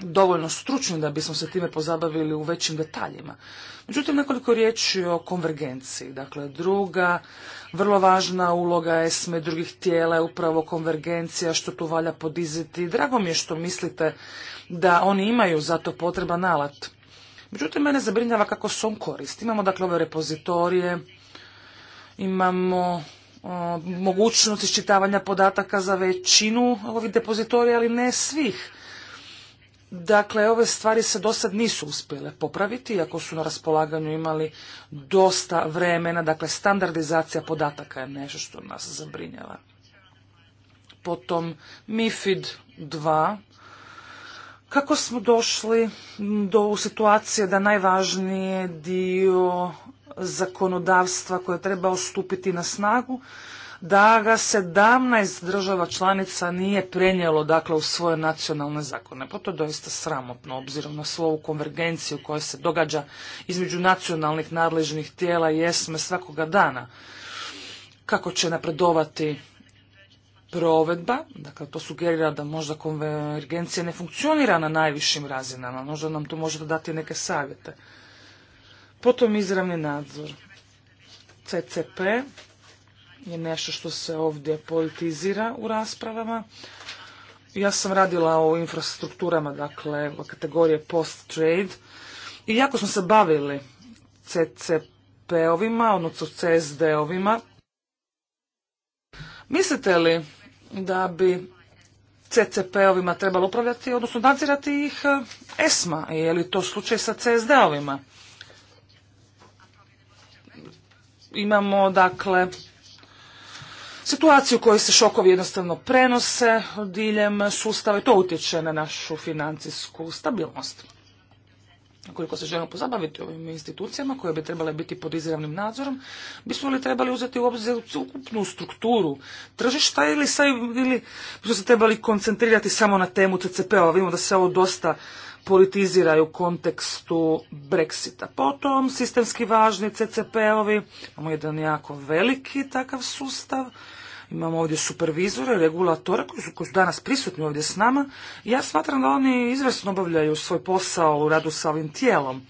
dovoljno stručni da bismo se time pozabavili u većim detaljima. Međutim, nekoliko riječi o konvergenciji. Dakle, druga vrlo važna uloga sme drugih tijela je upravo konvergencija što tu valja podiziti. Drago mi je što mislite da oni imaju za to potreban alat. Međutim, mene zabrinjava kako se on koristi. Imamo dakle ove repozitorije, imamo mogućnost iščitavanja podataka za većinu ovih depozitorija, ali ne svih. Dakle, ove stvari se do sad nisu uspjele popraviti, iako su na raspolaganju imali dosta vremena. Dakle, standardizacija podataka je nešto što nas zabrinjava. Potom MIFID 2. Kako smo došli do situacije da najvažnije dio zakonodavstva koje treba ostupiti na snagu da ga 17 država članica nije prenijelo dakle, u svoje nacionalne zakone. Pa to je doista sramotno, obzirom na svoju konvergenciju koja se događa između nacionalnih nadležnih tijela i jesme svakoga dana. Kako će napredovati provedba, dakle to sugerira da možda konvergencija ne funkcionira na najvišim razinama, možda nam tu možete dati neke savjete. Potom izravni nadzor. CCP, je nešto što se ovdje politizira u raspravama. Ja sam radila o infrastrukturama, dakle, kategorije post-trade i jako smo se bavili CCP-ovima, odnosno CSD-ovima. Mislite li da bi CCP-ovima trebalo upravljati, odnosno nadzirati ih eh, ESMA? Je li to slučaj sa CSD-ovima? Imamo, dakle, situaciju u kojoj se šokovi jednostavno prenose diljem sustava i to utječe na našu financijsku stabilnost. Koliko se želimo pozabaviti ovim institucijama koje bi trebale biti pod izravnim nadzorom, bismo li trebali uzeti u obzir ukupnu strukturu tržišta ili, sa, ili bismo se trebali koncentrirati samo na temu CCP-ova. Vidimo da se ovo dosta politiziraju u kontekstu Brexita. Potom sistemski važni CCP-ovi, imamo jedan jako veliki takav sustav Imamo ovdje supervizore, regulatore koji su, danas prisutni ovdje s nama. ja smatram da oni izvrsno obavljaju svoj posao u radu sa ovim tijelom.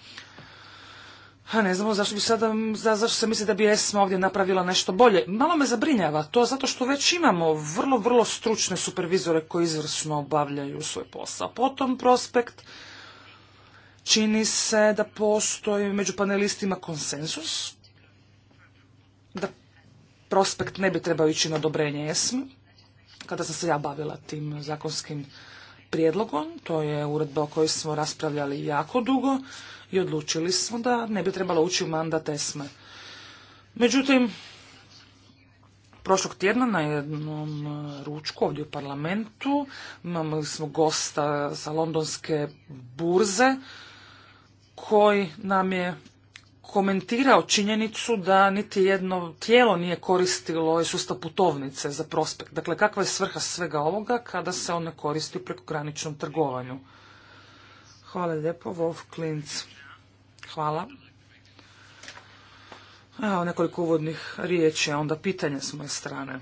A ne znamo zašto bi sada, zašto se misli da bi ESMA ovdje napravila nešto bolje. Malo me zabrinjava to, zato što već imamo vrlo, vrlo stručne supervizore koji izvrsno obavljaju svoj posao. Potom prospekt, čini se da postoji među panelistima konsensus, da prospekt ne bi trebao ići na odobrenje ESM, kada sam se ja bavila tim zakonskim prijedlogom, to je uredba o kojoj smo raspravljali jako dugo i odlučili smo da ne bi trebalo ući u mandat ESM-e. Međutim, prošlog tjedna na jednom e, ručku ovdje u parlamentu imali smo gosta sa londonske burze koji nam je komentirao činjenicu da niti jedno tijelo nije koristilo ovaj sustav putovnice za prospekt. Dakle, kakva je svrha svega ovoga kada se on ne koristi u prekograničnom trgovanju? Hvala lijepo, Wolf Klinc. Hvala. Evo nekoliko uvodnih riječi, a onda pitanje s moje strane.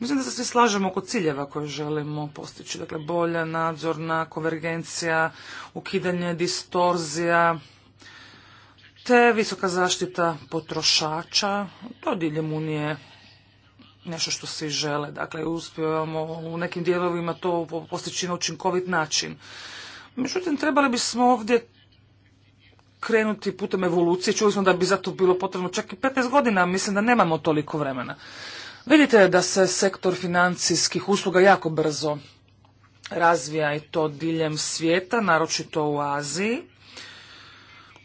Mislim da se svi slažemo oko ciljeva koje želimo postići. Dakle, bolja nadzorna konvergencija, ukidanje distorzija, te visoka zaštita potrošača. To diljem unije nešto što svi žele. Dakle, uspijevamo u nekim dijelovima to postići na učinkovit način. Međutim, trebali bismo ovdje krenuti putem evolucije. Čuli smo da bi za to bilo potrebno čak i 15 godina, mislim da nemamo toliko vremena. Vidite da se sektor financijskih usluga jako brzo razvija i to diljem svijeta, naročito u Aziji.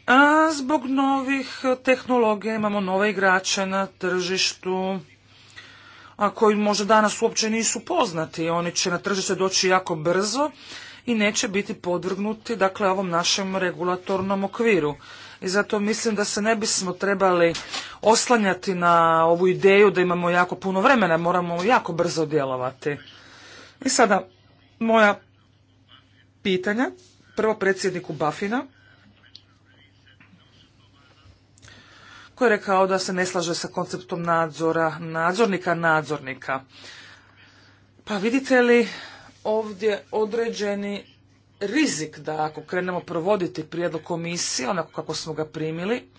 A zbog novih tehnologija imamo nove igrače na tržištu, a koji možda danas uopće nisu poznati. Oni će na tržište doći jako brzo i neće biti podvrgnuti dakle, ovom našem regulatornom okviru i zato mislim da se ne bismo trebali oslanjati na ovu ideju da imamo jako puno vremena, moramo jako brzo djelovati. I sada moja pitanja, prvo predsjedniku Bafina, koji je rekao da se ne slaže sa konceptom nadzora, nadzornika, nadzornika. Pa vidite li ovdje određeni rizik da ako krenemo provoditi prijedlog komisije, onako kako smo ga primili,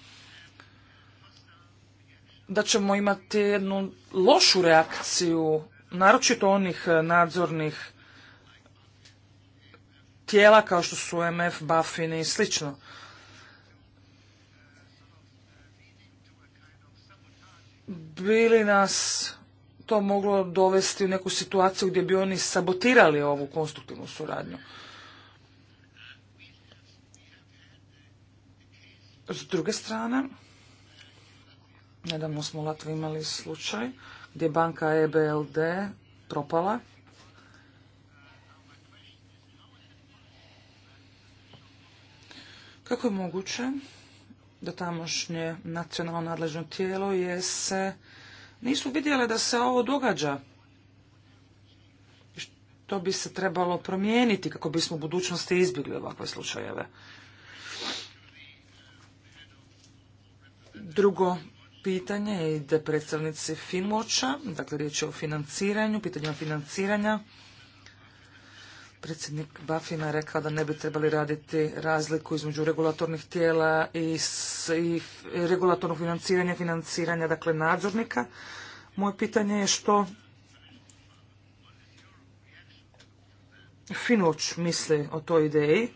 da ćemo imati jednu lošu reakciju, naročito onih eh, nadzornih tijela kao što su MF, BAFIN i slično. Bili nas to moglo dovesti u neku situaciju gdje bi oni sabotirali ovu konstruktivnu suradnju. S druge strane, nedavno smo u Latviji imali slučaj gdje je banka EBLD propala. Kako je moguće da tamošnje nacionalno nadležno tijelo je se nisu vidjele da se ovo događa. Što bi se trebalo promijeniti kako bismo u budućnosti izbjegli ovakve slučajeve. Drugo pitanje ide predstavnici Finwatcha, dakle riječ je o financiranju, pitanjima financiranja. Predsjednik Bafina je rekao da ne bi trebali raditi razliku između regulatornih tijela i, i regulatornog financiranja, financiranja dakle nadzornika. Moje pitanje je što Finwatch misli o toj ideji.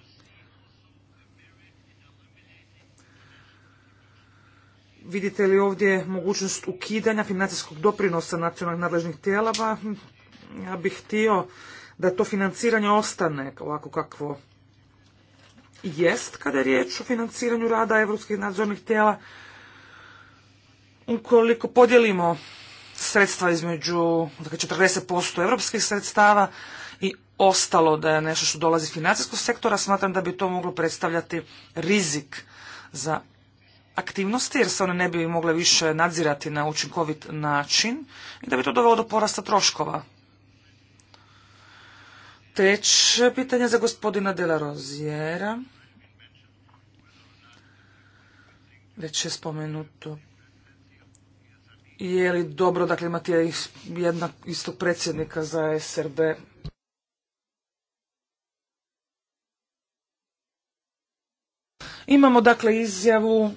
Vidite li ovdje mogućnost ukidanja financijskog doprinosa nacionalnih nadležnih tijela? ja bih htio da to financiranje ostane ovako kakvo jest kada je riječ o financiranju rada europskih nadzornih tijela. Ukoliko podijelimo sredstva između dakle 40% europskih sredstava i ostalo da je nešto što dolazi iz financijskog sektora, smatram da bi to moglo predstavljati rizik za aktivnosti jer se one ne bi mogle više nadzirati na učinkovit način i da bi to dovelo do porasta troškova. Treće pitanje za gospodina Dela Rozijera. Već je spomenuto. Je li dobro, dakle, imati jednak istog predsjednika za SRB? Imamo, dakle, izjavu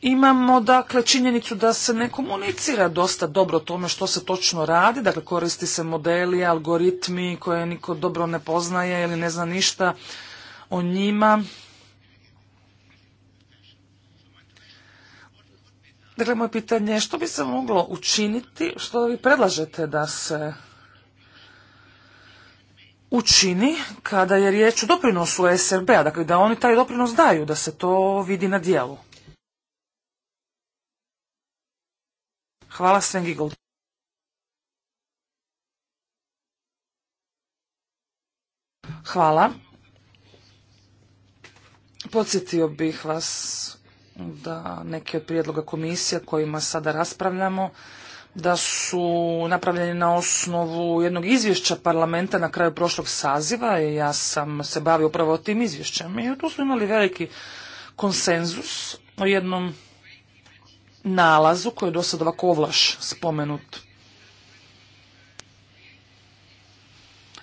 Imamo dakle činjenicu da se ne komunicira dosta dobro o tome što se točno radi, dakle koristi se modeli, algoritmi koje niko dobro ne poznaje ili ne zna ništa o njima. Dakle, moje pitanje je što bi se moglo učiniti, što vi predlažete da se učini kada je riječ o doprinosu SRB-a, dakle da oni taj doprinos daju, da se to vidi na dijelu. Hvala Sven Hvala. Podsjetio bih vas da neke od prijedloga komisija kojima sada raspravljamo da su napravljeni na osnovu jednog izvješća parlamenta na kraju prošlog saziva i ja sam se bavio upravo tim izvješćem i tu smo imali veliki konsenzus o jednom nalazu koji je do sad ovako ovlaš spomenut.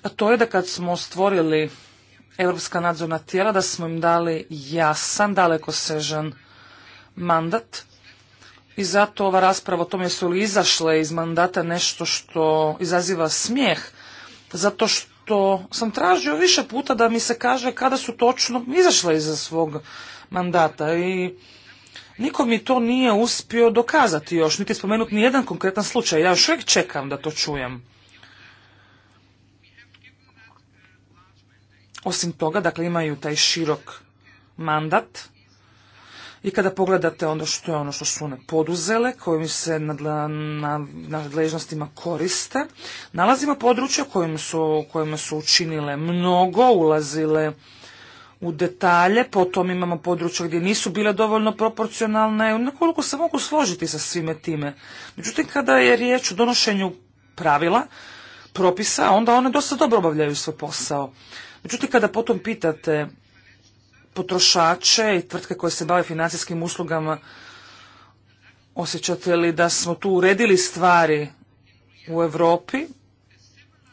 A to je da kad smo stvorili Europska nadzorna tijela, da smo im dali jasan, daleko sežan mandat i zato ova rasprava o tome su li izašle iz mandata nešto što izaziva smijeh, zato što sam tražio više puta da mi se kaže kada su točno izašle iza svog mandata i Niko mi to nije uspio dokazati još, niti spomenuti ni jedan konkretan slučaj. Ja još uvijek čekam da to čujem. Osim toga, dakle, imaju taj širok mandat i kada pogledate ono što je ono što su one poduzele, kojim se na nadležnostima koriste, nalazimo područje kojim su, kojima su učinile mnogo, ulazile u detalje, potom imamo područja gdje nisu bile dovoljno proporcionalne, koliko se mogu složiti sa svime time. Međutim, kada je riječ o donošenju pravila, propisa, onda one dosta dobro obavljaju svoj posao. Međutim, kada potom pitate potrošače i tvrtke koje se bave financijskim uslugama, osjećate li da smo tu uredili stvari u Europi,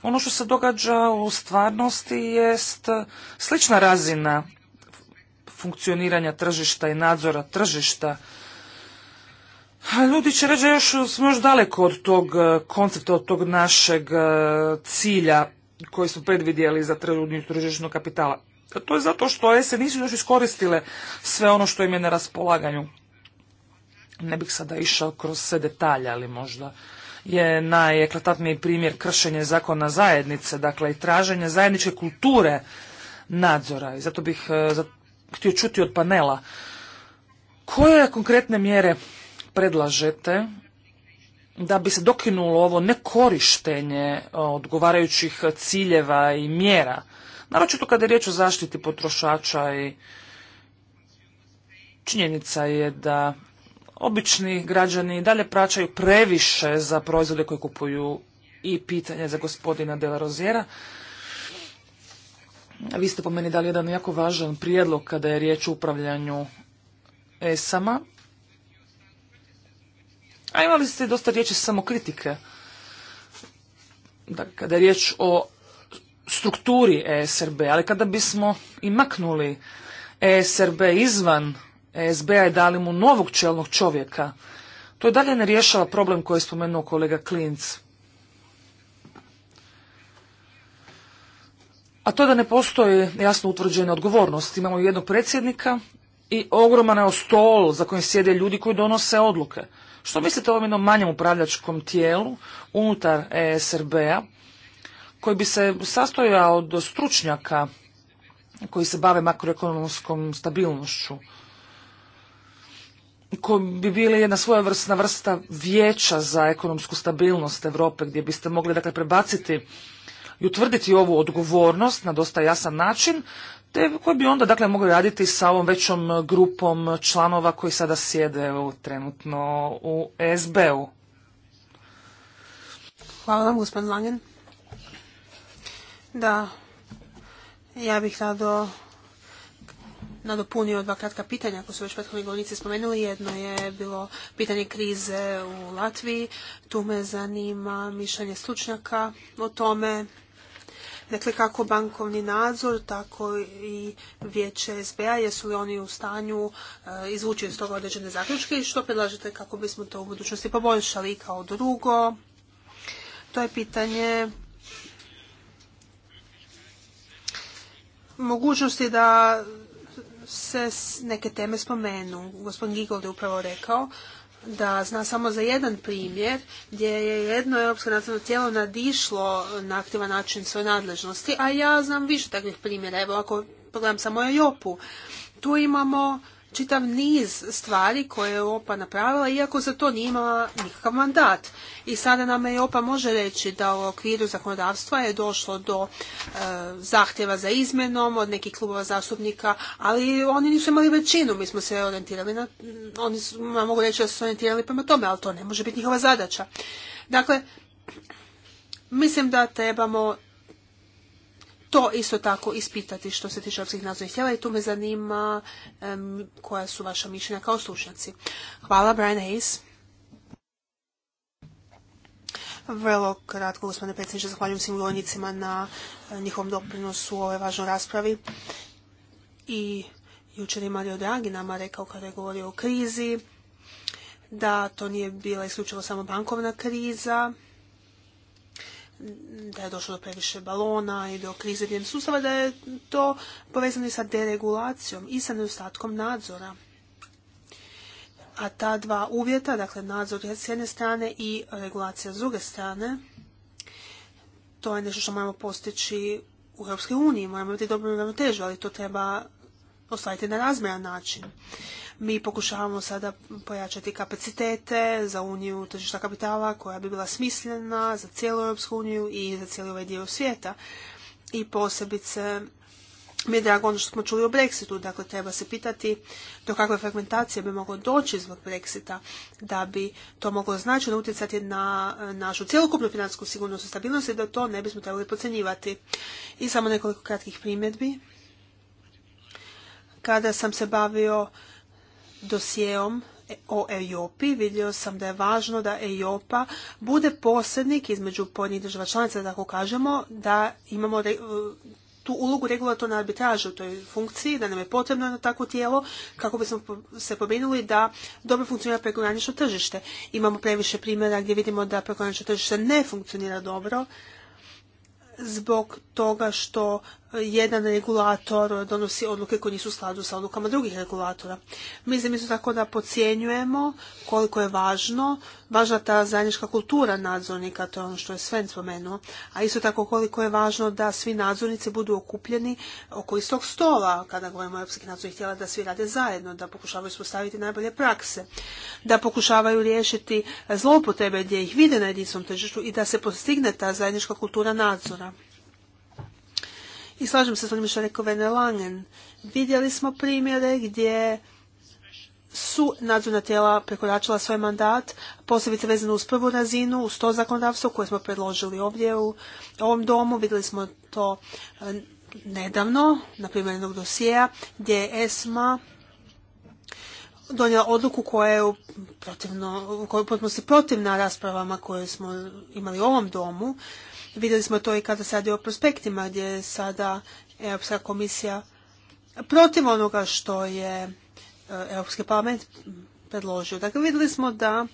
ono što se događa u stvarnosti jest slična razina funkcioniranja tržišta i nadzora tržišta. ljudi će reći da smo još daleko od tog e, koncepta, od tog našeg e, cilja koji smo predvidjeli za tržišnog kapitala. to je zato što se nisu još iskoristile sve ono što im je na raspolaganju. Ne bih sada išao kroz sve detalje, ali možda je najeklatantniji primjer kršenje zakona zajednice, dakle i traženje zajedničke kulture nadzora. I zato bih e, htio čuti od panela koje konkretne mjere predlažete da bi se dokinulo ovo nekorištenje e, odgovarajućih ciljeva i mjera, naročito kada je riječ o zaštiti potrošača i činjenica je da obični građani dalje plaćaju previše za proizvode koje kupuju i pitanje za gospodina De La Vi ste po meni dali jedan jako važan prijedlog kada je riječ o upravljanju ESAMA. A imali ste dosta riječi samo kritike. kada je riječ o strukturi ESRB, ali kada bismo i maknuli ESRB izvan SBA je i dali mu novog čelnog čovjeka. To je dalje ne rješava problem koji je spomenuo kolega Klinc. A to je da ne postoji jasno utvrđena odgovornosti. Imamo jednog predsjednika i ogroman je stol za kojim sjede ljudi koji donose odluke. Što mislite o ovom jednom manjem upravljačkom tijelu unutar ESRB-a koji bi se sastojao od stručnjaka koji se bave makroekonomskom stabilnošću? koji bi bili jedna svojevrsna vrsta vijeća za ekonomsku stabilnost Europe gdje biste mogli dakle prebaciti i utvrditi ovu odgovornost na dosta jasan način, te koji bi onda dakle mogli raditi sa ovom većom grupom članova koji sada sjede u, trenutno u SB-u. Hvala vam, gospodin Langen. Da, ja bih rado nadopunio dva kratka pitanja, ako su već prethodni govornici spomenuli. Jedno je bilo pitanje krize u Latviji. Tu me zanima mišljenje stručnjaka o tome. Dakle, kako bankovni nadzor, tako i vijeće SBA, jesu li oni u stanju e, izvući iz toga određene zaključke i što predlažete kako bismo to u budućnosti poboljšali kao drugo? To je pitanje mogućnosti da se neke teme spomenu. Gospodin Gigold je upravo rekao da zna samo za jedan primjer gdje je jedno europsko nacionalno tijelo nadišlo na aktivan način svoje nadležnosti, a ja znam više takvih primjera. Evo ako pogledam samo Jopu, tu imamo čitav niz stvari koje je OPA napravila, iako za to nije imala nikakav mandat. I sada nam OPA može reći da u okviru zakonodavstva je došlo do e, zahtjeva za izmenom od nekih klubova zastupnika, ali oni nisu imali većinu, mi smo se orijentirali oni mogu reći da su se orijentirali prema tome, ali to ne može biti njihova zadaća. Dakle, mislim da trebamo to isto tako ispitati što se tiče opskih nadzornih tijela i tu me zanima koja su vaša mišljenja kao slušnjaci. Hvala, Brian Hayes. Vrlo kratko, gospodine predsjedniče, zahvaljujem svim govornicima na e, njihovom doprinosu u ovoj važnoj raspravi. I jučer je Mario Draghi nama rekao kada je govorio o krizi, da to nije bila isključivo samo bankovna kriza, da je došlo do previše balona i do krize diljem sustava, da je to povezano i sa deregulacijom i sa nedostatkom nadzora. A ta dva uvjeta, dakle nadzor s jedne strane i regulacija s druge strane, to je nešto što moramo postići u Europskoj uniji. Moramo imati dobru ravnotežu, ali to treba ostvariti na razmjeran način. Mi pokušavamo sada pojačati kapacitete za uniju tržišta kapitala koja bi bila smislena za cijelu Europsku uniju i za cijeli ovaj dio svijeta. I posebice mi je drago ono što smo čuli o Brexitu, dakle treba se pitati do kakve fragmentacije bi moglo doći zbog Brexita, da bi to moglo značajno utjecati na našu cjelokupnu financijsku sigurnost i stabilnost i da to ne bismo trebali pocenjivati. I samo nekoliko kratkih primjedbi. Kada sam se bavio dosijeom o Ejopi vidio sam da je važno da Ejopa bude posrednik između pojedinih država članica, da tako kažemo, da imamo tu ulogu regulatorne arbitraže u toj funkciji, da nam je potrebno na takvo tijelo kako bismo se pobrinuli da dobro funkcionira prekogranično tržište. Imamo previše primjera gdje vidimo da prekogranično tržište ne funkcionira dobro zbog toga što jedan regulator donosi odluke koje nisu u skladu sa odlukama drugih regulatora. Mislim isto tako da pocijenjujemo koliko je važno, važna ta zajednička kultura nadzornika, to je ono što je Sven spomenuo, a isto tako koliko je važno da svi nadzornici budu okupljeni oko istog stola, kada govorimo o europskih nadzornih tijela, da svi rade zajedno, da pokušavaju uspostaviti najbolje prakse, da pokušavaju riješiti zloupotrebe gdje ih vide na jedinstvenom tržištu i da se postigne ta zajednička kultura nadzora. I slažem se s onim što je rekao Vene Langen. Vidjeli smo primjere gdje su nadzorna tijela prekoračila svoj mandat, posebice vezano uz prvu razinu, uz to zakonodavstvo koje smo predložili ovdje u ovom domu. Vidjeli smo to e, nedavno, na primjer jednog dosijeja, gdje je ESMA donijela odluku koja je protivno, koja je protivna raspravama koje smo imali u ovom domu Vidjeli smo to i kada se radi o prospektima gdje je sada Europska komisija protiv onoga što je e, Europski parlament predložio. Dakle, vidjeli smo da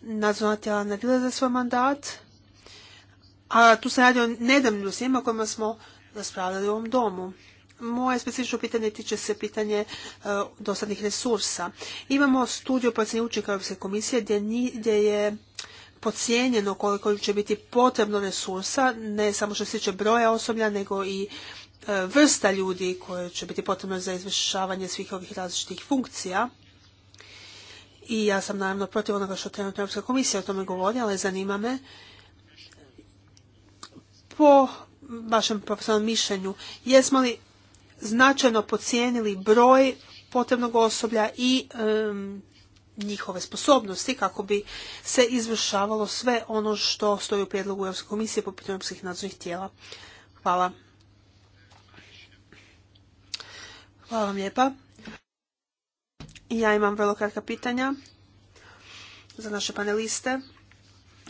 nadzorna tijela ne za svoj mandat, a tu se radi o nedavnim dosijima kojima smo raspravljali u ovom domu. Moje specifično pitanje tiče se pitanje dostatnih e, dosadnih resursa. Imamo studiju procjeni učinka Europske komisije gdje je podcijenjeno koliko će biti potrebno resursa, ne samo što se tiče broja osoblja, nego i e, vrsta ljudi koje će biti potrebno za izvršavanje svih ovih različitih funkcija. I ja sam naravno protiv onoga što trenutno Europska komisija o tome govori, ali zanima me po vašem profesionalnom mišljenju, jesmo li značajno pocijenili broj potrebnog osoblja i njihove sposobnosti kako bi se izvršavalo sve ono što stoji u prijedlogu Europske komisije po pitanju europskih nadzornih tijela. Hvala. Hvala vam lijepa. Ja imam vrlo kratka pitanja za naše paneliste.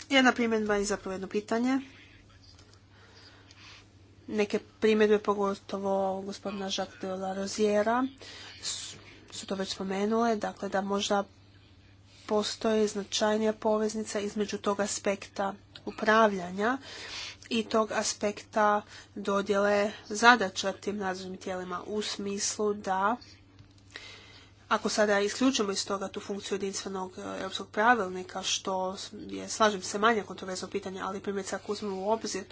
Jedna primjedba i zapravo jedno pitanje. Neke primjedbe, pogotovo gospodina Jacques de la su to već spomenule, dakle da možda postoji značajnija poveznica između tog aspekta upravljanja i tog aspekta dodjele zadaća tim nadzornim tijelima u smislu da ako sada isključimo iz toga tu funkciju jedinstvenog e, europskog pravilnika, što je, slažem se, manje kontroverzno pitanje, ali primjerice ako uzmemo u obzir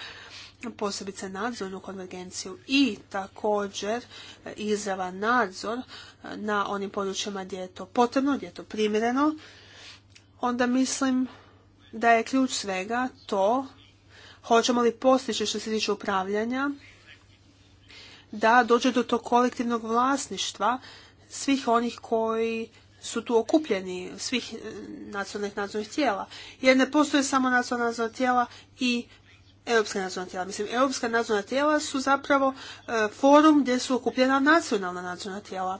posebice nadzornu konvergenciju i također e, izravan nadzor e, na onim područjima gdje je to potrebno, gdje je to primjereno, onda mislim da je ključ svega to hoćemo li postići što se tiče upravljanja da dođe do tog kolektivnog vlasništva svih onih koji su tu okupljeni, svih eh, nacionalnih nadzornih tijela. Jer ne postoje samo nacionalna nadzorna tijela i europska nadzorna tijela. Mislim, europska nadzorna tijela su zapravo eh, forum gdje su okupljena nacionalna nadzorna tijela.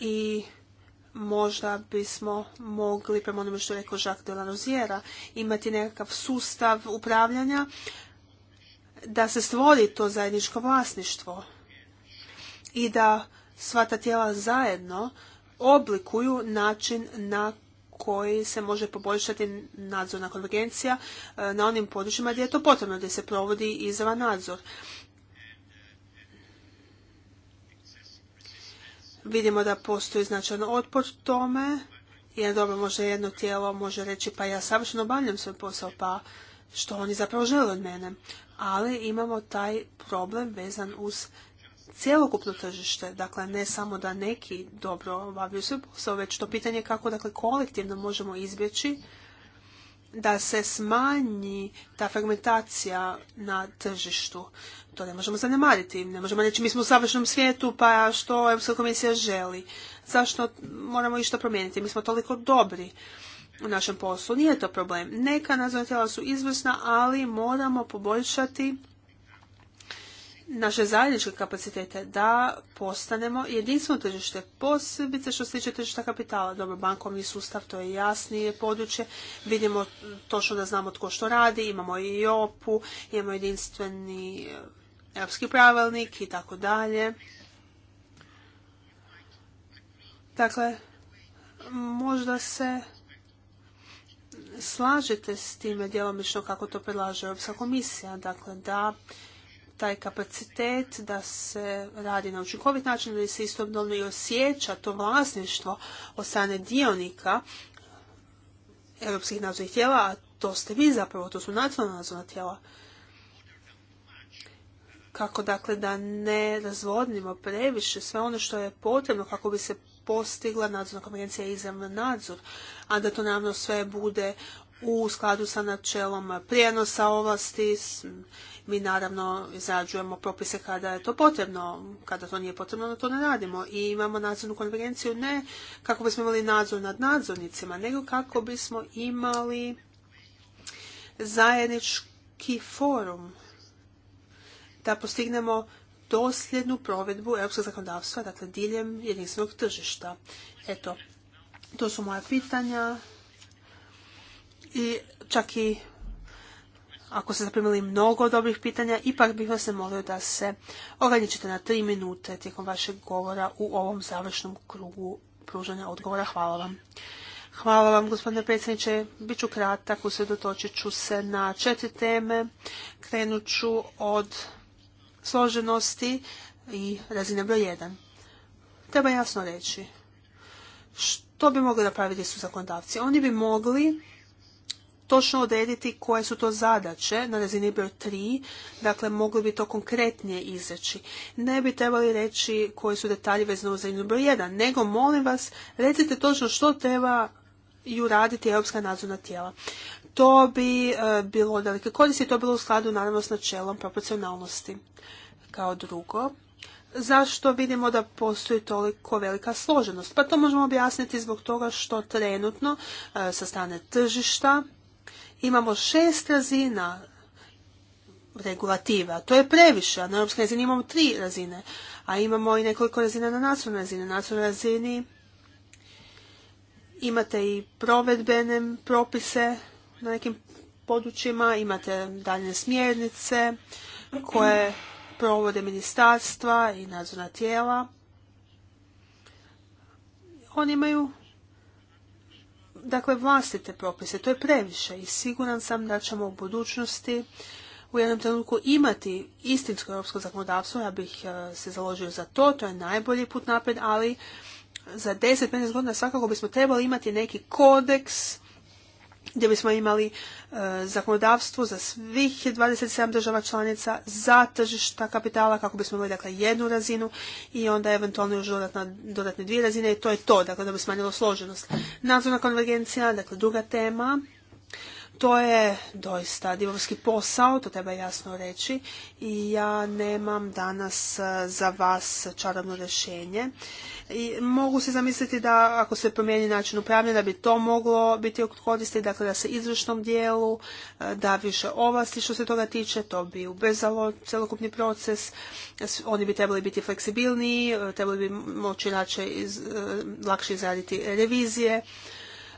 I možda bismo mogli, prema onome što je rekao Jacques de imati nekakav sustav upravljanja da se stvori to zajedničko vlasništvo i da sva ta tijela zajedno oblikuju način na koji se može poboljšati nadzorna konvergencija eh, na onim područjima gdje je to potrebno, gdje se provodi izravan nadzor. Vidimo da postoji značajan otpor tome, jer dobro može jedno tijelo može reći pa ja savršeno obavljam svoj posao, pa što oni zapravo žele od mene. Ali imamo taj problem vezan uz cjelokupno tržište, dakle ne samo da neki dobro obavljaju svoj posao, već to pitanje kako dakle, kolektivno možemo izbjeći da se smanji ta fragmentacija na tržištu to ne možemo zanemariti. Ne možemo reći mi smo u savršenom svijetu pa što Europska komisija želi. Zašto moramo išta promijeniti? Mi smo toliko dobri u našem poslu. Nije to problem. Neka nadzorna tijela su izvrsna, ali moramo poboljšati naše zajedničke kapacitete da postanemo jedinstveno tržište, posebice što se tiče tržišta kapitala. Dobro, bankovni sustav, to je jasnije područje, vidimo točno da znamo tko što radi, imamo i OPU, imamo jedinstveni europski pravilnik i tako dalje. Dakle, možda se slažete s time djelomično kako to predlaže Europska komisija, dakle da taj kapacitet da se radi na učinkovit način da se istodobno i osjeća to vlasništvo od strane dionika europskih nadzornih tijela, a to ste vi zapravo, to su nacionalna nadzorna tijela kako dakle da ne razvodnimo previše sve ono što je potrebno kako bi se postigla nadzorna konvencija i izravan nadzor, a da to naravno sve bude u skladu sa načelom prijenosa ovlasti. Mi naravno izrađujemo propise kada je to potrebno, kada to nije potrebno, da to ne radimo. I imamo nadzornu konferenciju ne kako bismo imali nadzor nad nadzornicima, nego kako bismo imali zajednički forum da postignemo dosljednu provedbu europskog zakonodavstva, dakle diljem jedinstvenog tržišta. Eto, to su moja pitanja i čak i ako ste zaprimili mnogo dobrih pitanja, ipak bih vas se molio da se ograničite na tri minute tijekom vašeg govora u ovom završnom krugu pružanja odgovora. Hvala vam. Hvala vam, gospodine predsjedniče. Biću kratak, usredotočit ću se na četiri teme. Krenut ću od složenosti i razine broj 1. Treba jasno reći što bi mogli napraviti su zakonodavci. Oni bi mogli točno odrediti koje su to zadaće na razini broj 3, dakle mogli bi to konkretnije izreći. Ne bi trebali reći koji su detalji vezano za razinu broj 1, nego molim vas recite točno što treba i uraditi europska nadzorna tijela. To bi e, bilo velike koristi i to bilo u skladu naravno s načelom proporcionalnosti. Kao drugo, zašto vidimo da postoji toliko velika složenost? Pa to možemo objasniti zbog toga što trenutno e, sa strane tržišta imamo šest razina regulativa. To je previše, a na europskoj razini imamo tri razine, a imamo i nekoliko razina na nacionalnoj razini. Na nacionalnoj razini imate i provedbene propise na nekim područjima, imate daljne smjernice koje provode ministarstva i nadzorna tijela. Oni imaju dakle vlastite propise, to je previše i siguran sam da ćemo u budućnosti u jednom trenutku imati istinsko europsko zakonodavstvo, ja bih e, se založio za to, to je najbolji put naprijed, ali za 10-15 godina svakako bismo trebali imati neki kodeks gdje bismo imali e, zakonodavstvo za svih 27 država članica za tržišta kapitala kako bismo imali dakle jednu razinu i onda eventualno još dodatne dvije razine i to je to, dakle da bi smanjilo složenost. Nadzorna konvergencija, dakle druga tema to je doista divovski posao, to treba jasno reći i ja nemam danas e, za vas čarobno rješenje. I mogu se zamisliti da ako se promijeni način upravljanja da bi to moglo biti koristi, dakle da se izvršnom dijelu e, da više ovlasti što se toga tiče, to bi ubrzalo celokupni proces, oni bi trebali biti fleksibilniji, e, trebali bi moći lakše izraditi revizije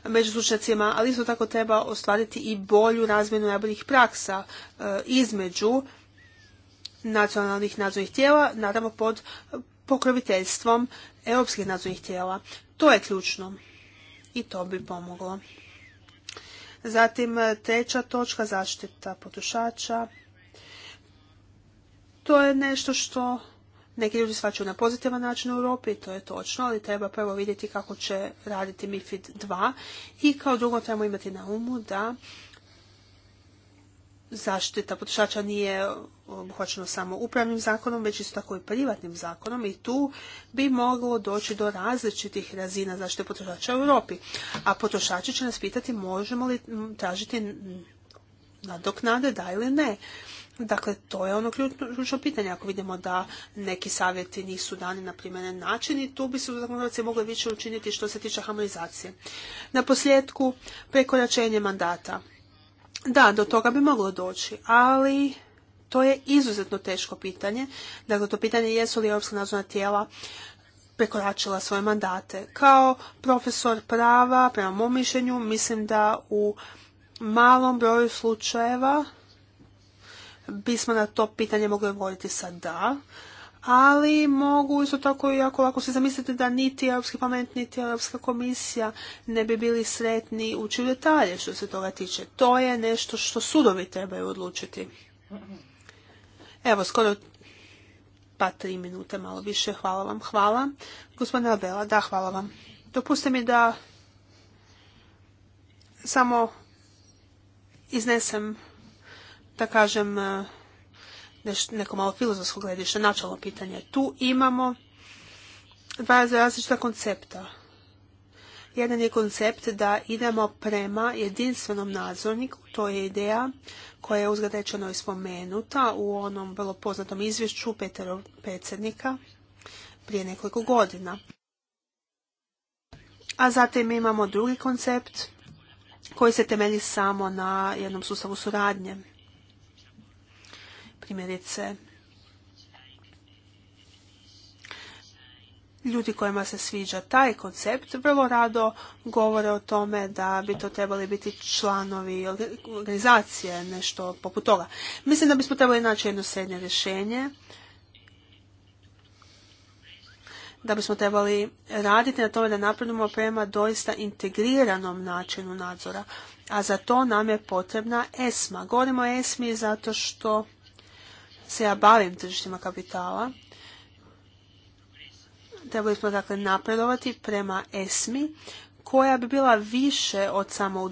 među stručnjacima, ali isto tako treba ostvariti i bolju razmjenu najboljih praksa e, između nacionalnih nadzornih tijela, naravno pod pokroviteljstvom europskih nadzornih tijela. To je ključno i to bi pomoglo. Zatim treća točka zaštita potrošača. To je nešto što neki ljudi svačaju na pozitivan način u Europi, to je točno, ali treba prvo vidjeti kako će raditi MIFID 2 i kao drugo trebamo imati na umu da zaštita potrošača nije obuhvaćena samo upravnim zakonom, već isto tako i privatnim zakonom i tu bi moglo doći do različitih razina zaštite potrošača u Europi. A potrošači će nas pitati možemo li tražiti nadoknade, da ili ne. Dakle, to je ono ključno pitanje. Ako vidimo da neki savjeti nisu dani na primjeren način i tu bi se zakonodavci mogli više učiniti što se tiče harmonizacije. Na posljedku, prekoračenje mandata. Da, do toga bi moglo doći, ali to je izuzetno teško pitanje. Dakle, to pitanje jesu li europska nadzorna tijela prekoračila svoje mandate. Kao profesor prava, prema mom mišljenju, mislim da u malom broju slučajeva bismo na to pitanje mogli odgovoriti sa da, ali mogu isto tako jako lako se zamislite da niti Europski parlament, niti Europska komisija ne bi bili sretni ući u detalje što se toga tiče. To je nešto što sudovi trebaju odlučiti. Evo, skoro pa tri minute, malo više. Hvala vam. Hvala. Gospodine Abela, da, hvala vam. Dopustite mi da samo iznesem da kažem, e, neš, neko malo filozofsko gledište, načalno pitanje. Tu imamo dva različita koncepta. Jedan je koncept da idemo prema jedinstvenom nadzorniku, to je ideja koja je uzgledečeno i spomenuta u onom vrlo poznatom izvješću Petero predsjednika prije nekoliko godina. A zatim imamo drugi koncept koji se temelji samo na jednom sustavu suradnje primjerice ljudi kojima se sviđa taj koncept vrlo rado govore o tome da bi to trebali biti članovi organizacije, nešto poput toga. Mislim da bismo trebali naći jedno srednje rješenje, da bismo trebali raditi na tome da napravimo prema doista integriranom načinu nadzora. A za to nam je potrebna ESMA. Govorimo o ESMI zato što se ja bavim tržištima kapitala, trebali smo dakle napredovati prema ESMI koja bi bila više od samo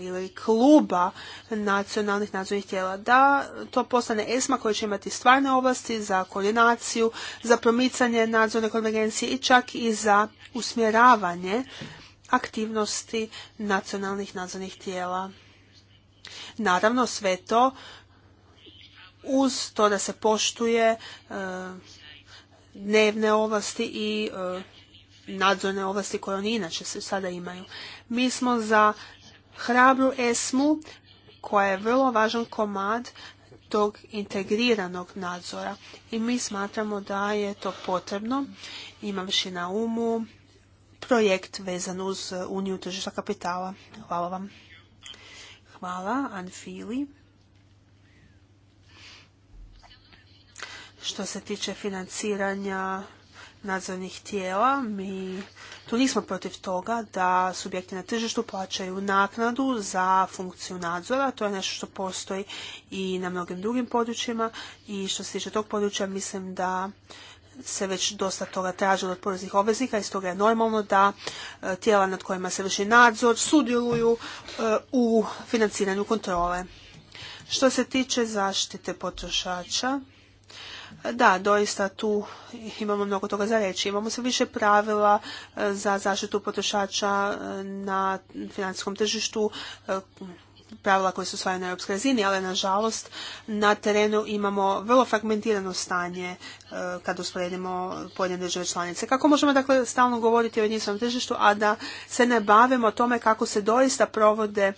ili kluba nacionalnih nadzornih tijela, da to postane ESMA koja će imati stvarne ovlasti za koordinaciju, za promicanje nadzorne konvergencije i čak i za usmjeravanje aktivnosti nacionalnih nadzornih tijela. Naravno, sve to uz to da se poštuje e, dnevne ovlasti i e, nadzorne ovlasti koje oni inače se sada imaju. Mi smo za hrabru esmu koja je vrlo važan komad tog integriranog nadzora i mi smatramo da je to potrebno imavši na umu projekt vezan uz e, Uniju tržišta kapitala. Hvala vam. Hvala, Anfili. Što se tiče financiranja nadzornih tijela, mi tu nismo protiv toga da subjekti na tržištu plaćaju naknadu za funkciju nadzora. To je nešto što postoji i na mnogim drugim područjima i što se tiče tog područja mislim da se već dosta toga tražilo od poreznih obveznika i stoga je normalno da e, tijela nad kojima se vrši nadzor sudjeluju e, u financiranju kontrole. Što se tiče zaštite potrošača, da, doista tu imamo mnogo toga za reći. Imamo sve više pravila e, za zaštitu potrošača e, na financijskom tržištu, e, pravila koje su usvajaju na europskoj razini, ali nažalost na terenu imamo vrlo fragmentirano stanje kada usporedimo pojedine države članice. Kako možemo dakle stalno govoriti o jedinstvenom tržištu, a da se ne bavimo tome kako se doista provode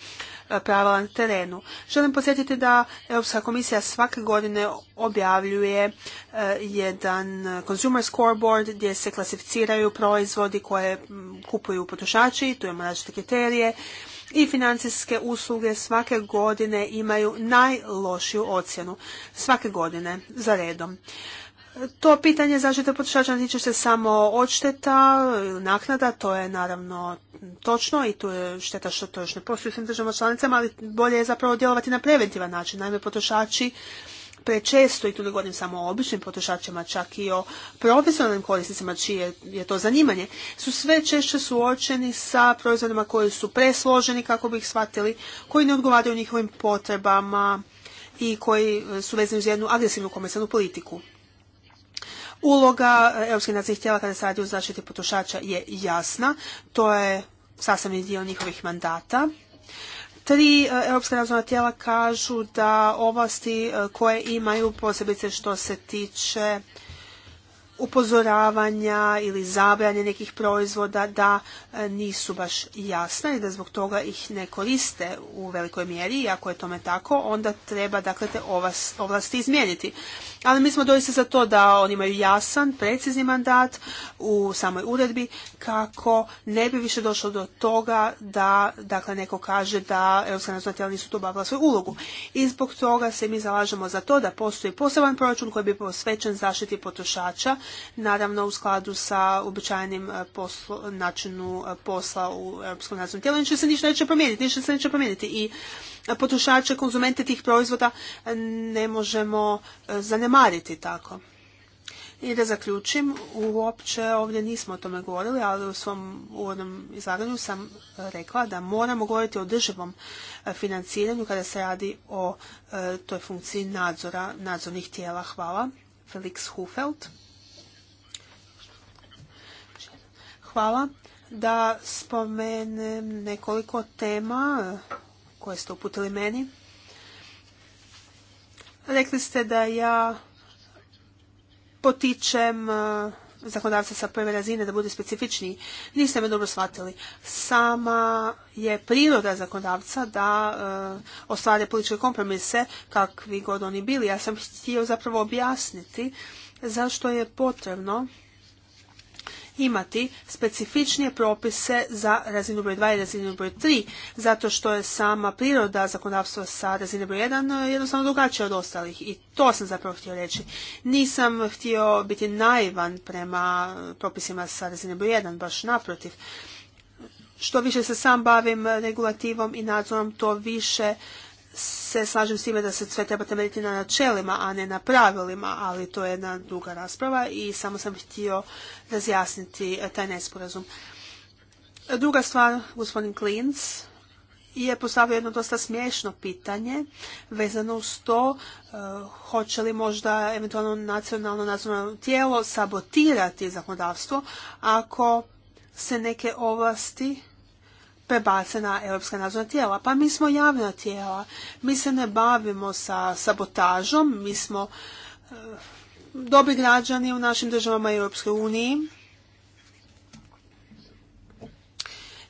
prava na terenu. Želim podsjetiti da Europska komisija svake godine objavljuje e, jedan consumer scoreboard gdje se klasificiraju proizvodi koje kupuju potrošači, tu imamo različite kriterije i financijske usluge svake godine imaju najlošiju ocjenu. Svake godine za redom. To pitanje zaštite potrošača ne tiče se samo odšteta, naknada, to je naravno točno i tu je šteta što to još ne postoji u svim državama članicama, ali bolje je zapravo djelovati na preventivan način. Naime, potrošači prečesto, i tu ne govorim samo o običnim potrošačima, čak i o profesionalnim korisnicima čije je to zanimanje, su sve češće suočeni sa proizvodima koji su presloženi, kako bi ih shvatili, koji ne odgovaraju njihovim potrebama i koji su vezani uz jednu agresivnu komercijalnu politiku. Uloga e, europskih nacionalnih tijela kada se radi o zaštiti potrošača je jasna. To je sastavni dio njihovih mandata. Tri e, europska razvojna tijela kažu da ovlasti e, koje imaju posebice što se tiče upozoravanja ili zabranje nekih proizvoda da e, nisu baš jasna i da zbog toga ih ne koriste u velikoj mjeri i ako je tome tako onda treba dakle te ovlasti izmijeniti. Ali mi smo doista za to da oni imaju jasan, precizni mandat u samoj uredbi kako ne bi više došlo do toga da dakle neko kaže da europska tijela nisu tu obavila svoju ulogu. I zbog toga se mi zalažemo za to da postoji poseban proračun koji bi posvećen zaštiti potrošača naravno u skladu sa uobičajenim e, poslu, načinu e, posla u Europskom nadzornom tijelu, ništa se ništa neće promijeniti, ništa se neće promijeniti i e, potrošače, konzumente tih proizvoda ne možemo zanemariti tako. I da zaključim, uopće ovdje nismo o tome govorili, ali u svom uvodnom izlaganju sam rekla da moramo govoriti o državom financiranju kada se radi o toj funkciji nadzora, nadzornih tijela. Hvala. Felix Hufeld. hvala da spomenem nekoliko tema koje ste uputili meni. Rekli ste da ja potičem e, zakonodavca sa prve razine da bude specifičniji. Niste me dobro shvatili. Sama je priroda zakonodavca da e, ostvare političke kompromise kakvi god oni bili. Ja sam htio zapravo objasniti zašto je potrebno imati specifičnije propise za razinu broj 2 i razinu broj 3, zato što je sama priroda zakonodavstva sa razine broj 1 eh, jednostavno drugačija od ostalih i to sam zapravo htio reći. Nisam htio biti naivan prema propisima sa razine broj 1, baš naprotiv. Što više se sam bavim regulativom i nadzorom, to više se slažem s time da se sve treba temeljiti na načelima, a ne na pravilima, ali to je jedna druga rasprava i samo sam htio razjasniti e, taj nesporazum. Druga stvar, gospodin Klinc je postavio jedno dosta smiješno pitanje vezano uz to e, hoće li možda eventualno nacionalno nacionalno tijelo sabotirati zakonodavstvo ako se neke ovlasti prebace na europska nadzorna tijela. Pa mi smo javna tijela, mi se ne bavimo sa sabotažom, mi smo e, dobri građani u našim državama i Europskoj uniji.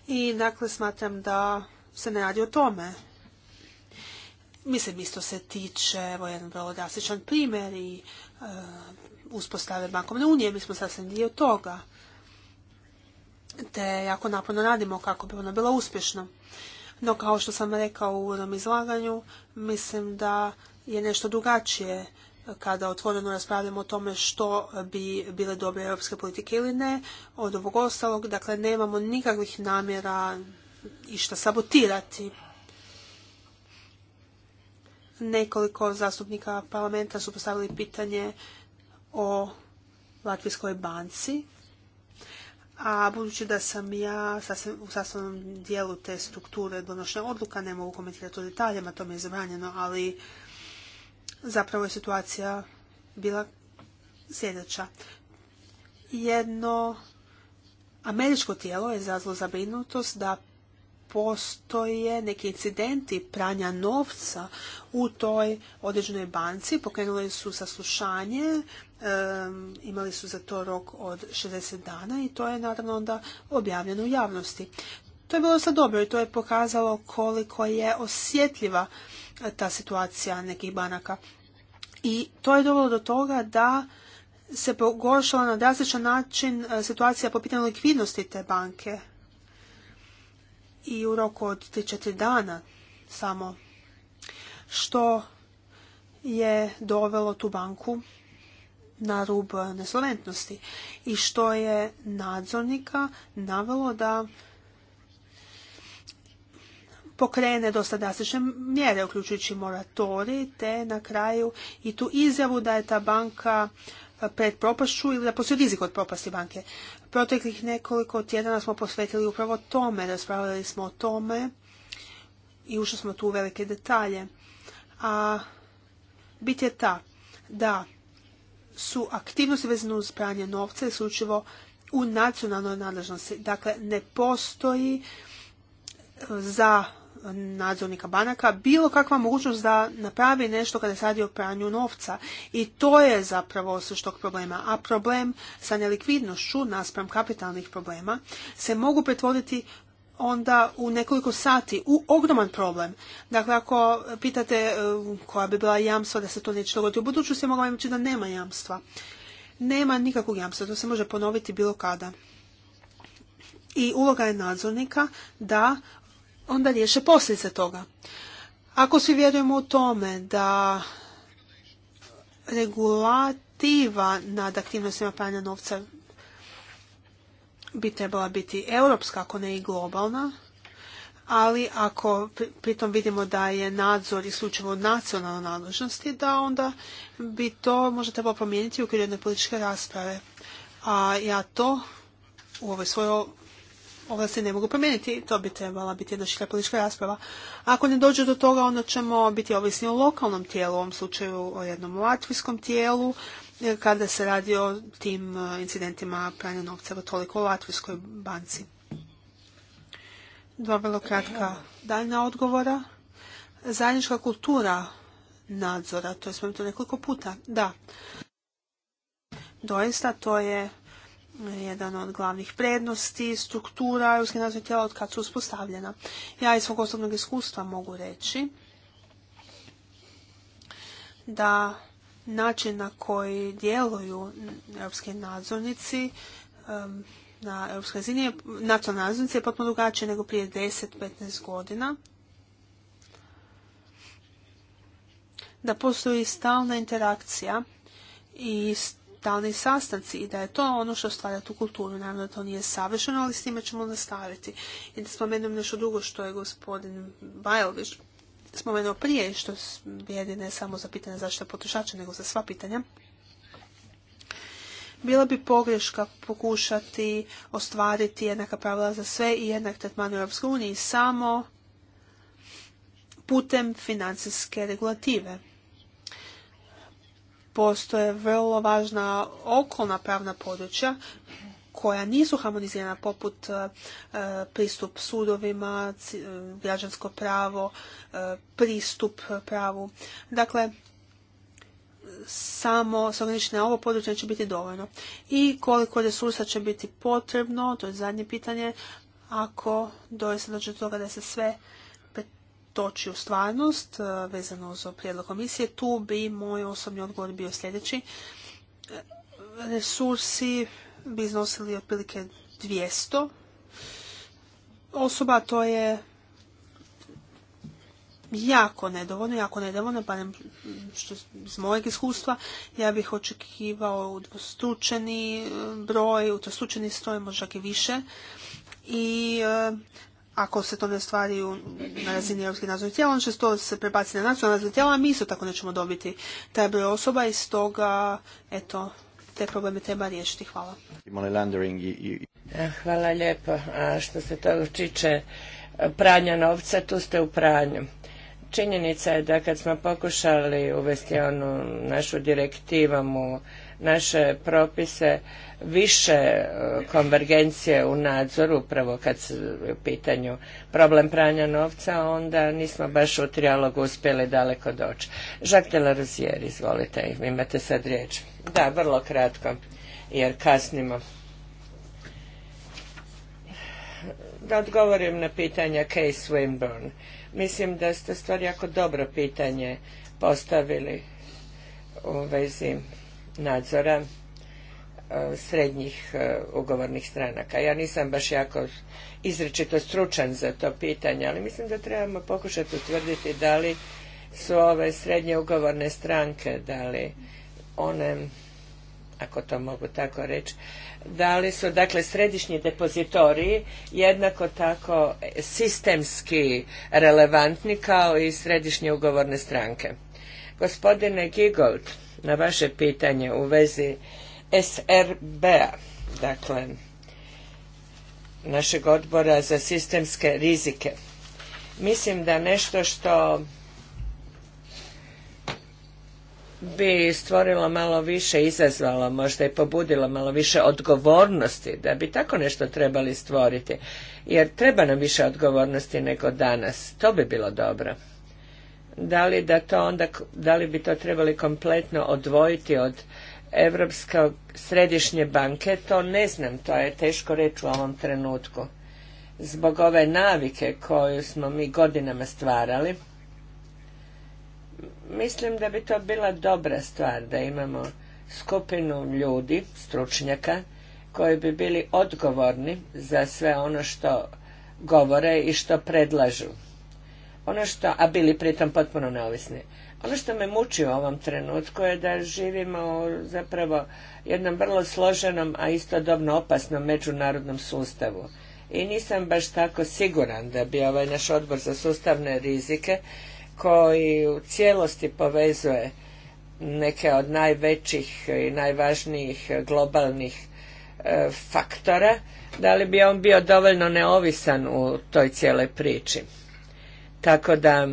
I dakle smatram da se ne radi o tome. Mislim isto se tiče, evo jedan vrlo drastičan primjer i e, uspostave bankovne unije, mi smo sasvim dio toga te jako naporno radimo kako bi ona bila uspješna. No kao što sam rekao u uvodnom izlaganju, mislim da je nešto drugačije kada otvoreno raspravljamo o tome što bi bile dobre europske politike ili ne, od ovog ostalog, dakle nemamo nikakvih namjera išta sabotirati. Nekoliko zastupnika parlamenta su postavili pitanje o Latvijskoj banci a budući da sam ja u sastavnom dijelu te strukture donošenja odluka, ne mogu komentirati o detaljima, to mi je zabranjeno, ali zapravo je situacija bila sljedeća. Jedno američko tijelo je zazlo zabrinutost da postoje neki incidenti pranja novca u toj određenoj banci. Pokrenuli su saslušanje, imali su za to rok od 60 dana i to je naravno onda objavljeno u javnosti. To je bilo sad dobro i to je pokazalo koliko je osjetljiva e, ta situacija nekih banaka. I to je dovelo do toga da se pogoršala na drastičan način e, situacija po pitanju likvidnosti te banke i u roku od 3-4 dana samo, što je dovelo tu banku na rub nesolventnosti i što je nadzornika navelo da pokrene dosta drastične mjere, uključujući moratori, te na kraju i tu izjavu da je ta banka pred propašću ili da postoji rizik od propasti banke. Proteklih nekoliko tjedana smo posvetili upravo tome, raspravljali smo o tome i ušli smo tu u velike detalje. A bit je ta da su aktivnosti vezane uz pranje novca isključivo u nacionalnoj nadležnosti. Dakle, ne postoji za nadzornika banaka bilo kakva mogućnost da napravi nešto kada se radi o pranju novca. I to je zapravo suš problema. A problem sa nelikvidnošću naspram kapitalnih problema se mogu pretvoriti onda u nekoliko sati u ogroman problem. Dakle, ako pitate e, koja bi bila jamstva da se to neće dogoditi u budućnosti, mogu vam reći da nema jamstva. Nema nikakvog jamstva, to se može ponoviti bilo kada. I uloga je nadzornika da onda riješe posljedice toga. Ako svi vjerujemo u tome da regulativa nad aktivnostima pranja novca bi trebala biti europska, ako ne i globalna, ali ako pritom vidimo da je nadzor isključivo od nacionalne nadležnosti, da onda bi to možda trebalo promijeniti u okviru jedne političke rasprave. A ja to u ovoj svojoj ovlasti ne mogu promijeniti. To bi trebala biti jedna šira politička rasprava. Ako ne dođe do toga, onda ćemo biti ovisni o lokalnom tijelu, u ovom slučaju o jednom latvijskom tijelu, e, kada se radi o tim e, incidentima pranja novca, toliko o latvijskoj banci. Dva vrlo kratka daljna odgovora. Zajednička kultura nadzora, to smo to nekoliko puta. Da, doista to je jedan od glavnih prednosti, struktura europskih nadzornih tijela od kad su uspostavljena. Ja iz svog osobnog iskustva mogu reći da način na koji djeluju europski nadzornici na europskoj razini, nacionalna je potpuno drugačije nego prije 10-15 godina. Da postoji stalna interakcija i talni sastanci i da je to ono što stvara tu kulturu. Naravno da to nije savršeno, ali s time ćemo nastaviti. I da spomenem nešto drugo što je gospodin Bajlović spomenuo prije i što vrijedi ne samo za pitanje zaštite potrošača, nego za sva pitanja. Bila bi pogreška pokušati ostvariti jednaka pravila za sve i jednak tretman u EU samo putem financijske regulative postoje vrlo važna okolna pravna područja koja nisu harmonizirana poput e, e, pristup sudovima, e, građansko pravo, pristup pravu. Dakle, samo se na ovo područje će biti dovoljno. I koliko resursa će biti potrebno, to je zadnje pitanje, ako doista dođe do toga da se sve doći u stvarnost e, vezano za ovaj prijedlog komisije, tu bi moj osobni odgovor bio sljedeći. E, resursi bi iznosili otprilike 200 osoba, to je jako nedovoljno, jako nedovoljno, pa što iz mojeg iskustva, ja bih očekivao udvostručeni e, broj, utrostručeni stroj, možda i više. I ako se to ne stvari na razini europskih nadzornih tijela, on će to se prebaciti na nacionalna nadzornih tijela, a mi isto tako nećemo dobiti taj broj osoba i stoga, eto, te probleme treba riješiti. Hvala. E, hvala lijepo. A što se toga tiče e, pranja novca, tu ste u pranju. Činjenica je da kad smo pokušali uvesti onu našu u naše propise više e, konvergencije u nadzoru, upravo kad se u pitanju problem pranja novca, onda nismo baš u trijalogu uspjeli daleko doći. Jacques de la Rozier, izvolite, imate sad riječ. Da, vrlo kratko, jer kasnimo. Da odgovorim na pitanja Kay Swinburne. Mislim da ste stvar jako dobro pitanje postavili u vezi nadzora e, srednjih e, ugovornih stranaka. Ja nisam baš jako izrečito stručan za to pitanje, ali mislim da trebamo pokušati utvrditi da li su ove srednje ugovorne stranke, da li one, ako to mogu tako reći, da li su dakle središnji depozitoriji jednako tako sistemski relevantni kao i središnje ugovorne stranke. Gospodine Gigold, na vaše pitanje u vezi SRB-a, dakle našeg odbora za sistemske rizike. Mislim da nešto što bi stvorilo malo više, izazvalo možda i pobudilo malo više odgovornosti, da bi tako nešto trebali stvoriti. Jer treba nam više odgovornosti nego danas. To bi bilo dobro da li, da, to onda, da li bi to trebali kompletno odvojiti od Europske središnje banke, to ne znam, to je teško reći u ovom trenutku. Zbog ove navike koju smo mi godinama stvarali, mislim da bi to bila dobra stvar da imamo skupinu ljudi, stručnjaka, koji bi bili odgovorni za sve ono što govore i što predlažu. Ono što, a bili pritom potpuno neovisni. Ono što me muči u ovom trenutku je da živimo zapravo jednom vrlo složenom, a istodobno opasnom međunarodnom sustavu. I nisam baš tako siguran da bi ovaj naš odbor za sustavne rizike, koji u cijelosti povezuje neke od najvećih i najvažnijih globalnih e, faktora, da li bi on bio dovoljno neovisan u toj cijeloj priči. Tako da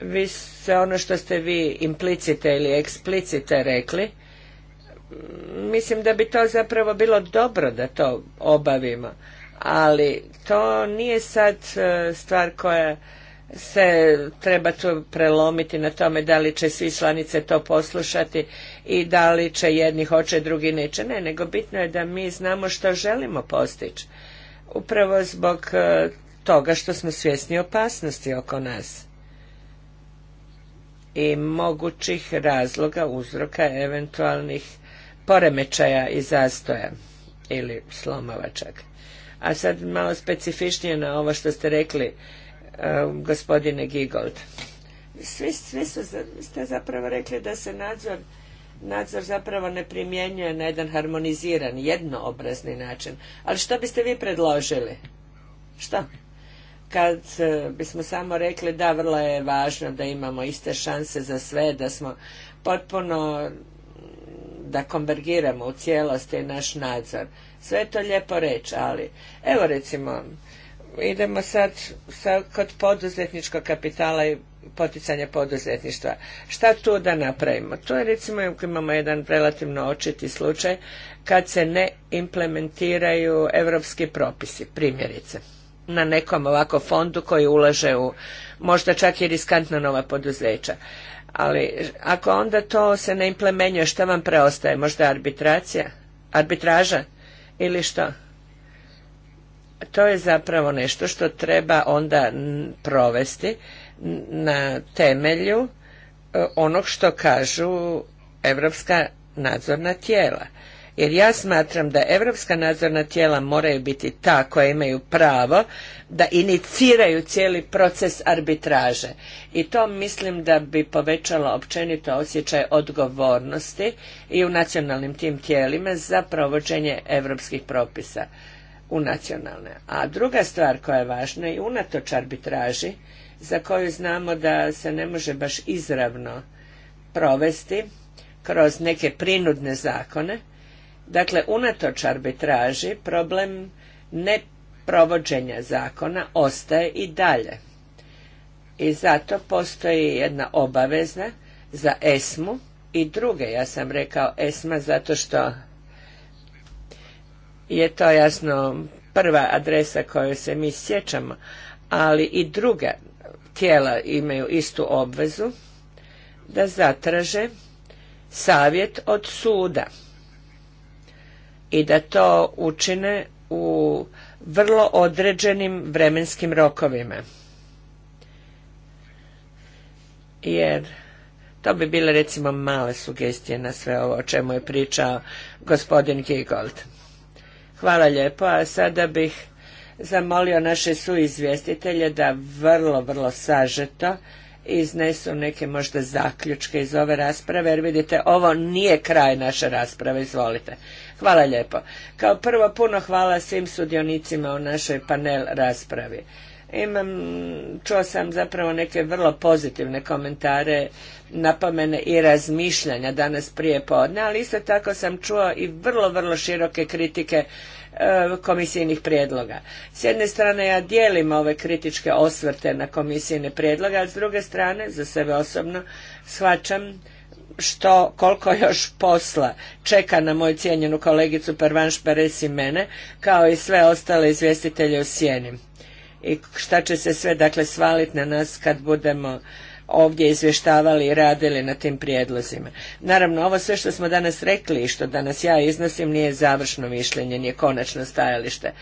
vi sve ono što ste vi implicite ili eksplicite rekli, mislim da bi to zapravo bilo dobro da to obavimo, ali to nije sad e, stvar koja se treba tu prelomiti na tome da li će svi članice to poslušati i da li će jedni hoće, drugi neće. Ne, nego bitno je da mi znamo što želimo postići. Upravo zbog e, toga što smo svjesni opasnosti oko nas i mogućih razloga uzroka eventualnih poremećaja i zastoja ili slomova čak. A sad malo specifičnije na ovo što ste rekli, e, gospodine Gigold. Svi, su, ste zapravo rekli da se nadzor nadzor zapravo ne primjenjuje na jedan harmoniziran, jednoobrazni način. Ali što biste vi predložili? Što? kad e, bismo samo rekli da vrlo je važno da imamo iste šanse za sve, da smo potpuno da konvergiramo u cijelosti naš nadzor. Sve je to lijepo reći, ali evo recimo idemo sad, sad kod poduzetničkog kapitala i poticanja poduzetništva. Šta tu da napravimo? Tu je recimo imamo jedan relativno očiti slučaj kad se ne implementiraju europski propisi, primjerice na nekom ovako fondu koji ulaže u možda čak i riskantna nova poduzeća. Ali ako onda to se ne implemenjuje, što vam preostaje? Možda arbitracija? Arbitraža? Ili što? To je zapravo nešto što treba onda provesti na temelju e, onog što kažu evropska nadzorna tijela. Jer ja smatram da evropska nadzorna tijela moraju biti ta koja imaju pravo da iniciraju cijeli proces arbitraže. I to mislim da bi povećalo općenito osjećaj odgovornosti i u nacionalnim tim tijelima za provođenje evropskih propisa u nacionalne. A druga stvar koja je važna i unatoč arbitraži, za koju znamo da se ne može baš izravno provesti kroz neke prinudne zakone, Dakle, unatoč arbitraži problem neprovođenja zakona ostaje i dalje. I zato postoji jedna obavezna za ESMU i druge, ja sam rekao ESMA zato što je to jasno prva adresa koju se mi sjećamo, ali i druga tijela imaju istu obvezu da zatraže savjet od suda i da to učine u vrlo određenim vremenskim rokovima. Jer to bi bile recimo male sugestije na sve ovo o čemu je pričao gospodin Gigold. Hvala lijepo, a sada bih zamolio naše suizvjestitelje da vrlo, vrlo sažeto iznesu neke možda zaključke iz ove rasprave, jer vidite, ovo nije kraj naše rasprave, izvolite. Hvala lijepo. Kao prvo puno hvala svim sudionicima u našoj panel raspravi. Imam, čuo sam zapravo neke vrlo pozitivne komentare, napomene i razmišljanja danas prije podne, ali isto tako sam čuo i vrlo, vrlo široke kritike e, komisijnih prijedloga. S jedne strane ja dijelim ove kritičke osvrte na komisijne prijedloga, a s druge strane, za sebe osobno, shvaćam što, koliko još posla čeka na moju cijenjenu kolegicu Pervanš Peres i mene, kao i sve ostale izvjestitelje u sjeni. I šta će se sve, dakle, svaliti na nas kad budemo ovdje izvještavali i radili na tim prijedlozima. Naravno, ovo sve što smo danas rekli i što danas ja iznosim nije završno mišljenje, nije konačno stajalište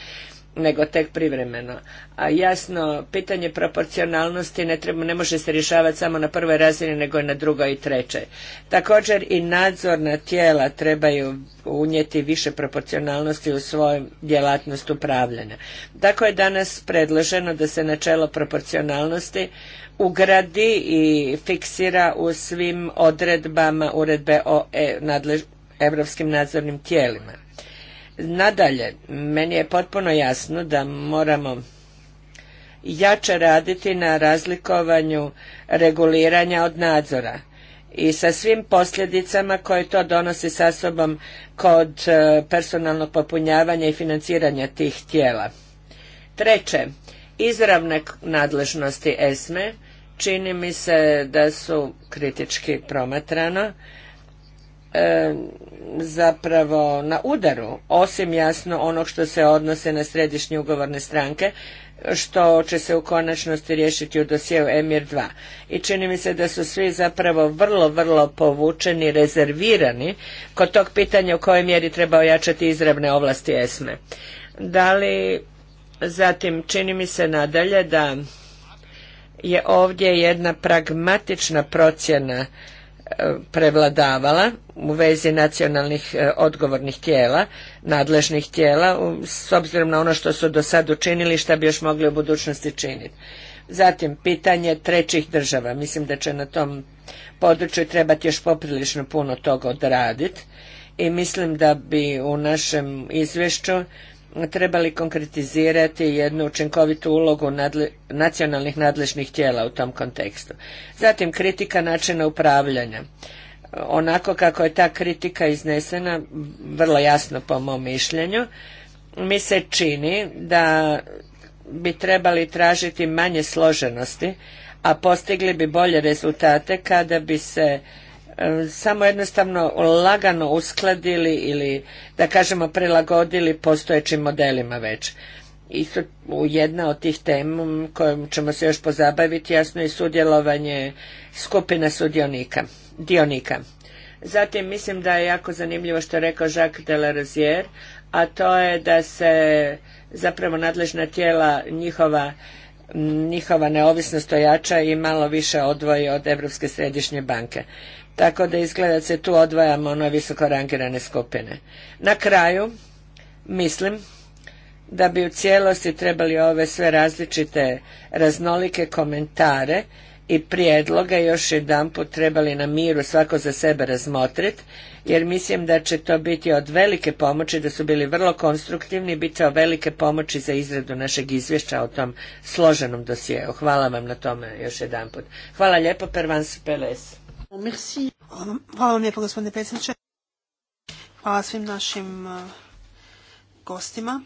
nego tek privremeno. A jasno, pitanje proporcionalnosti ne, treba, ne može se rješavati samo na prvoj razini, nego i na drugoj i trećoj. Također i nadzorna tijela trebaju unijeti više proporcionalnosti u svoju djelatnost upravljanja. Tako je danas predloženo da se načelo proporcionalnosti ugradi i fiksira u svim odredbama uredbe o e, evropskim nadzornim tijelima. Nadalje, meni je potpuno jasno da moramo jače raditi na razlikovanju reguliranja od nadzora i sa svim posljedicama koje to donosi sa sobom kod e, personalnog popunjavanja i financiranja tih tijela. Treće, izravne nadležnosti ESME čini mi se da su kritički promatrano zapravo na udaru, osim jasno onog što se odnose na središnje ugovorne stranke, što će se u konačnosti riješiti u dosjeu Emir 2. I čini mi se da su svi zapravo vrlo, vrlo povučeni, rezervirani kod tog pitanja u kojoj mjeri treba ojačati izravne ovlasti ESME. Da li, zatim, čini mi se nadalje da je ovdje jedna pragmatična procjena E, prevladavala u vezi nacionalnih e, odgovornih tijela, nadležnih tijela, s obzirom na ono što su do sad učinili i bi još mogli u budućnosti činiti. Zatim, pitanje trećih država. Mislim da će na tom području trebati još poprilično puno toga odraditi i mislim da bi u našem izvješću trebali konkretizirati jednu učinkovitu ulogu nacionalnih nadležnih tijela u tom kontekstu. Zatim kritika načina upravljanja. Onako kako je ta kritika iznesena, vrlo jasno po mom mišljenju, mi se čini da bi trebali tražiti manje složenosti, a postigli bi bolje rezultate kada bi se E, samo jednostavno lagano uskladili ili da kažemo prilagodili postojećim modelima već. Isto jedna od tih tema kojom ćemo se još pozabaviti jasno je sudjelovanje skupina sudionika, dionika. Zatim mislim da je jako zanimljivo što je rekao Jacques Delarazier, a to je da se zapravo nadležna tijela njihova njihova neovisnost ojača i malo više odvoji od Europske središnje banke. Tako da izgleda se tu odvajamo na visoko rangirane skupine. Na kraju, mislim da bi u cijelosti trebali ove sve različite raznolike komentare i prijedloge još jedanput trebali na miru svako za sebe razmotriti, jer mislim da će to biti od velike pomoći, da su bili vrlo konstruktivni i bit će od velike pomoći za izradu našeg izvješća o tom složenom dosjeu. Hvala vam na tome još jedanput. Hvala lijepo, Pervans Peles. Hvala vam lijepo gospodine predsjedniče. Hvala svim našim uh, gostima.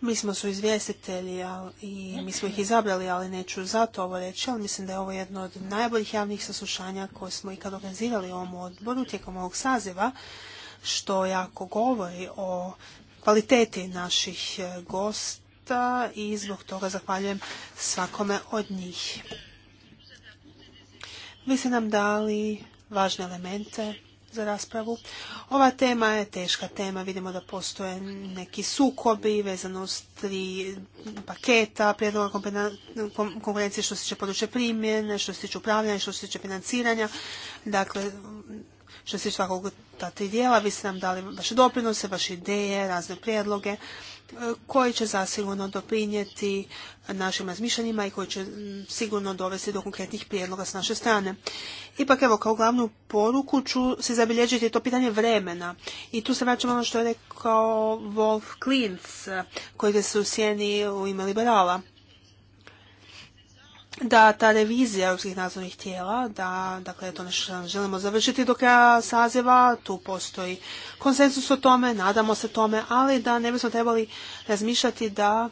Mi smo su izvjestitelji i mi smo ih izabrali, ali neću zato ovo reći, ali mislim da je ovo jedno od najboljih javnih saslušanja koje smo ikad organizirali u ovom odboru tijekom ovog saziva, što jako govori o kvaliteti naših uh, gosta i zbog toga zahvaljujem svakome od njih. Vi ste nam dali važne elemente za raspravu. Ova tema je teška tema. Vidimo da postoje neki sukobi vezano tri paketa, prijedloga konkurencije što se tiče područja primjene, što se tiče upravljanja, što se tiče financiranja. Dakle, što se tiče svakog ta tri dijela, vi ste nam dali vaše doprinose, vaše ideje, razne prijedloge koji će zasigurno doprinijeti našim razmišljanjima i koji će mm, sigurno dovesti do konkretnih prijedloga s naše strane. Ipak evo, kao glavnu poruku ću se zabilježiti to pitanje vremena. I tu se vraćamo ono što je rekao Wolf Klintz, koji je se u sjeni u ime liberala da ta revizija europskih nadzornih tijela, da dakle, to nešto želimo završiti do kraja saziva, tu postoji konsensus o tome, nadamo se tome, ali da ne bismo trebali razmišljati da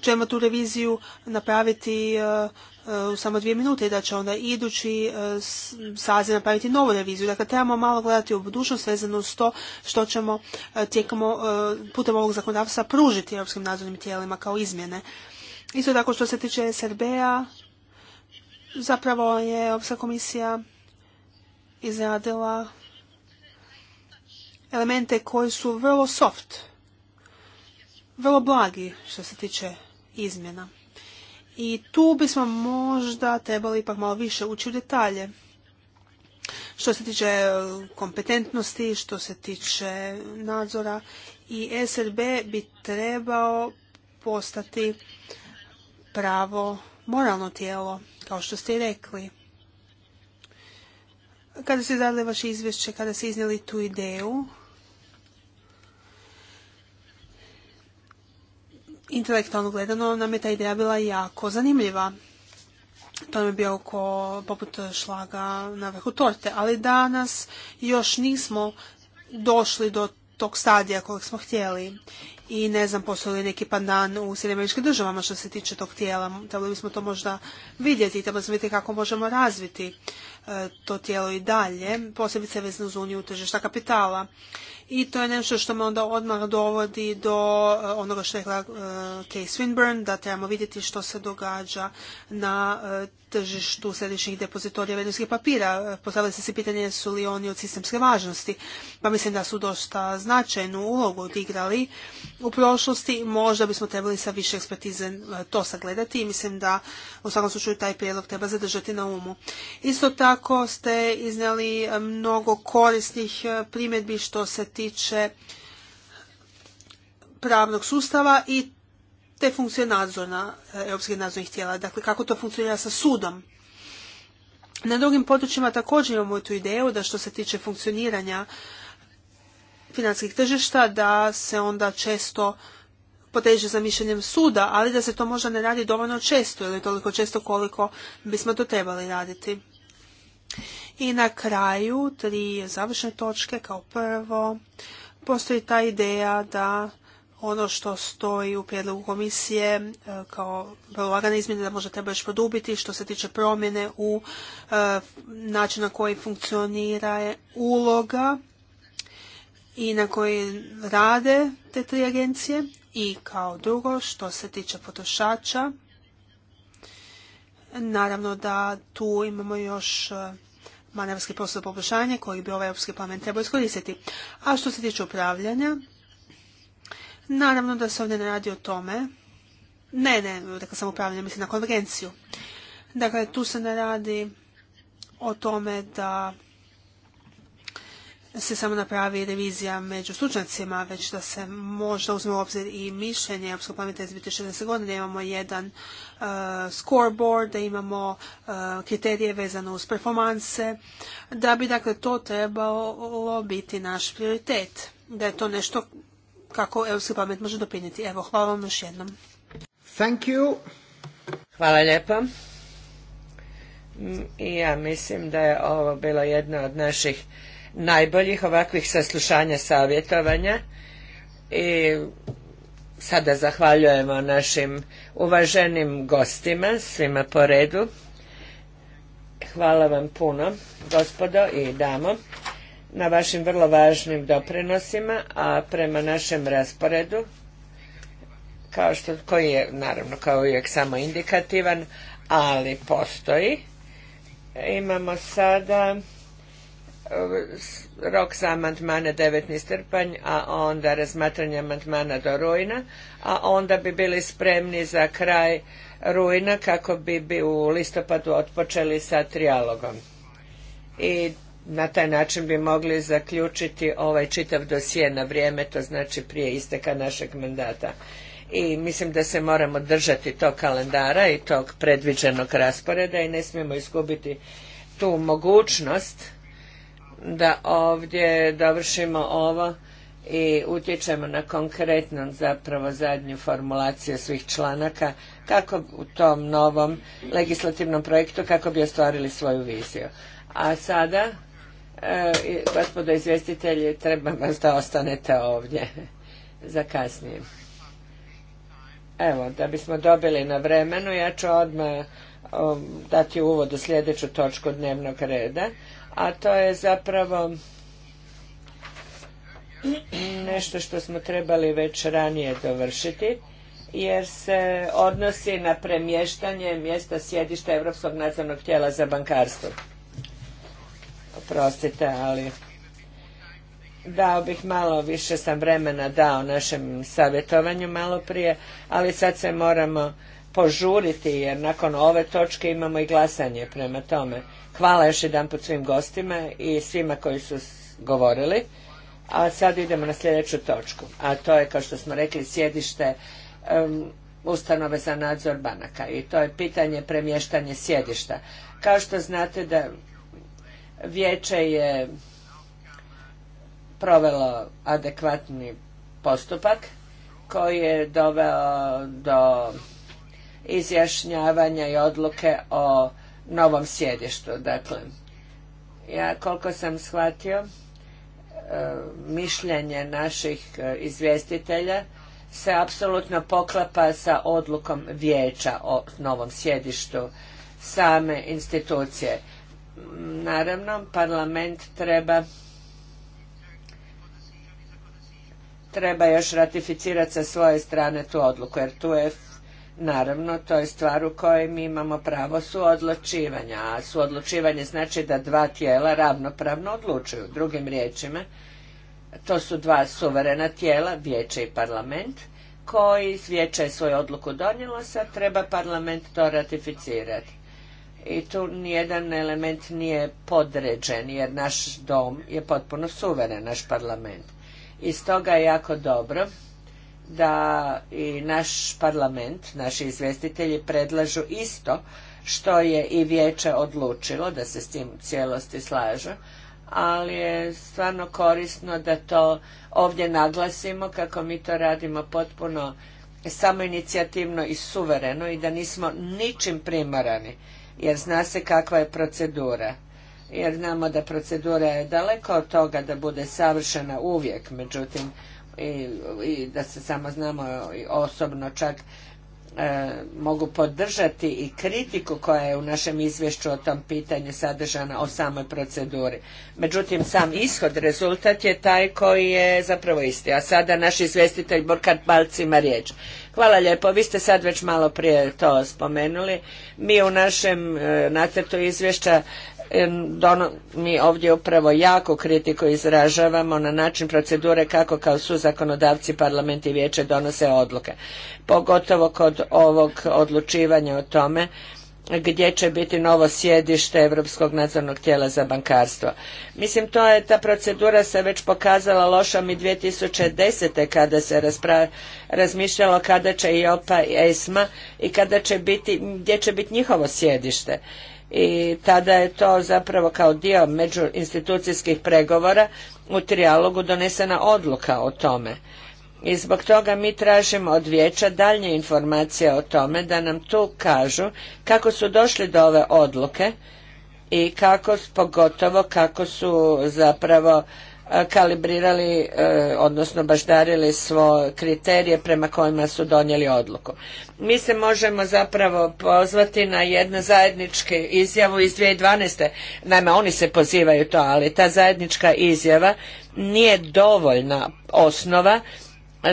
ćemo tu reviziju napraviti e, e, u samo dvije minute i da će onda idući e, saziv napraviti novu reviziju. Dakle, trebamo malo gledati u budućnost vezano s to što ćemo tijekom putem ovog zakonodavstva pružiti europskim nadzornim tijelima kao izmjene. Isto tako što se tiče SRB-a, zapravo je Europska komisija izradila elemente koji su vrlo soft, vrlo blagi što se tiče izmjena. I tu bismo možda trebali ipak malo više ući u detalje. Što se tiče kompetentnosti, što se tiče nadzora i SRB bi trebao postati pravo moralno tijelo, kao što ste i rekli. Kada ste dali vaše izvješće, kada ste iznijeli tu ideju, intelektualno gledano nam je ta ideja bila jako zanimljiva. To nam je bio oko poput šlaga na vrhu torte, ali danas još nismo došli do tog stadija kojeg smo htjeli i ne znam postoji li neki pandan u Sjedinjeničkim državama što se tiče tog tijela. Trebali bismo to možda vidjeti i trebali bismo vidjeti kako možemo razviti e, to tijelo i dalje, posebice vezno uz uniju tržišta kapitala i to je nešto što me onda odmah dovodi do eh, onoga što je rekla eh, Kay Swinburne, da trebamo vidjeti što se događa na eh, tržištu središnjih depozitorija vrijednosnih papira. Postavili ste se pitanje su li oni od sistemske važnosti, pa mislim da su dosta značajnu ulogu odigrali u prošlosti. Možda bismo trebali sa više ekspertize to sagledati i mislim da u svakom slučaju taj prijedlog treba zadržati na umu. Isto tako ste iznali mnogo korisnih primjedbi što se tiče pravnog sustava i te funkcije nadzorna, e, europskih nadzornih tijela. Dakle, kako to funkcionira sa sudom. Na drugim područjima također imamo tu ideju da što se tiče funkcioniranja financijskih tržišta, da se onda često poteže za mišljenjem suda, ali da se to možda ne radi dovoljno često ili toliko često koliko bismo to trebali raditi. I na kraju, tri završne točke, kao prvo, postoji ta ideja da ono što stoji u prijedlogu komisije e, kao prolagane izmjene da možda treba još produbiti što se tiče promjene u e, način na koji funkcionira je uloga i na koji rade te tri agencije i kao drugo što se tiče potrošača Naravno da tu imamo još e, manevarski posao poboljšanja koji bi ovaj Europski parlament trebao iskoristiti. A što se tiče upravljanja, naravno da se ovdje ne radi o tome. Ne, ne, dakle sam upravljanje, mislim na konvergenciju. Dakle, tu se ne radi o tome da se samo napravi revizija među stručnjacima, već da se možda uzme u obzir i mišljenje Europskog parlamenta iz 2016. godine, da imamo jedan uh, scoreboard, da imamo uh, kriterije vezano uz performanse, da bi dakle to trebalo biti naš prioritet, da je to nešto kako Europski pamet može doprinijeti. Evo, hvala vam još jednom. Thank you. Hvala lijepa. Mm, ja mislim da je ovo bilo jedno od naših najboljih ovakvih saslušanja, savjetovanja i sada zahvaljujemo našim uvaženim gostima, svima po redu. Hvala vam puno, gospodo i damo, na vašim vrlo važnim doprinosima, a prema našem rasporedu, kao što, koji je naravno kao uvijek samo indikativan, ali postoji. Imamo sada rok za amandmane 9. srpanj, a onda razmatranje amandmana do rujna, a onda bi bili spremni za kraj rujna kako bi, bi u listopadu otpočeli sa trijalogom. I na taj način bi mogli zaključiti ovaj čitav dosije na vrijeme, to znači prije isteka našeg mandata. I mislim da se moramo držati tog kalendara i tog predviđenog rasporeda i ne smijemo izgubiti tu mogućnost da ovdje dovršimo ovo i utječemo na konkretno zapravo zadnju formulaciju svih članaka kako u tom novom legislativnom projektu kako bi ostvarili svoju viziju. A sada, e, gospodo izvjestitelji, treba vas da ostanete ovdje za kasnije. Evo, da bismo dobili na vremenu, ja ću odmah um, dati uvod u sljedeću točku dnevnog reda, a to je zapravo nešto što smo trebali već ranije dovršiti jer se odnosi na premještanje mjesta sjedišta Europskog nadzornog tijela za bankarstvo. Oprostite, ali dao bih malo više sam vremena dao našem savjetovanju malo prije, ali sad se moramo požuriti jer nakon ove točke imamo i glasanje prema tome. Hvala još jedanput svim gostima i svima koji su govorili. A sad idemo na sljedeću točku, a to je kao što smo rekli sjedište ustanove za nadzor banaka i to je pitanje premještanje sjedišta. Kao što znate da vijeće je provelo adekvatni postupak koji je doveo do izjašnjavanja i odluke o novom sjedištu. Dakle, ja koliko sam shvatio, e, mišljenje naših e, izvjestitelja se apsolutno poklapa sa odlukom vijeća o novom sjedištu same institucije. Naravno, parlament treba treba još ratificirati sa svoje strane tu odluku, jer tu je Naravno, to je stvar u kojoj mi imamo pravo suodlučivanja, a suodlučivanje znači da dva tijela ravnopravno odlučuju. Drugim riječima, to su dva suverena tijela, vijeće i parlament, koji vijeće je svoju odluku donijelo, sad treba parlament to ratificirati. I tu nijedan element nije podređen, jer naš dom je potpuno suveren, naš parlament. I stoga je jako dobro da i naš parlament, naši izvjestitelji predlažu isto što je i vijeće odlučilo, da se s tim cijelosti slažu, ali je stvarno korisno da to ovdje naglasimo kako mi to radimo potpuno samoinicijativno i suvereno i da nismo ničim primarani, jer zna se kakva je procedura. Jer znamo da procedura je daleko od toga da bude savršena uvijek, međutim, i, da se samo znamo osobno čak e, mogu podržati i kritiku koja je u našem izvješću o tom pitanju sadržana o samoj proceduri. Međutim, sam ishod, rezultat je taj koji je zapravo isti. A sada naš izvjestitelj Burkard Balc ima riječ. Hvala lijepo. Vi ste sad već malo prije to spomenuli. Mi u našem e, nacrtu izvješća mi ovdje upravo jako kritiku izražavamo na način procedure kako kao su zakonodavci parlament i vijeće donose odluke. Pogotovo kod ovog odlučivanja o tome gdje će biti novo sjedište Europskog nadzornog tijela za bankarstvo. Mislim, to je, ta procedura se već pokazala lošom i 2010. kada se razmišljalo kada će i OPA i ESMA i kada će biti, gdje će biti njihovo sjedište i tada je to zapravo kao dio međuinstitucijskih pregovora u trijalogu donesena odluka o tome. I zbog toga mi tražimo od vijeća daljnje informacije o tome da nam tu kažu kako su došli do ove odluke i kako, pogotovo kako su zapravo E, kalibrirali, e, odnosno baždarili svo kriterije prema kojima su donijeli odluku. Mi se možemo zapravo pozvati na jednu zajedničku izjavu iz 2012. Naime, oni se pozivaju to, ali ta zajednička izjava nije dovoljna osnova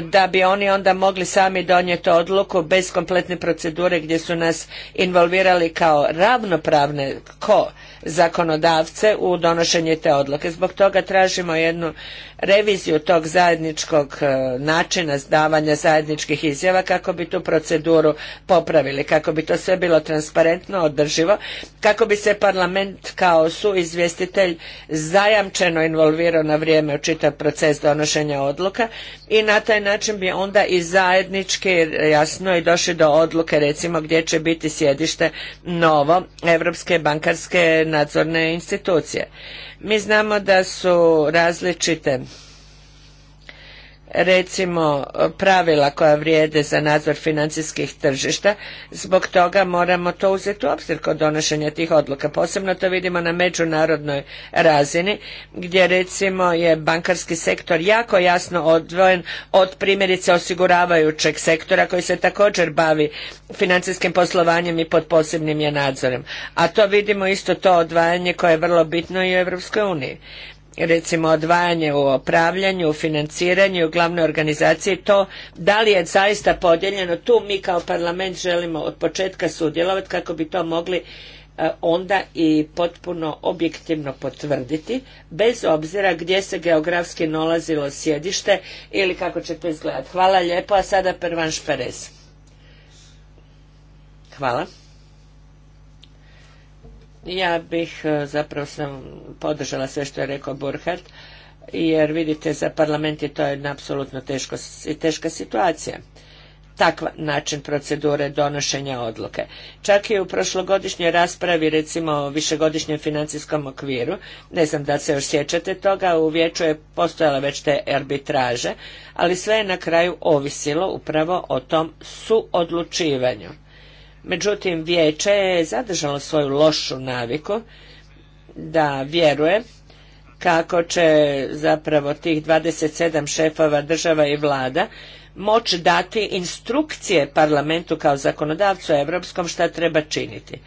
da bi oni onda mogli sami donijeti odluku bez kompletne procedure gdje su nas involvirali kao ravnopravne ko zakonodavce u donošenje te odluke. Zbog toga tražimo jednu reviziju tog zajedničkog e, načina zdavanja zajedničkih izjava kako bi tu proceduru popravili, kako bi to sve bilo transparentno, održivo, kako bi se parlament kao su izvjestitelj zajamčeno involvirao na vrijeme u čitav proces donošenja odluka i na taj način bi onda i zajednički jasno i došli do odluke recimo gdje će biti sjedište novo Europske bankarske nadzorne institucije. Mi znamo da su različite recimo pravila koja vrijede za nadzor financijskih tržišta, zbog toga moramo to uzeti u obzir kod donošenja tih odluka. Posebno to vidimo na međunarodnoj razini gdje recimo je bankarski sektor jako jasno odvojen od primjerice osiguravajućeg sektora koji se također bavi financijskim poslovanjem i pod posebnim je nadzorem. A to vidimo isto to odvajanje koje je vrlo bitno i u Europskoj uniji recimo odvajanje u opravljanju, u financiranju, u glavnoj organizaciji, to da li je zaista podijeljeno, tu mi kao parlament želimo od početka sudjelovati kako bi to mogli e, onda i potpuno objektivno potvrditi, bez obzira gdje se geografski nalazilo sjedište ili kako će to izgledati. Hvala lijepo, a sada Pervan Šperez. Hvala. Ja bih e, zapravo sam podržala sve što je rekao Burhardt, jer vidite za parlament je to jedna apsolutno teška situacija. Takva način procedure donošenja odluke. Čak i u prošlogodišnjoj raspravi recimo o višegodišnjem financijskom okviru, ne znam da se još sjećate toga, u vijeću je postojala već te arbitraže, ali sve je na kraju ovisilo upravo o tom suodlučivanju Međutim, vijeće je zadržalo svoju lošu naviku da vjeruje kako će zapravo tih 27 šefova država i vlada moći dati instrukcije parlamentu kao zakonodavcu evropskom šta treba činiti.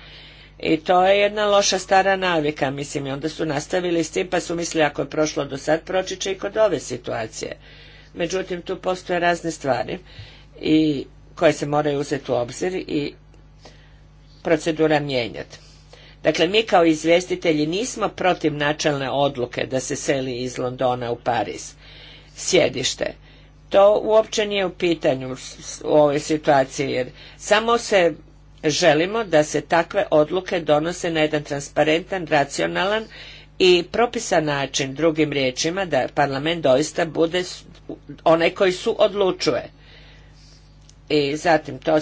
I to je jedna loša stara navika, mislim, i onda su nastavili s tim pa su mislili ako je prošlo do sad, proći će i kod ove situacije. Međutim, tu postoje razne stvari i koje se moraju uzeti u obzir i procedura mijenjati. Dakle, mi kao izvjestitelji nismo protiv načelne odluke da se seli iz Londona u Pariz sjedište. To uopće nije u pitanju u ovoj situaciji jer samo se želimo da se takve odluke donose na jedan transparentan, racionalan i propisan način, drugim riječima, da parlament doista bude onaj koji su odlučuje. I zatim to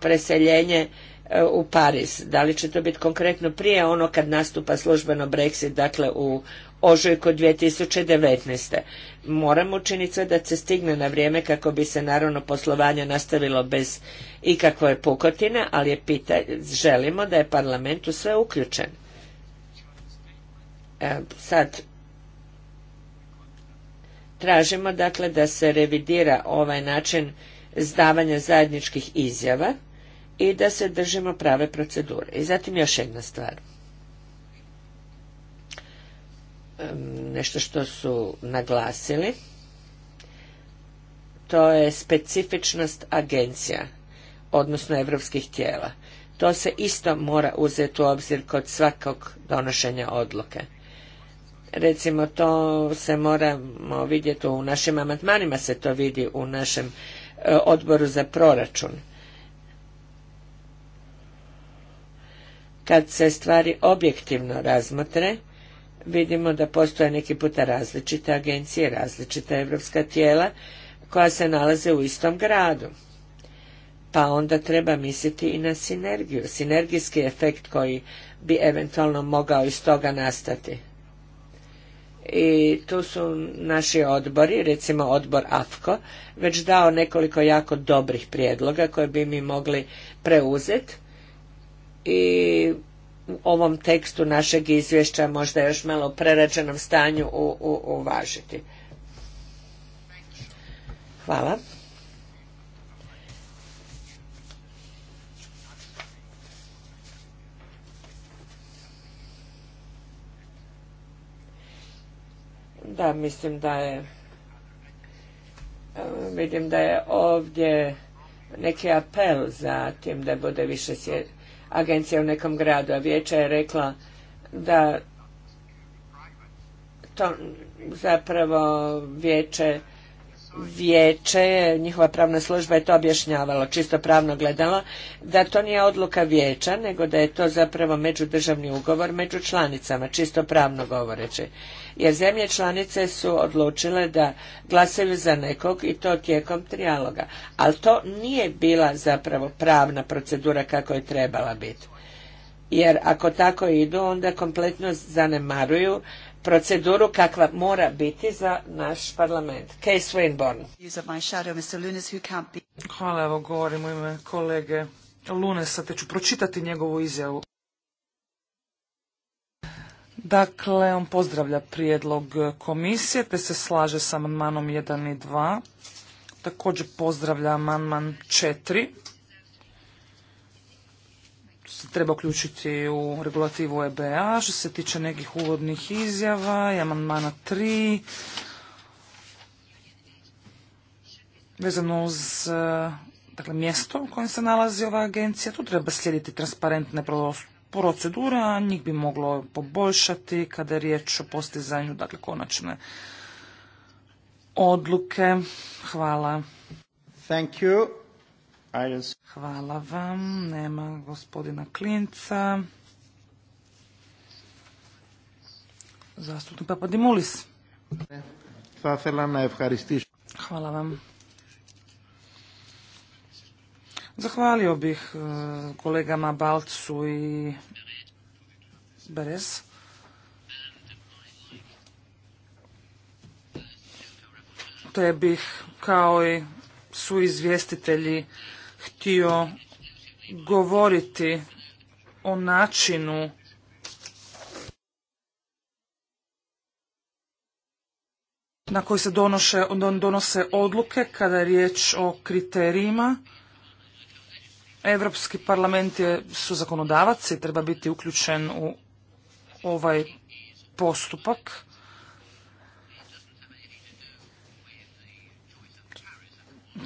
preseljenje E, u Pariz. Da li će to biti konkretno prije ono kad nastupa službeno Brexit, dakle u ožujku 2019. Moramo učiniti sve da se stigne na vrijeme kako bi se naravno poslovanje nastavilo bez ikakve pukotine, ali je pita, želimo da je parlament u sve uključen. E, sad, tražimo dakle da se revidira ovaj način zdavanja zajedničkih izjava, i da se držimo prave procedure. I zatim još jedna stvar. Nešto što su naglasili, to je specifičnost agencija, odnosno evropskih tijela. To se isto mora uzeti u obzir kod svakog donošenja odluke. Recimo, to se moramo vidjeti u našim amatmanima se to vidi u našem e, odboru za proračun Kad se stvari objektivno razmotre, vidimo da postoje neki puta različite agencije, različita evropska tijela koja se nalaze u istom gradu. Pa onda treba misliti i na sinergiju, sinergijski efekt koji bi eventualno mogao iz toga nastati. I tu su naši odbori, recimo odbor AFKO, već dao nekoliko jako dobrih prijedloga koje bi mi mogli preuzeti i u ovom tekstu našeg izvješća možda još malo prerađenom stanju u, uvažiti. Hvala. Da, mislim da je vidim da je ovdje neki apel za tim da bude više sjediti agencija u nekom gradu, a vijeća je rekla da to zapravo vijeće vijeće, njihova pravna služba je to objašnjavalo, čisto pravno gledalo, da to nije odluka vijeća, nego da je to zapravo međudržavni ugovor među članicama, čisto pravno govoreći. Jer zemlje članice su odlučile da glasaju za nekog i to tijekom trijaloga. Ali to nije bila zapravo pravna procedura kako je trebala biti. Jer ako tako idu, onda kompletno zanemaruju proceduru kakva mora biti za naš parlament. Kay Swinburne. Hvala, evo govorim u ime kolege Lunesa, te ću pročitati njegovu izjavu. Dakle, on pozdravlja prijedlog komisije, te se slaže sa amandmanom 1 i 2. Također pozdravlja amandman 4 se treba uključiti u regulativu EBA. Što se tiče nekih uvodnih izjava i amandmana 3, vezano uz e, dakle, mjesto u kojem se nalazi ova agencija, tu treba slijediti transparentne procedure, a njih bi moglo poboljšati kada je riječ o postizanju dakle, konačne odluke. Hvala. Hvala vam. Nema gospodina Klinca. Zastupnik Papadimulis. Hvala vam. Zahvalio bih e, kolegama Balcu i To Te bih kao i su izvjestitelji htio govoriti o načinu na koji se donose odluke kada je riječ o kriterijima. Europski parlament je, su zakonodavac i treba biti uključen u ovaj postupak.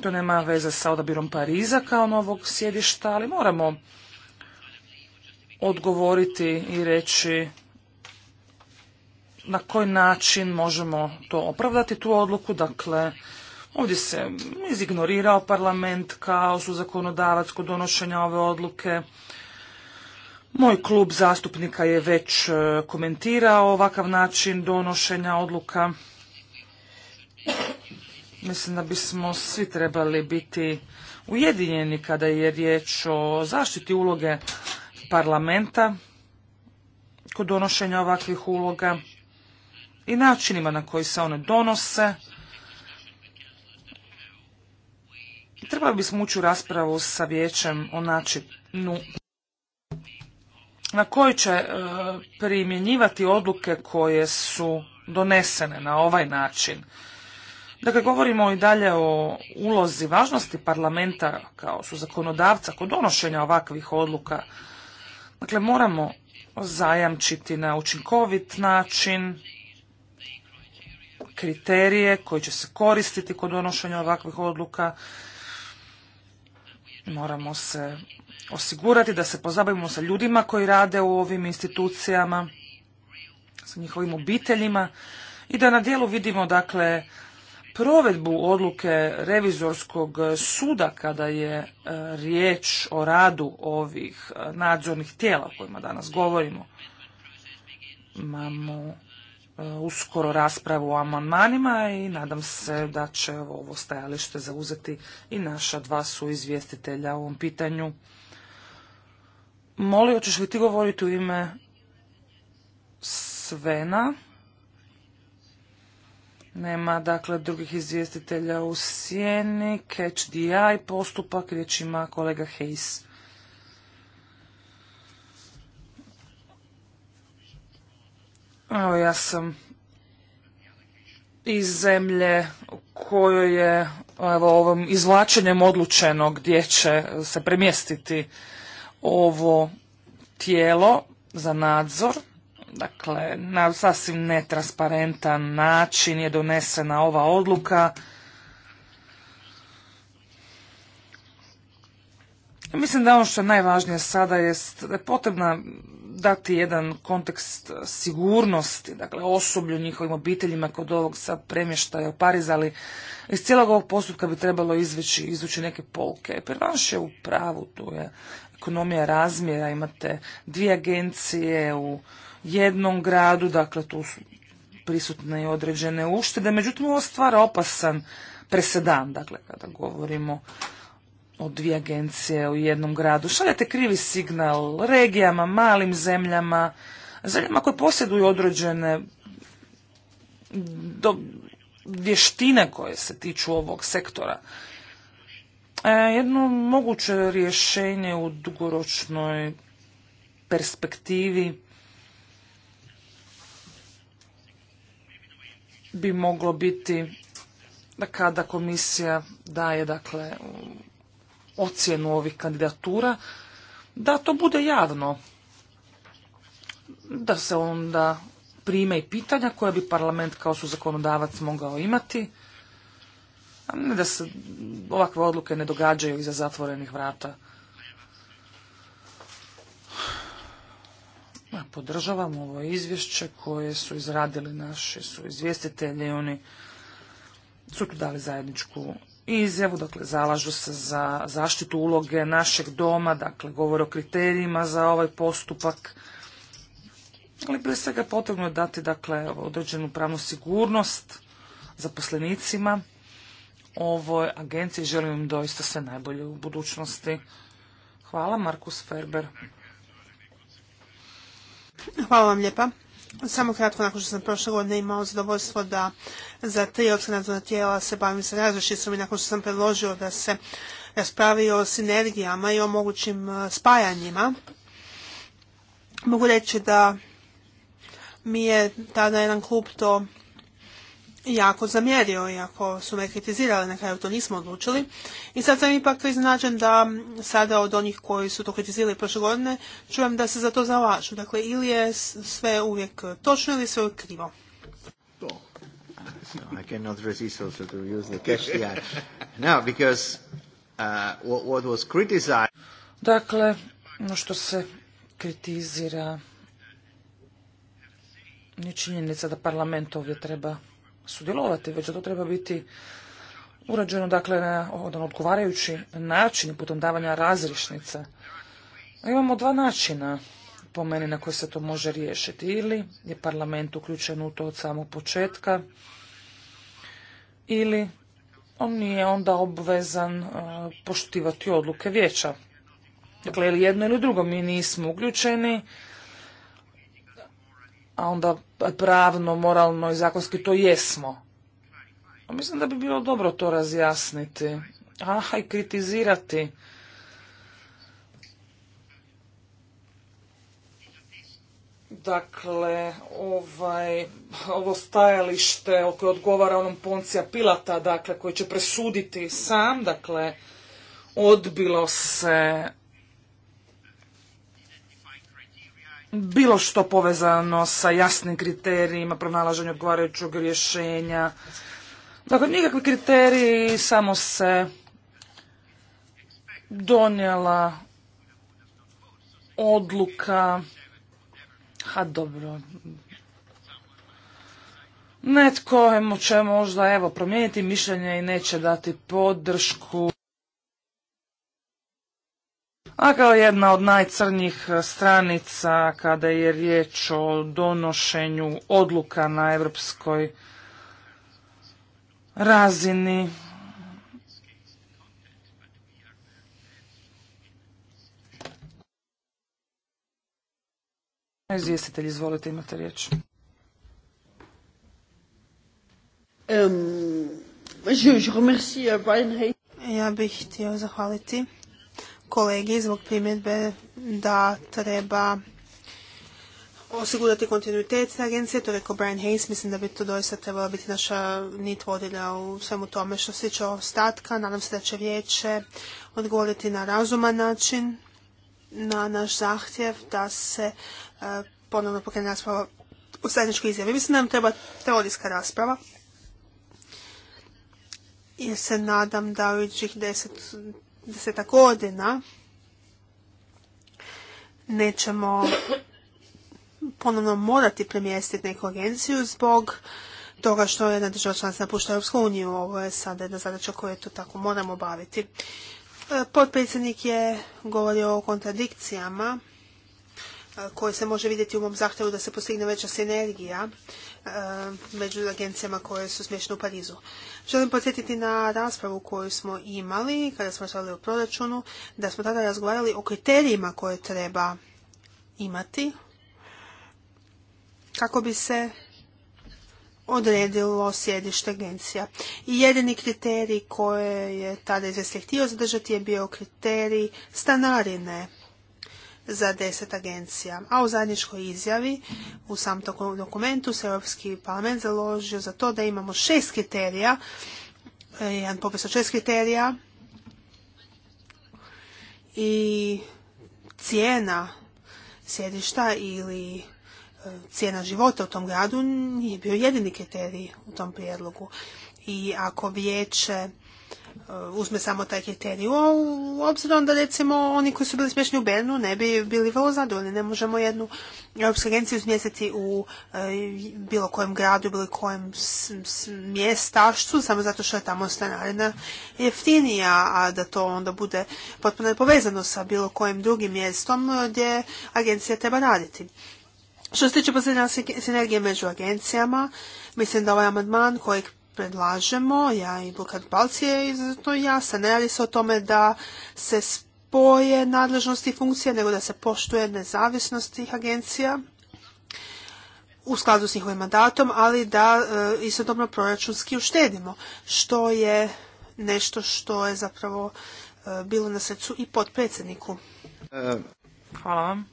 To nema veze sa odabirom Pariza kao novog sjedišta, ali moramo odgovoriti i reći na koji način možemo to opravdati, tu odluku. Dakle, ovdje se izignorirao parlament kao su zakonodavac kod donošenja ove odluke. Moj klub zastupnika je već e, komentirao ovakav način donošenja odluka. Mislim da bismo svi trebali biti ujedinjeni kada je riječ o zaštiti uloge parlamenta kod donošenja ovakvih uloga i načinima na koji se one donose. Trebali bismo ući u raspravu sa vijećem o načinu na koji će e, primjenjivati odluke koje su donesene na ovaj način. Dakle, govorimo i dalje o ulozi važnosti parlamenta kao su zakonodavca kod donošenja ovakvih odluka. Dakle, moramo zajamčiti na učinkovit način kriterije koji će se koristiti kod donošenja ovakvih odluka. Moramo se osigurati da se pozabavimo sa ljudima koji rade u ovim institucijama, sa njihovim obiteljima i da na dijelu vidimo dakle provedbu odluke revizorskog suda kada je e, riječ o radu ovih e, nadzornih tijela o kojima danas govorimo. Imamo e, uskoro raspravu o amandmanima i nadam se da će ovo stajalište zauzeti i naša dva su izvjestitelja u ovom pitanju. Molio ćeš li ti govoriti u ime Svena? Nema dakle drugih izvjestitelja u sjeni. Catch eye postupak. Riječ ima kolega Hayes. Evo ja sam iz zemlje kojoj je evo, ovom izvlačenjem odlučeno gdje će se premjestiti ovo tijelo za nadzor. Dakle, na sasvim netransparentan način je donesena ova odluka. Mislim da ono što je najvažnije sada jest da je potrebno dati jedan kontekst sigurnosti, dakle osoblju njihovim obiteljima kod ovog sad premještaja u Pariz, ali iz cijelog ovog postupka bi trebalo izvući, izvući neke polke. Pervanš je u pravu, tu je ekonomija razmjera, imate dvije agencije u jednom gradu, dakle tu su prisutne i određene uštede, međutim ovo stvara opasan presedan, dakle kada govorimo o dvije agencije u jednom gradu. Šaljate krivi signal regijama, malim zemljama, zemljama koje posjeduju određene vještine koje se tiču ovog sektora. E, jedno moguće rješenje u dugoročnoj perspektivi bi moglo biti da kada komisija daje dakle ocjenu ovih kandidatura, da to bude javno, da se onda prime i pitanja koja bi parlament kao su zakonodavac mogao imati, a ne da se ovakve odluke ne događaju iza zatvorenih vrata. podržavam ovo izvješće koje su izradili naši su izvjestitelji. Oni su tu dali zajedničku izjavu, dakle zalažu se za zaštitu uloge našeg doma, dakle govore o kriterijima za ovaj postupak. Ali prije svega potrebno dati dakle određenu pravnu sigurnost zaposlenicima ovoj agenciji. Želim im doista sve najbolje u budućnosti. Hvala, Markus Ferber. Hvala vam lijepa. Samo kratko nakon što sam prošle godine imao zadovoljstvo da za tri europska tijela se bavim sa različitom i nakon što sam predložio da se raspravi o sinergijama i o mogućim e, spajanjima, mogu reći da mi je tada jedan klub to jako zamjerio, iako su me kritizirali, na kraju to nismo odlučili. I sad sam ipak iznenađen da sada od onih koji su to kritizirali prošle godine, čujem da se za to zalažu. Dakle, ili je sve uvijek točno ili sve uvijek krivo. Dakle, no što se kritizira ni činjenica da parlament ovdje treba sudjelovati, već da to treba biti urađeno dakle, na odgovarajući način putem davanja razrišnice. Imamo dva načina po meni na koji se to može riješiti. Ili je parlament uključen u to od samog početka, ili on nije onda obvezan poštivati odluke vijeća. Dakle, ili jedno ili drugo, mi nismo uključeni, a onda pravno, moralno i zakonski to jesmo. A mislim da bi bilo dobro to razjasniti. Aha, i kritizirati. Dakle, ovaj, ovo stajalište koje odgovara onom Poncija Pilata, dakle, koji će presuditi sam, dakle, odbilo se bilo što povezano sa jasnim kriterijima, pronalaženju odgovarajućeg rješenja. Dakle, nikakvi kriteriji, samo se donijela odluka. Ha, dobro. Netko će možda evo promijeniti mišljenje i neće dati podršku. A kao jedna od najcrnjih eh, stranica kada je riječ o donošenju odluka na evropskoj razini, Izvjestitelj, izvolite, imate riječ. Eh, ja bih htio zahvaliti kolegi zbog primjedbe da treba osigurati kontinuitet agencije, to rekao Brian Hayes, mislim da bi to doista trebala biti naša nit vodilja u svemu tome što se tiče ostatka. Nadam se da će vijeće odgovoriti na razuman način, na naš zahtjev da se e, ponovno pokrene rasprava u zajedničkoj izjavi. Mislim da nam treba teorijska rasprava. Jer se nadam da u idućih deset deseta godina nećemo ponovno morati premjestiti neku agenciju zbog toga što je jedna država članica napušta Europsku uniju. Ovo je sada jedna zadaća koju to tako moramo baviti. E, potpredsjednik je govorio o kontradikcijama e, koje se može vidjeti u mom zahtjevu da se postigne veća sinergija e, među agencijama koje su smješne u Parizu. Želim podsjetiti na raspravu koju smo imali kada smo raspravljali o proračunu, da smo tada razgovarali o kriterijima koje treba imati kako bi se odredilo sjedište agencija. I jedini kriterij koje je tada izvjestitelj htio zadržati je bio kriterij stanarine za deset agencija. A u zajedničkoj izjavi, u sam dokumentu, se Europski parlament založio za to da imamo šest kriterija, e, jedan popis od šest kriterija i cijena sjedišta ili e, cijena života u tom gradu nije bio jedini kriterij u tom prijedlogu. I ako vijeće Uh, uzme samo taj kriterij. u obzirom da recimo oni koji su bili smješni u Bernu ne bi bili vrlo zadovoljni. Ne možemo jednu Europsku agenciju smjestiti u uh, bilo kojem gradu, bilo kojem mjestašcu, samo zato što je tamo stanarina jeftinija, a da to onda bude potpuno povezano sa bilo kojim drugim mjestom uh, gdje agencija treba raditi. Što se tiče posljednja sinergije među agencijama, mislim da ovaj amandman kojeg predlažemo, ja i Bukat Balci je izuzetno jasan. Ne radi se o tome da se spoje nadležnosti i funkcije, nego da se poštuje nezavisnost tih agencija u skladu s njihovim mandatom, ali da e, istodobno proračunski uštedimo, što je nešto što je zapravo e, bilo na srcu i potpredsjedniku. Hvala vam.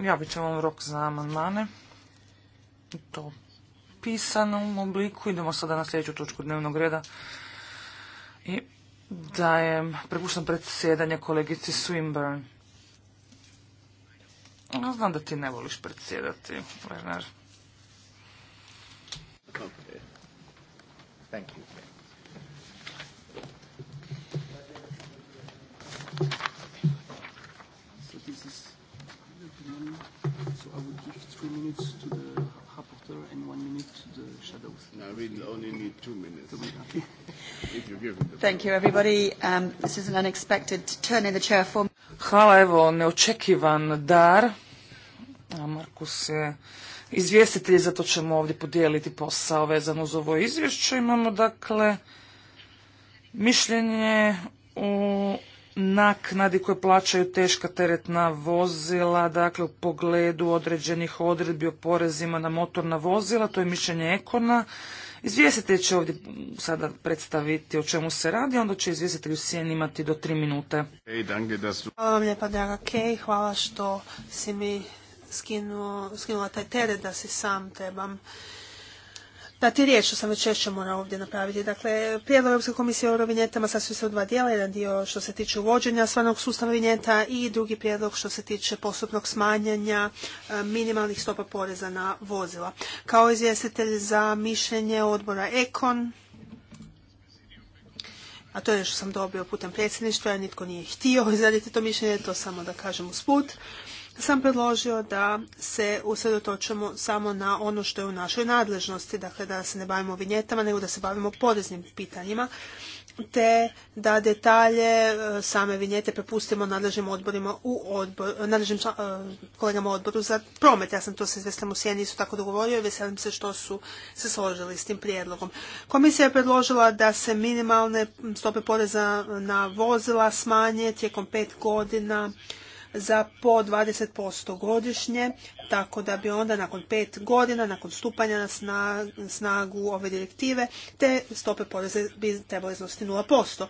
Ja bit ću rok za amandmane. To pisanom obliku. Idemo sada na sljedeću točku dnevnog reda. I dajem, prepuštam predsjedanje kolegici Swinburne. Znam da ti ne voliš predsjedati, Werner. Okay. Thank you. So this is so I will give three minutes to the rapporteur and one minute to the shadows. No, we only need two minutes. Two minutes. Okay. if you give Thank you, everybody. Um, this is an unexpected turn in the chair for... Hvala, evo, neočekivan dar. A Markus je izvjestitelj, zato ćemo ovdje podijeliti posao vezano uz ovo izvješće. Imamo, dakle, mišljenje u naknadi koje plaćaju teška teretna vozila, dakle u pogledu određenih odredbi o porezima na motorna vozila, to je mišljenje Ekona. Izvjestitelj će ovdje sada predstaviti o čemu se radi, onda će izvjestitelj u sjeni imati do tri minute. Hvala vam lijepa, draga Kej, hvala što si mi skinuo, skinula taj teret da si sam trebam dati riječ, što sam već češće morao ovdje napraviti. Dakle, prijedlog Europske komisije o vinjetama sasvim se u dva dijela. Jedan dio što se tiče uvođenja stvarnog sustava vinjeta i drugi prijedlog što se tiče postupnog smanjanja e, minimalnih stopa poreza na vozila. Kao izvjestitelj za mišljenje odbora EKON, a to je što sam dobio putem predsjedništva, nitko nije htio izraditi to mišljenje, to samo da kažem usput sam predložio da se usredotočimo samo na ono što je u našoj nadležnosti, dakle da se ne bavimo vinjetama, nego da se bavimo poreznim pitanjima, te da detalje e, same vinjete prepustimo nadležnim odborima u odbor, nadležnim e, kolegama odboru za promet. Ja sam to se izvestila u Sjeni isto tako dogovorio i veselim se što su se složili s tim prijedlogom. Komisija je predložila da se minimalne stope poreza na vozila smanje tijekom pet godina za po 20% godišnje, tako da bi onda nakon pet godina, nakon stupanja na snagu ove direktive, te stope poreze bi trebali iznositi 0%.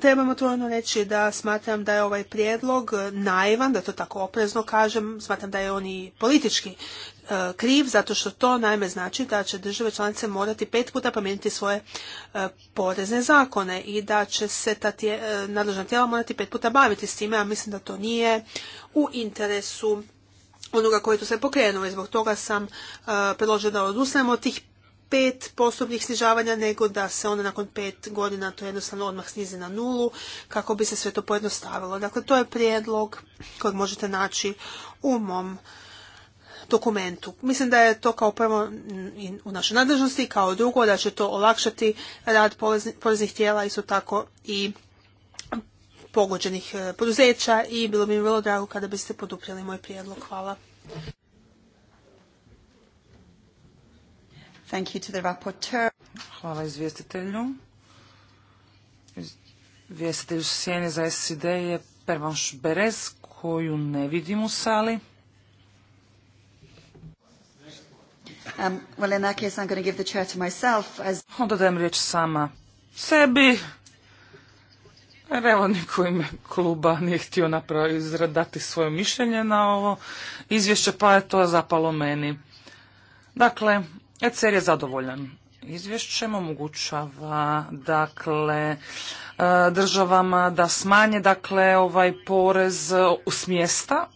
trebamo otvoreno reći da smatram da je ovaj prijedlog naivan, da to tako oprezno kažem, smatram da je on i politički E, kriv zato što to naime znači da će države članice morati pet puta promijeniti svoje e, porezne zakone i da će se ta e, nadležna tijela morati pet puta baviti s time, a mislim da to nije u interesu onoga koji to tu sve pokrenuo i zbog toga sam predložio da odustajemo od tih pet postupnih snižavanja, nego da se onda nakon pet godina to jednostavno odmah snizi na nulu kako bi se sve to pojednostavilo. Dakle, to je prijedlog kojeg možete naći u mom dokumentu. Mislim da je to kao prvo u našoj nadležnosti, kao drugo da će to olakšati rad poreznih tijela, isto tako i pogođenih e, poduzeća i bilo bi mi vrlo drago kada biste poduprijeli moj prijedlog. Hvala. Thank Hvala izvjestitelju. Izvjestitelj Sjene za SID je Pervanš Berez, koju ne vidim u sali. well, Onda dajem riječ sama sebi. Jer evo niko ime kluba nije htio napravo dati svoje mišljenje na ovo izvješće, pa je to zapalo meni. Dakle, ECR je zadovoljan izvješćem, omogućava dakle E, državama da smanje dakle ovaj porez e, s mjesta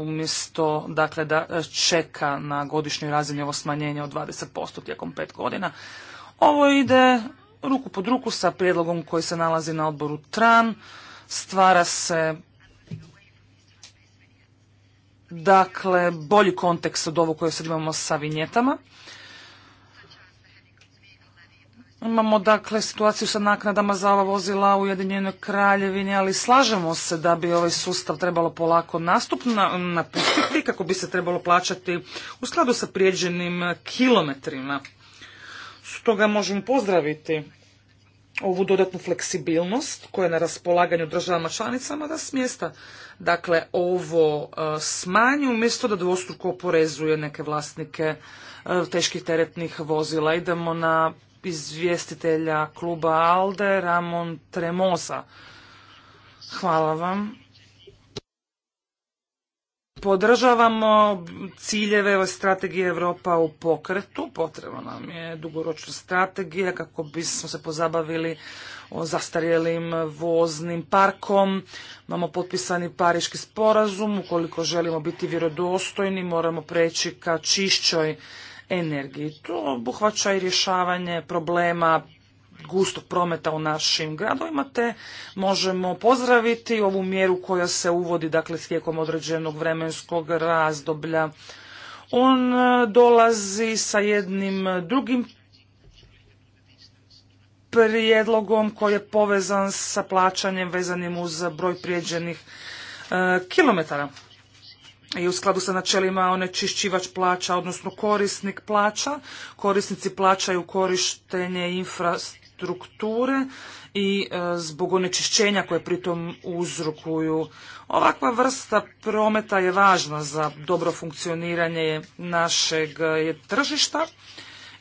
umjesto dakle da čeka na godišnjoj razini ovo smanjenje od 20% tijekom pet godina. Ovo ide ruku pod ruku sa prijedlogom koji se nalazi na odboru TRAN. Stvara se dakle bolji kontekst od ovog koje sad imamo sa vinjetama. Imamo dakle situaciju sa naknadama za ova vozila u Ujedinjenoj kraljevini, ali slažemo se da bi ovaj sustav trebalo polako nastupno napustiti kako bi se trebalo plaćati u skladu sa prijeđenim kilometrima. Stoga možemo pozdraviti ovu dodatnu fleksibilnost koja je na raspolaganju državama članicama da smjesta dakle ovo e, smanju umjesto da dvostruko oporezuje neke vlasnike e, teških teretnih vozila. Idemo na izvjestitelja kluba ALDE, Ramon Tremosa. Hvala vam. Podržavamo ciljeve strategije Europa u pokretu. Potrebna nam je dugoročna strategija kako bismo se pozabavili o zastarjelim voznim parkom. Imamo potpisani pariški sporazum. Ukoliko želimo biti vjerodostojni moramo preći ka čišćoj energiji. To obuhvaća i rješavanje problema gustog prometa u našim gradovima, te možemo pozdraviti ovu mjeru koja se uvodi dakle tijekom određenog vremenskog razdoblja. On e, dolazi sa jednim drugim prijedlogom koji je povezan sa plaćanjem vezanim uz broj prijeđenih e, kilometara i u skladu sa načelima onečišćivač plaća, odnosno korisnik plaća. Korisnici plaćaju korištenje infrastrukture i e, zbog onečišćenja koje pritom uzrokuju. Ovakva vrsta prometa je važna za dobro funkcioniranje našeg e, tržišta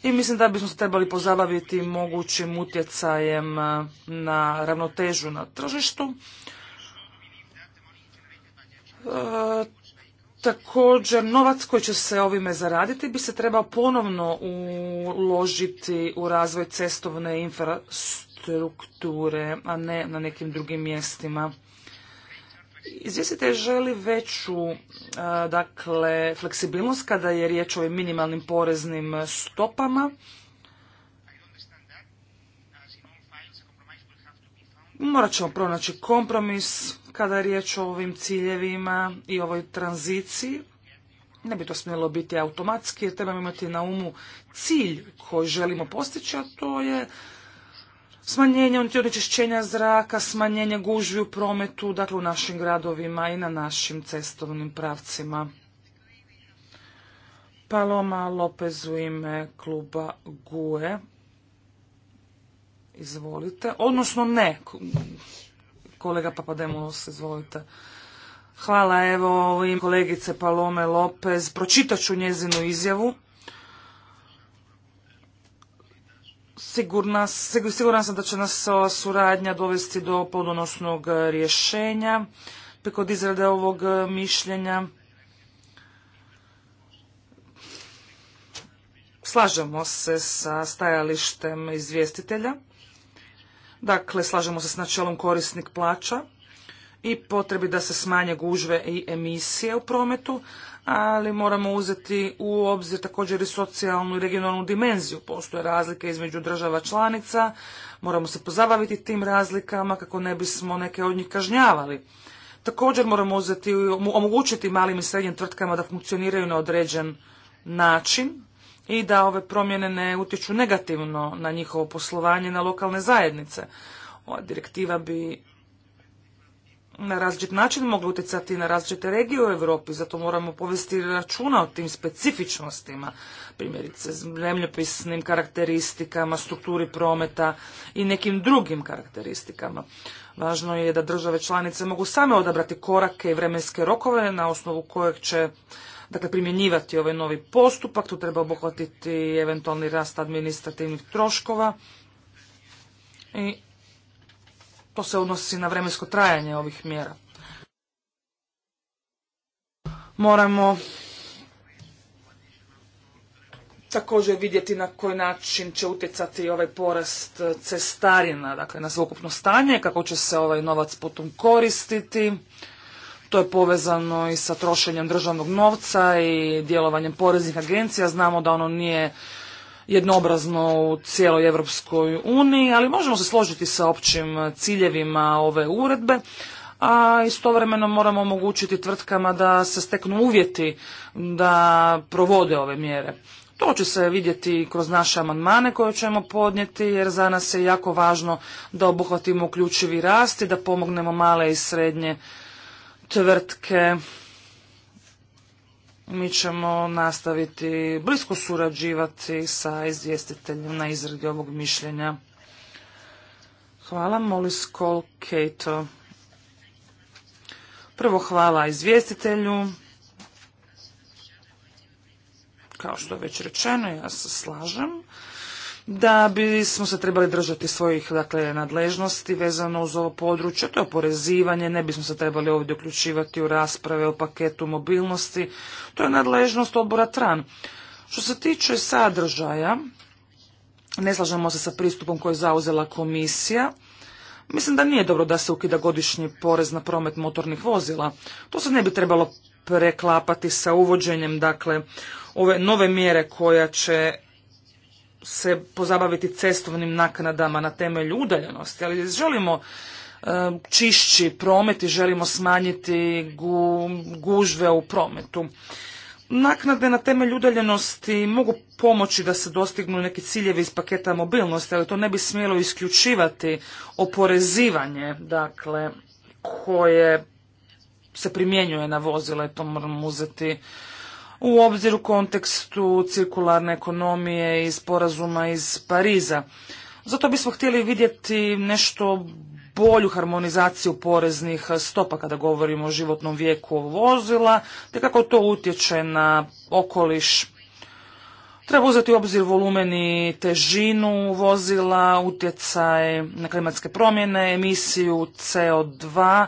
i mislim da bismo se trebali pozabaviti mogućim utjecajem e, na ravnotežu na tržištu. Također, novac koji će se ovime zaraditi bi se trebao ponovno uložiti u razvoj cestovne infrastrukture, a ne na nekim drugim mjestima. Izvjestitelj želi veću dakle, fleksibilnost kada je riječ o ovim minimalnim poreznim stopama. Morat ćemo pronaći kompromis kada je riječ o ovim ciljevima i ovoj tranziciji. Ne bi to smjelo biti automatski jer trebamo imati na umu cilj koji želimo postići, a to je smanjenje onečišćenja zraka, smanjenje gužvi u prometu, dakle u našim gradovima i na našim cestovnim pravcima. Paloma Lopez u ime kluba GUE. Izvolite. Odnosno ne, Kolega Papademos, izvolite. Hvala, evo, u kolegice Palome Lopez. Pročitat ću njezinu izjavu. Sigurna, siguran sam da će nas suradnja dovesti do plodonosnog rješenja kod izrade ovog mišljenja. Slažemo se sa stajalištem izvjestitelja. Dakle, slažemo se s načelom korisnik plaća i potrebi da se smanje gužve i emisije u prometu, ali moramo uzeti u obzir također i socijalnu i regionalnu dimenziju. Postoje razlike između država članica, moramo se pozabaviti tim razlikama kako ne bismo neke od njih kažnjavali. Također moramo uzeti, omogućiti malim i srednjim tvrtkama da funkcioniraju na određen način, i da ove promjene ne utječu negativno na njihovo poslovanje na lokalne zajednice. Ova direktiva bi na različit način mogla utjecati na različite regije u Europi, zato moramo povesti računa o tim specifičnostima, primjerice zemljopisnim karakteristikama, strukturi prometa i nekim drugim karakteristikama. Važno je da države članice mogu same odabrati korake i vremenske rokove na osnovu kojih će dakle, primjenjivati ovaj novi postupak, tu treba obuhvatiti eventualni rast administrativnih troškova i to se odnosi na vremensko trajanje ovih mjera. Moramo također vidjeti na koji način će utjecati ovaj porast cestarina, dakle na sveukupno stanje, kako će se ovaj novac potom koristiti. To je povezano i sa trošenjem državnog novca i djelovanjem poreznih agencija. Znamo da ono nije jednobrazno u cijeloj Europskoj uniji, ali možemo se složiti sa općim ciljevima ove uredbe, a istovremeno moramo omogućiti tvrtkama da se steknu uvjeti da provode ove mjere. To će se vidjeti kroz naše amandmane koje ćemo podnijeti jer za nas je jako važno da obuhvatimo uključivi rast i da pomognemo male i srednje tvrtke. Mi ćemo nastaviti blisko surađivati sa izvjestiteljem na izradi ovog mišljenja. Hvala, Molly Prvo hvala izvjestitelju. Kao što je već rečeno, ja se slažem da bismo se trebali držati svojih dakle, nadležnosti vezano uz ovo područje, to je oporezivanje, ne bismo se trebali ovdje uključivati u rasprave o paketu mobilnosti, to je nadležnost odbora TRAN. Što se tiče sadržaja, ne slažemo se sa pristupom koji je zauzela komisija, Mislim da nije dobro da se ukida godišnji porez na promet motornih vozila. To se ne bi trebalo preklapati sa uvođenjem dakle ove nove mjere koja će se pozabaviti cestovnim naknadama na temelju udaljenosti, ali želimo e, čišći promet i želimo smanjiti gužve u prometu. Naknade na temelju udaljenosti mogu pomoći da se dostignu neki ciljevi iz paketa mobilnosti, ali to ne bi smjelo isključivati oporezivanje, dakle, koje se primjenjuje na vozile. to moramo uzeti u obzir u kontekstu cirkularne ekonomije i sporazuma iz Pariza. Zato bismo htjeli vidjeti nešto bolju harmonizaciju poreznih stopa kada govorimo o životnom vijeku vozila, te kako to utječe na okoliš. Treba uzeti u obzir i težinu vozila, utjecaj na klimatske promjene, emisiju CO2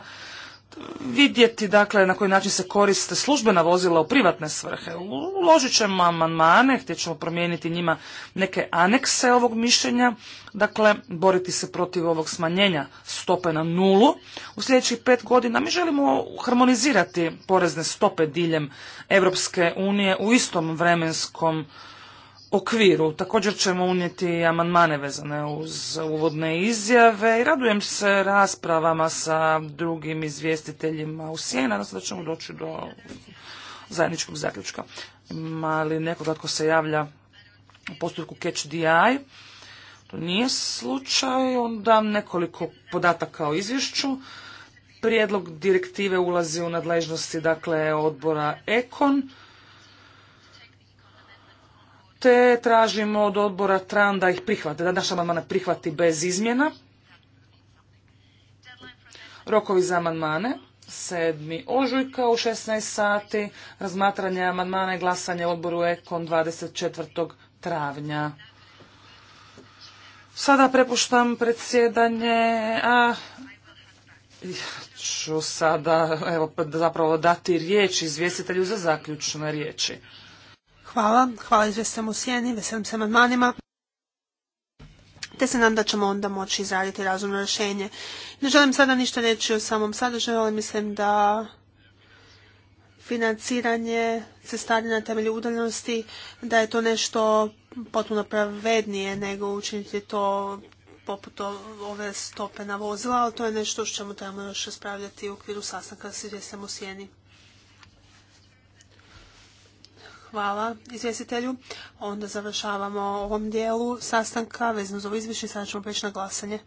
vidjeti dakle na koji način se koriste službena vozila u privatne svrhe. Uložit ćemo amandmane, htjet ćemo promijeniti njima neke anekse ovog mišljenja, dakle boriti se protiv ovog smanjenja stope na nulu. U sljedećih pet godina mi želimo harmonizirati porezne stope diljem Europske unije u istom vremenskom okviru. Također ćemo unijeti amandmane vezane uz uvodne izjave i radujem se raspravama sa drugim izvjestiteljima u Sijeni. Nadam se da ćemo doći do zajedničkog zaključka. Ali li nekoga tko se javlja u postupku Catch DI? To nije slučaj. Onda nekoliko podataka o izvješću. Prijedlog direktive ulazi u nadležnosti dakle, odbora EKON te tražimo od odbora TRAN da ih prihvate, da naš amandman prihvati bez izmjena. Rokovi za amandmane 7. ožujka u 16 sati, razmatranje amandmana i glasanje odboru Ekon 24. travnja. Sada prepuštam predsjedanje, a ja ću sada evo, zapravo dati riječ izvjestitelju za zaključne riječi. Hvala, hvala izvjestam u sjeni, veselim se amandmanima te se nam da ćemo onda moći izraditi razumno rješenje. Ne želim sada ništa reći o samom sadržaju, ali mislim da financiranje cestarina na temelju udaljenosti, da je to nešto potpuno pravednije nego učiniti to poput ove stope na vozila, ali to je nešto što čemu trebamo još raspravljati u okviru sastanka s u sjeni. Hvala izvjestitelju. Onda završavamo ovom dijelu sastanka vezano za ovo izvješće i sada ćemo preći na glasanje.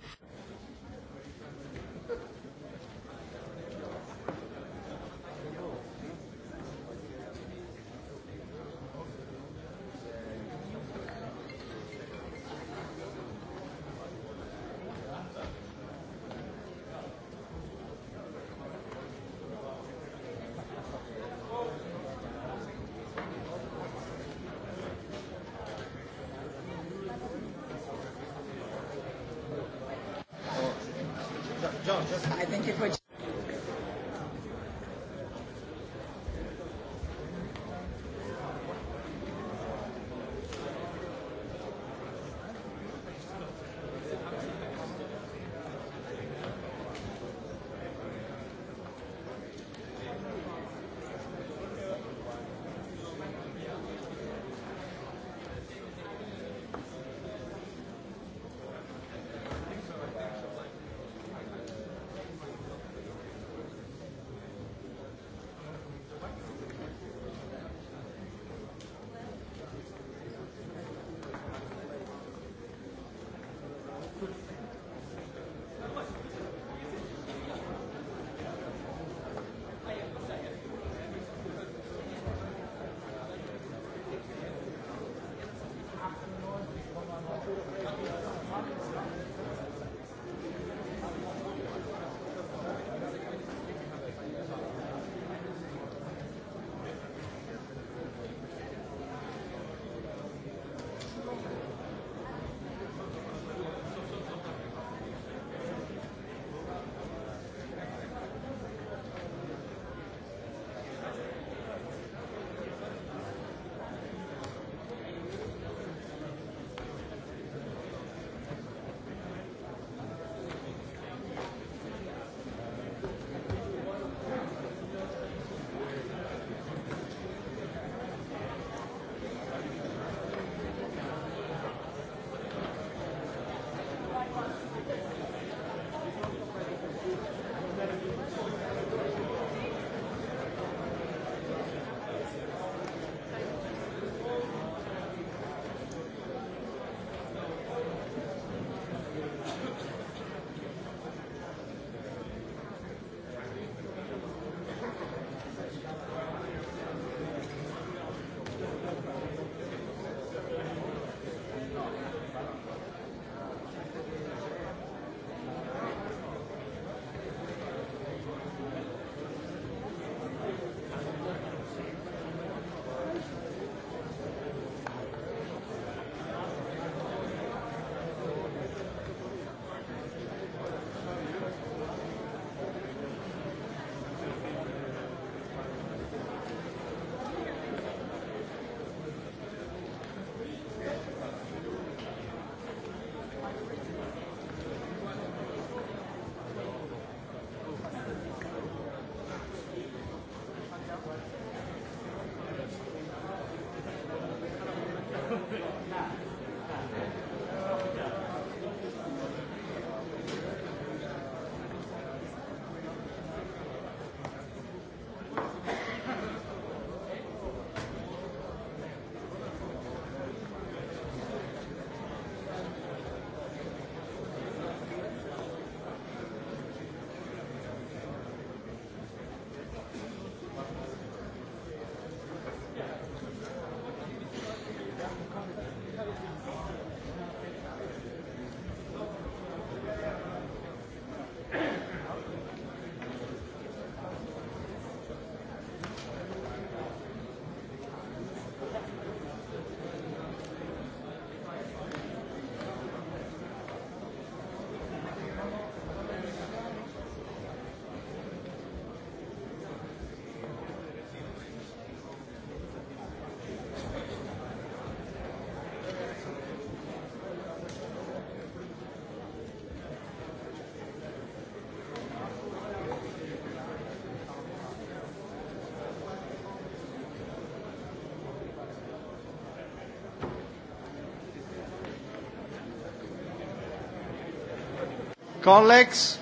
Colleagues,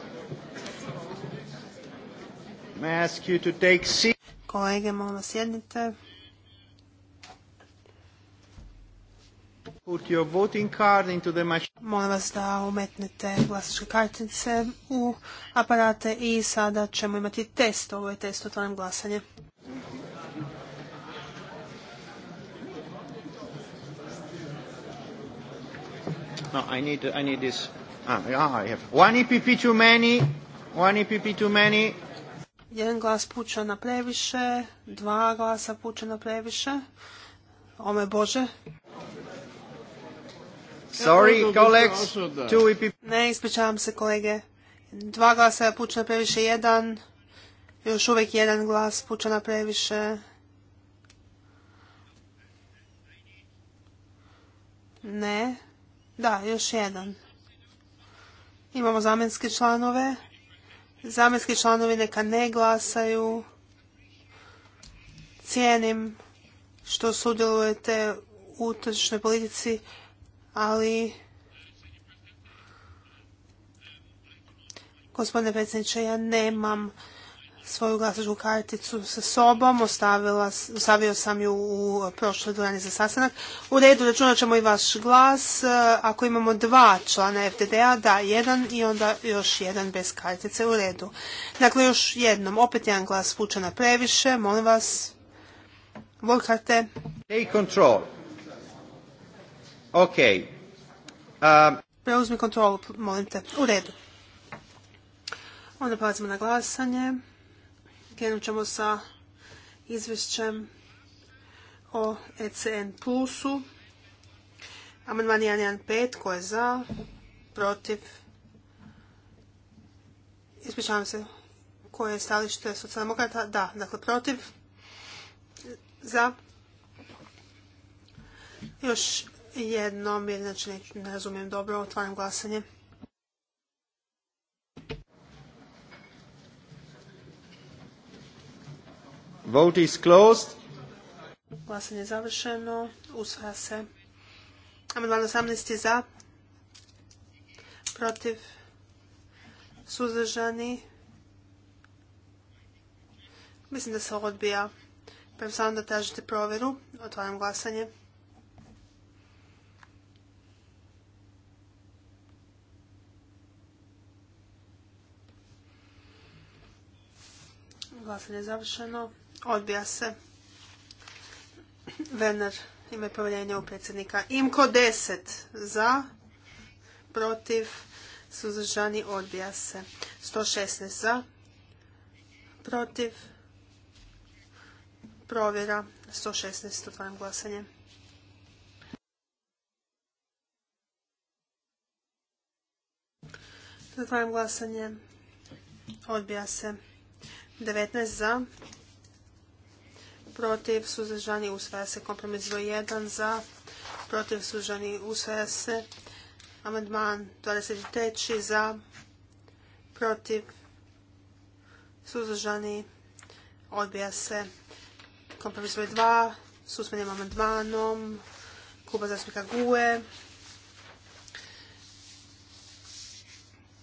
may I ask you to take seat? Kolege, molim vas sjednite. Put your voting card into the machine. Molim vas da umetnete glasačke kartice u aparate i sada ćemo imati test. Ovo je test otvoren glasanje. No, I need, I need this. Ah, one EPP too many. One EPP too many. Jedan glas na previše, dva glasa na previše. Ome Bože. Sorry, colleagues. Ne, ispričavam se kolege. Dva glasa na previše, jedan. Još uvijek jedan glas na previše. Ne. Da, još jedan. Imamo zamjenske članove. Zamjenski članovi neka ne glasaju. Cijenim što sudjelujete u tržišnoj politici, ali gospodine predsjedniče, ja nemam svoju glasačku karticu sa sobom, ostavila, ostavio sam ju u prošloj dvorani za sastanak. U redu računat ćemo i vaš glas. E, ako imamo dva člana fdd da, jedan i onda još jedan bez kartice u redu. Dakle, još jednom, opet jedan glas pučana previše, molim vas. Volkarte. Take control. Ok. Um, Preuzmi kontrolu, molim te. U redu. Onda prelazimo na glasanje. Krenut ćemo sa izvješćem o ECN plusu. Amandman 1.1.5. Ko je za? Protiv? Ispričavam se. Koje je stalište socijaldemokrata? Da. Dakle, protiv? Za? Još jednom, jer znači ne razumijem dobro, otvaram glasanje. Vote is closed. Glasanje je završeno. Usvaja se. Amendman 18. za. Protiv. Suzdržani. Mislim da se odbija. Pa samo da tražite provjeru. Otvaram glasanje. Glasanje je završeno. Odbija se. Werner ima povjerenje u predsjednika. Imko 10 za, protiv, suzdržani, odbija se. 116 za, protiv, provjera, 116, otvaram glasanje. Zatvaram glasanje. Odbija se. 19 za, protiv, suzdržani, usvaja se. Kompromis broj 1 za, protiv, suzdržani, usvaja se. Amandman 23 za, protiv, suzdržani, odbija se. Kompromis broj 2 s usmenim amandmanom kluba zastupnika GUE.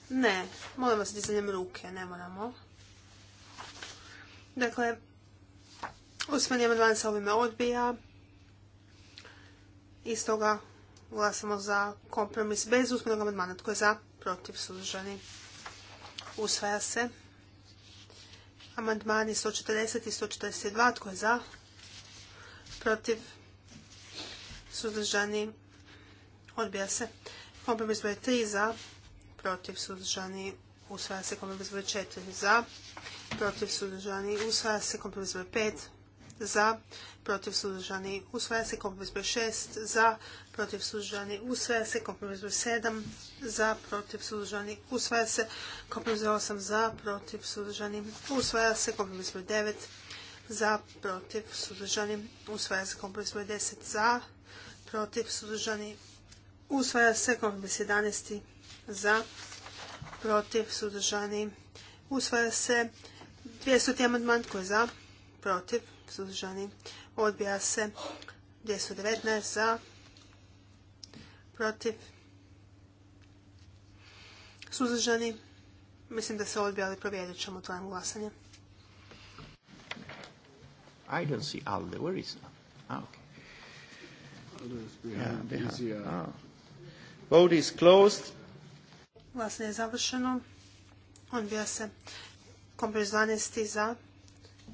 Ne, molim vas dizanjem ruke, ne moramo. Dakle, Osmeni amandman se ovime odbija. I stoga glasamo za kompromis bez usmenog amandmana. Tko je za? Protiv suzdržani. Usvaja se. Amandmani 140 i 142. Tko je za? Protiv suzdržani. Odbija se. Kompromis broj 3 za. Protiv suzdržani. Usvaja se kompromis broj 4 za. Protiv suzdržani. Usvaja se kompromis broj 5 za, protiv suzdržani usvaja se kompromis broj 6 za, protiv suzdržani usvaja se kompromis broj 7 za, protiv suzdržani usvaja se kompromis broj 8 za, protiv suzdržani usvaja se kompromis broj 9 za, protiv suzdržani usvaja se kompromis broj 10 za, protiv suzdržani usvaja se kompromis 11 za, protiv suzdržani usvaja se 200. amandman koji je za, protiv, suzdržani, odbija se. 219 za, protiv, suzdržani. Mislim da se odbija, ali provjerit ćemo, otvaram glasanje. I don't see Alde. Where is Ah, okay. Yeah, ah. Vote is closed. Glasanje je završeno. Odbija se. Kompromis 12 za,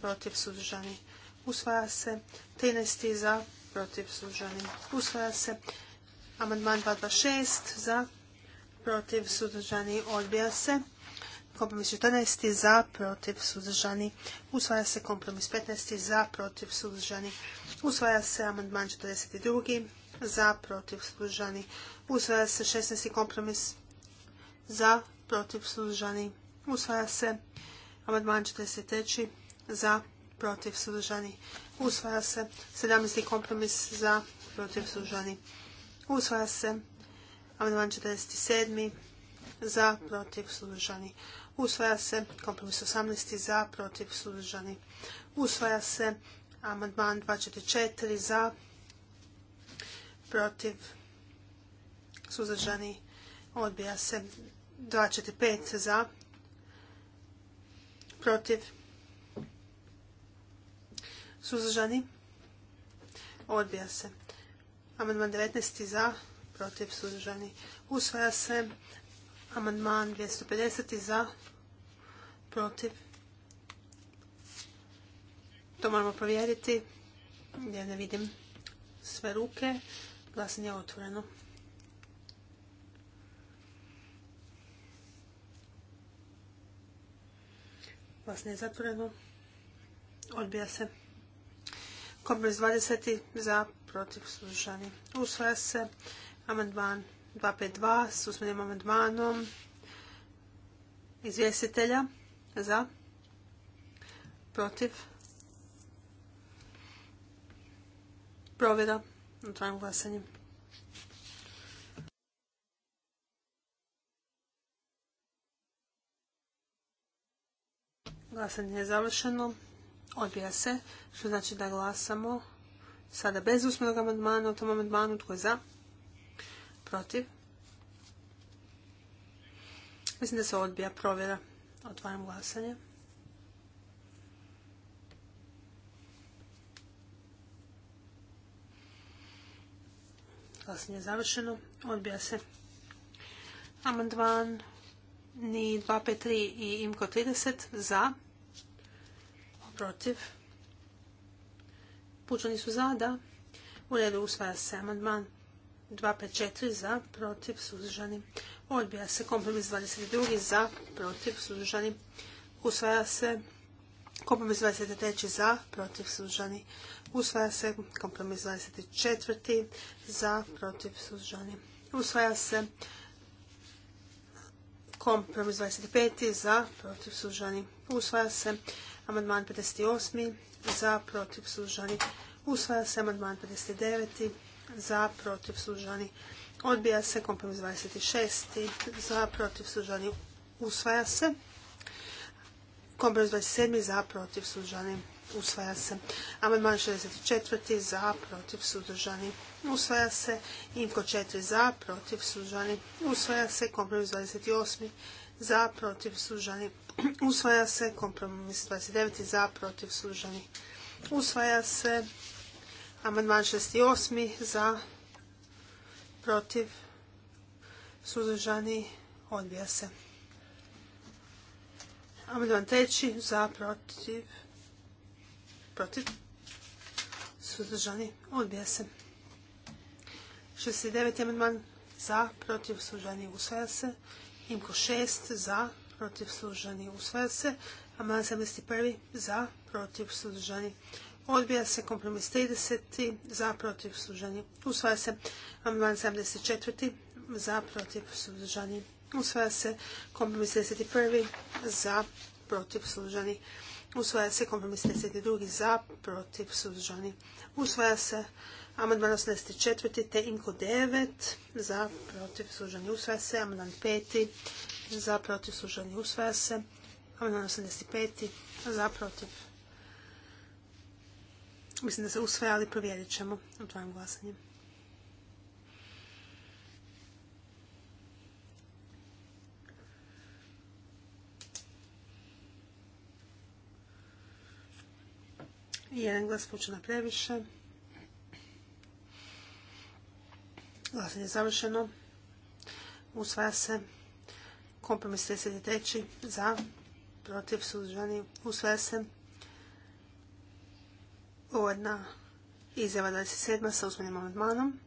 protiv suzdržani usvaja se. 13. za, protiv, suzdržani, usvaja se. Amandman 226 za, protiv, suzdržani, odbija se. Kompromis 14. za, protiv, suzdržani, usvaja se. Kompromis 15. za, protiv, suzdržani, usvaja se. Amandman 42. za, protiv, suzdržani, usvaja se. 16. kompromis za, protiv, suzdržani, usvaja se. Amandman 43. za, protiv suzdržani usvaja se. 17. kompromis za protiv suzdržani usvaja se. Amandman 47. za protiv suzdržani usvaja se. Kompromis 18. za protiv suzdržani usvaja se. Amandman četiri za protiv suzdržani odbija se. pet za protiv Suzdržani? Odbija se. Amandman 19. za, protiv, suzdržani. Usvaja se. Amandman 250. za, protiv. To moramo provjeriti. Ja ne vidim sve ruke. Glasanje je otvoreno. Glasanje je zatvoreno. Odbija se iz 20 za, protiv, suzdržani. Usvaja se amandman 252 s usmenim amandmanom izvjestitelja za, protiv, provjera na trajnom glasanju. Glasanje je završeno. Odbija se. Što znači da glasamo sada bez usmenog amandmana o tom amandmanu. Tko je za? Protiv? Mislim da se odbija provjera. Otvaram glasanje. Glasanje je završeno. Odbija se. Amandman ni 253 i imko 30 za. Protiv. Pučani su za, da. U redu usvaja se amandman 254 za, protiv, suzdržani. Odbija se kompromis 22 za, protiv, suzdržani. Usvaja se kompromis 23 za, protiv, suzdržani. Usvaja se kompromis 24 za, protiv, suzdržani. Usvaja se kompromis 25 za, protiv, suzdržani. Usvaja se amandman 58 za, protiv, suzdržani, usvaja se amandman 59. za, protiv, suzdržani, odbija se kompromis 26. za, protiv, suzdržani, usvaja se. Kompromis 27. za, protiv, suzdržani, usvaja se. Amandman 64. za, protiv, suzdržani, usvaja se. Inko 4 za, protiv, suzdržani, usvaja se. Kompromis 28. za, protiv, suzdržani, Usvaja se kompromis 29. za protiv služeni. Usvaja se amandman 68. za protiv suzdržani. Odbija se. Amandman 3. za protiv protiv suzdržani. Odbija se. 69. amandman za protiv suzdržani. Usvaja se. Imko 6 za protiv protiv suzdržani usvaja se. Amandman 71. za protiv suzdržani odbija se. Kompromis 30. za protiv suzdržani usvaja se. Amandman 74. za protiv suzdržani usvaja se. Kompromis 31. za protiv suzdržani usvaja se. Kompromis 32. za protiv suzdržani usvaja se. Amandman 84. te Inko 9 za protiv suzdržani usvaja se. Amandman 5 za protiv suženi usvaja se. Amandman 85. za protiv. Mislim da se usvaja, ali provjerit ćemo. Otvaram glasanje. Jedan glas počena previše. Glasanje je završeno. Usvaja se. Kompromis 33. Za. Protiv. Suzdržani. Usvaja se. Uvodna izjava 27. sa usmenim amandmanom.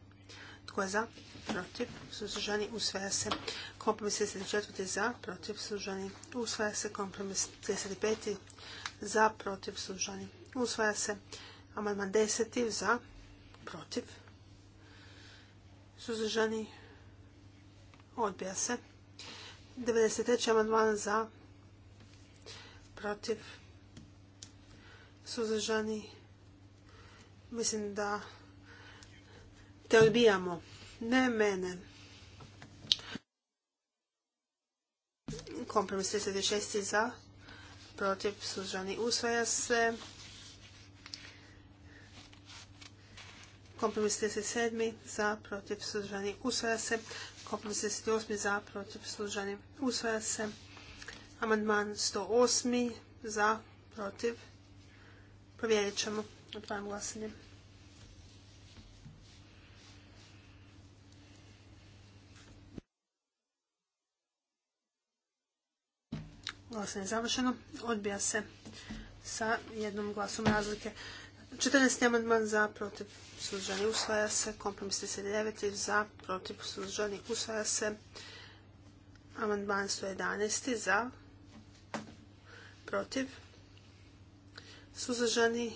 Tko je za? Protiv. Suzdržani. Usvaja se. Kompromis 34. Za. Protiv. Suzdržani. Usvaja se. Kompromis 35. Za. Protiv. Suzdržani. Usvaja se. Amandman 10. Za. Protiv. Suzdržani. Odbija se. 93. amandman za, protiv, suzdržani. Mislim da te odbijamo. Ne mene. Kompromis 36. za, protiv, suzdržani. Usvaja se. Kompromis 37. za, protiv, suzdržani. Usvaja se. 58. za, protiv, služanje usvaja se. Amandman 108 za, protiv. Provjerit ćemo. Otvaram glasanje. Glasanje je završeno. Odbija se sa jednom glasom razlike. 14. amandman za protiv suzdržani usvaja se. Kompromis 39. za protiv suzdržani usvaja se. Amandman 111. za protiv suzdržani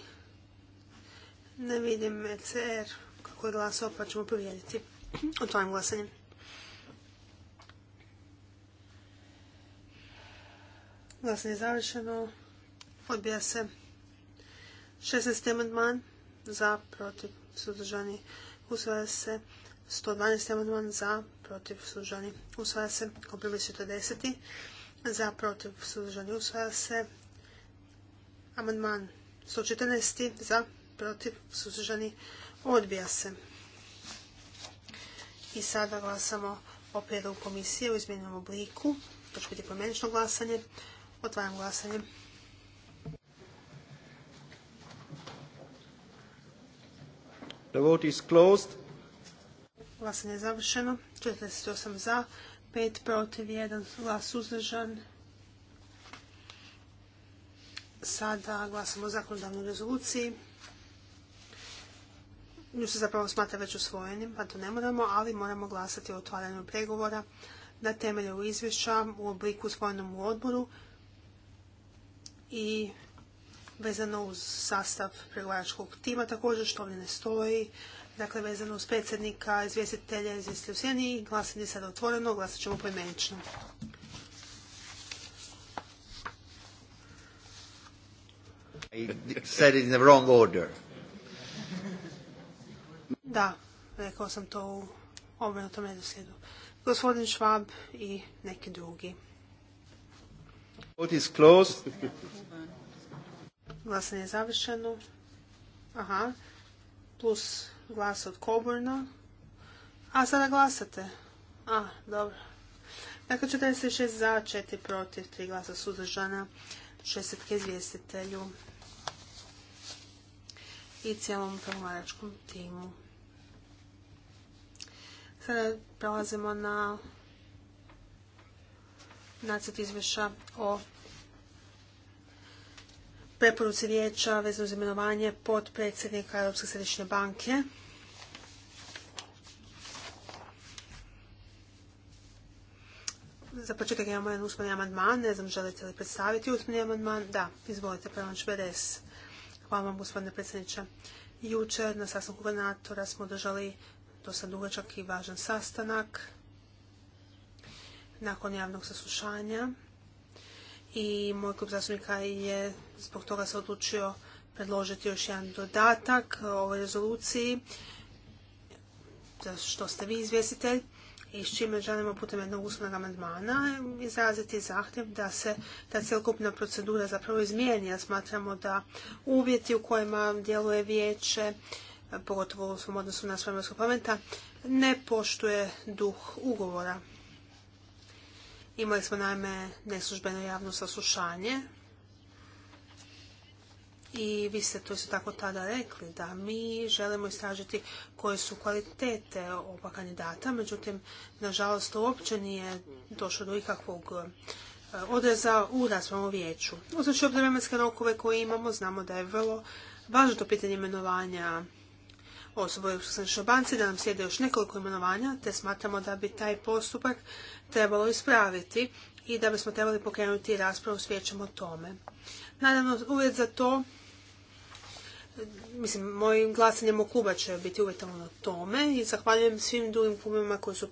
ne vidim ECR kako je glasao pa ćemo provjeriti. Otvaram glasanje. Glasanje je završeno. Odbija se. 16. amandman za, protiv, suzdržani, usvaja se. 112. amandman za, protiv, suzdržani, usvaja se. Kompromis 40. za, protiv, suzdržani, usvaja se. Amandman 114. za, protiv, suzdržani, odbija se. I sada glasamo o prijedlogu komisije u izmjenjenom obliku. To će biti pomenično glasanje. Otvaram glasanje. The is closed. Glasanje je završeno. 48 za, 5 protiv, 1 glas uzdržan. Sada glasamo o zakonodavnoj rezoluciji. Nju se zapravo smatra već usvojenim, pa to ne moramo, ali moramo glasati o otvaranju pregovora na temelju izvješća u obliku usvojenom u odboru i vezano uz sastav pregovaračkog tima također što ovdje ne stoji. Dakle, vezano uz predsjednika, izvjestitelja, izvjestitelja u sjeni, glasanje je sada otvoreno, glasat ćemo poimenično. said Da, rekao sam to u obrnutom redoslijedu. Gospodin Švab i neki drugi. Vote is closed. Glasanje je završeno. Aha. Plus glas od Coburna. A, sada glasate. A, dobro. Dakle, 46 za, 4 protiv, 3 glasa suzdržana, 60 izvjestitelju i cijelom pregovaračkom timu. Sada prelazimo na nacrt izvješća o preporuci vijeća vezano uz imenovanje potpredsjednika Europske središnje banke. Za početak imamo jedan usmeni amandman, ne znam želite li predstaviti usmeni amandman. Da, izvolite, Prevanč BDS. Hvala vam, gospodine predsjedniče. Jučer na sastanku gubernatora smo održali dosta dugačak i važan sastanak nakon javnog saslušanja i moj klub zastupnika je zbog toga se odlučio predložiti još jedan dodatak ovoj rezoluciji što ste vi izvjestitelj i s čime želimo putem jednog usmenog amandmana izraziti zahtjev da se ta cjelokupna procedura zapravo izmijeni. Ja smatramo da uvjeti u kojima djeluje vijeće, pogotovo u svom odnosu na Svemorskog parlamenta, ne poštuje duh ugovora. Imali smo naime neslužbeno javno saslušanje i vi ste to isto tako tada rekli da mi želimo istražiti koje su kvalitete oba kandidata, međutim, nažalost, uopće nije došlo do ikakvog e, odreza u raspravnom vijeću. Uzreći obzir vremenske rokove koje imamo, znamo da je vrlo važno to pitanje imenovanja osobu u šobanci da nam slijede još nekoliko imenovanja, te smatramo da bi taj postupak trebalo ispraviti i da bismo trebali pokrenuti raspravu s o tome. Naravno, uvjet za to, mislim, mojim glasanjem u kluba će biti uvjetovano tome i zahvaljujem svim drugim klubima koji su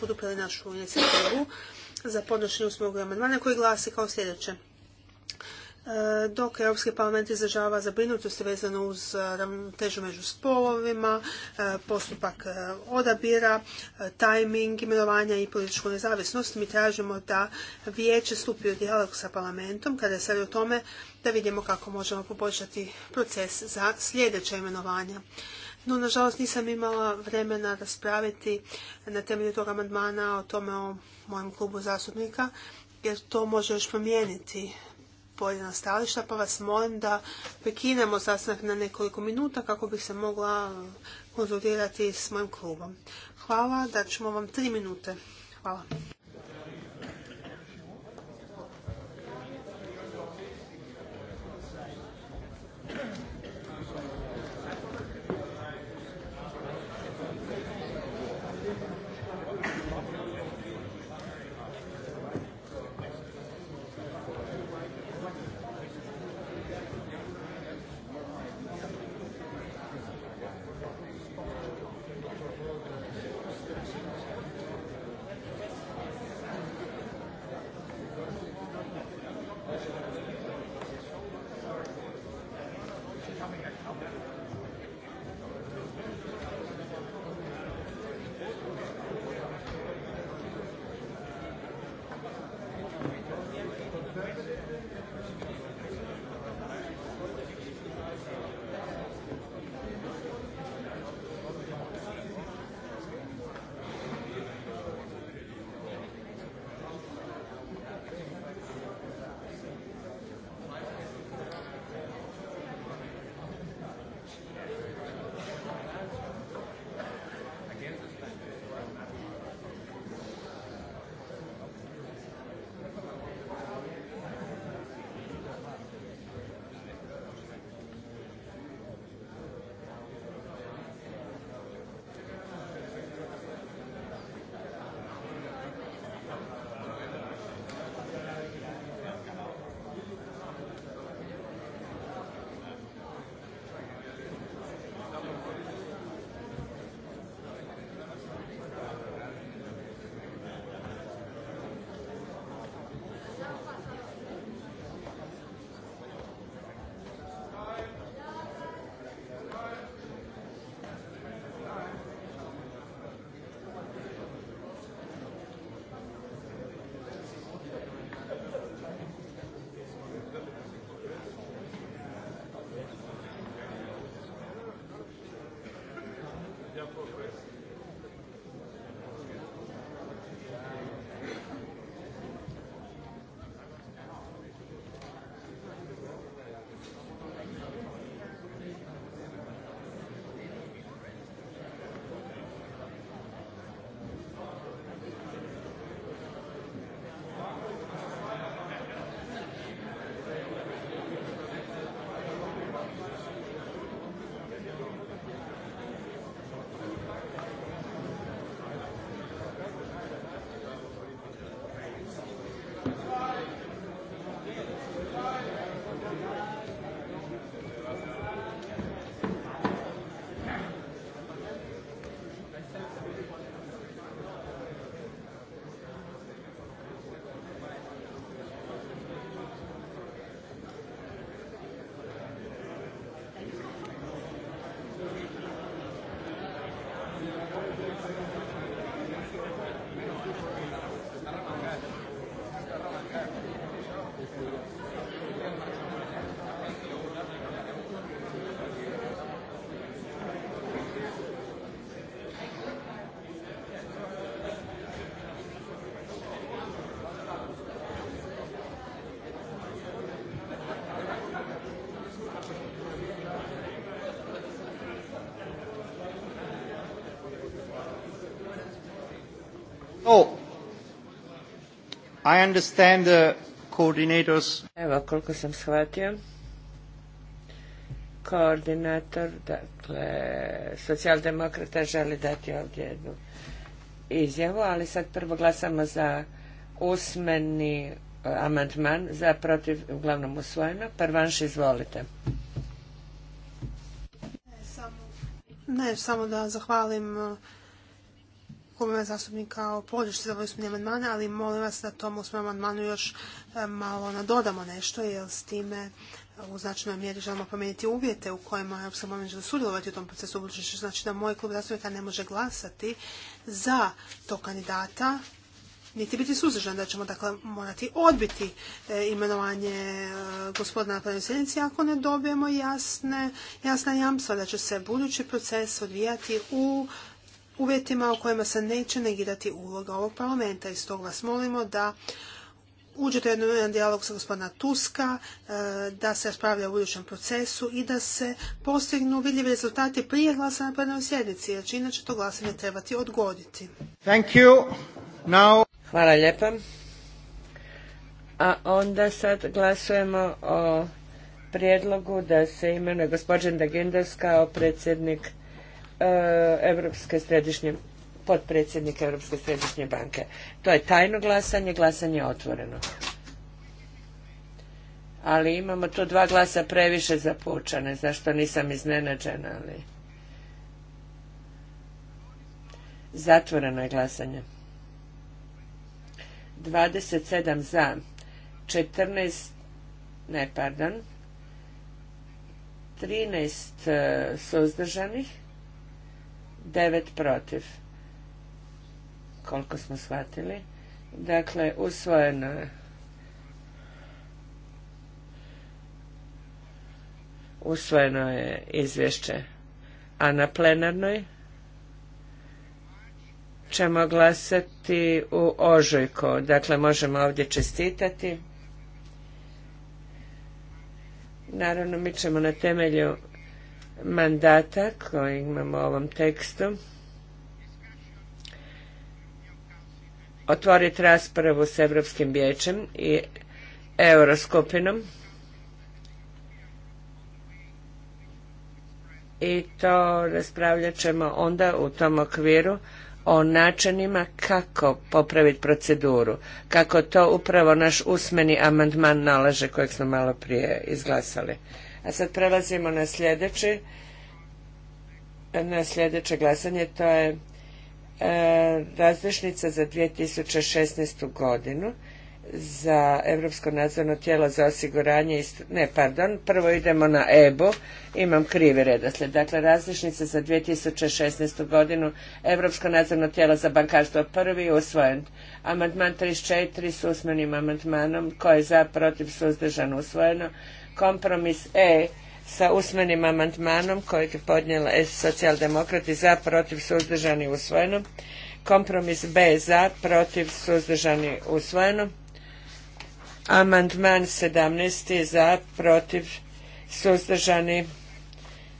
podupili našu inicijativu za podnošenje usmog amandmana koji glasi kao sljedeće. E, dok Europski parlament izražava zabrinutost vezano uz e, ravnotežu među spolovima, e, postupak odabira, tajming, imenovanja i političku nezavisnost, mi tražimo da vijeće stupi u dijalog sa parlamentom kada se radi o tome da vidimo kako možemo poboljšati proces za sljedeće imenovanja. No, nažalost, nisam imala vremena raspraviti na temelju tog amandmana o tome o mojem klubu zastupnika, jer to može još promijeniti pojedina stališta, pa vas molim da prekinemo sastanak na nekoliko minuta kako bih se mogla konzultirati s mojim klubom. Hvala, da ćemo vam tri minute. Hvala. I understand the coordinators. Evo, koliko sam shvatio, koordinator, dakle, socijaldemokrata želi dati ovdje jednu izjavu, ali sad prvo glasamo za usmeni e, amandman za protiv, uglavnom usvojeno. Prvanš, izvolite. Ne, samo da zahvalim klubima zastupnika o podršci za vojstvene ovaj amandmane, ali molim vas da tomu svom amandmanu još e, malo nadodamo nešto, jer s time e, u značajnoj mjeri želimo promijeniti uvjete u kojima Europska unija sudjelovati u tom procesu budućnosti, Znači da moj klub zastupnika ne može glasati za to kandidata, niti biti suzdržan, da ćemo dakle morati odbiti e, imenovanje gospodina na sjednici ako ne dobijemo jasne, jasna jamstva da će se budući proces odvijati u uvjetima u kojima se neće negirati uloga ovog parlamenta i stoga vas molimo da uđete u jedan dijalog sa gospodina Tuska, e, da se raspravlja u budućem procesu i da se postignu vidljivi rezultati prije glasa na plenarnoj sjednici, jer će inače to glasanje trebati odgoditi. Thank you. Hvala lijepa. A onda sad glasujemo o prijedlogu da se imenuje gospođen Dagendas kao predsjednik Europske središnje potpredsjednika Europske središnje banke. To je tajno glasanje, glasanje je otvoreno. Ali imamo tu dva glasa previše za pučane, zašto nisam iznenađena, ali... Zatvoreno je glasanje. 27 za, 14, ne, pardon, 13 e, suzdržanih, devet protiv. Koliko smo shvatili. Dakle, usvojeno je. Usvojeno je izvješće. A na plenarnoj ćemo glasati u ožujku. Dakle, možemo ovdje čestitati. Naravno, mi ćemo na temelju mandata koji imamo u ovom tekstu otvoriti raspravu s Europskim vijećem i Euroskupinom i to raspravljat ćemo onda u tom okviru o načinima kako popraviti proceduru, kako to upravo naš usmeni amandman nalaže kojeg smo malo prije izglasali. A sad prelazimo na sljedeće na sljedeće glasanje, to je e, za 2016. godinu za Europsko nadzorno tijelo za osiguranje, ne, pardon, prvo idemo na EBO, imam krivi redoslijed, dakle razlišnice za 2016. godinu, Europsko nadzorno tijelo za bankarstvo prvi je usvojen. Amandman 34 s usmenim amandmanom, koji je za, protiv, suzdržan, usvojeno kompromis E sa usmenim amandmanom kojeg je podnijela socijaldemokrati za, protiv, suzdržani, usvojeno. Kompromis B za, protiv, suzdržani, usvojeno. Amandman 17. za, protiv, suzdržani,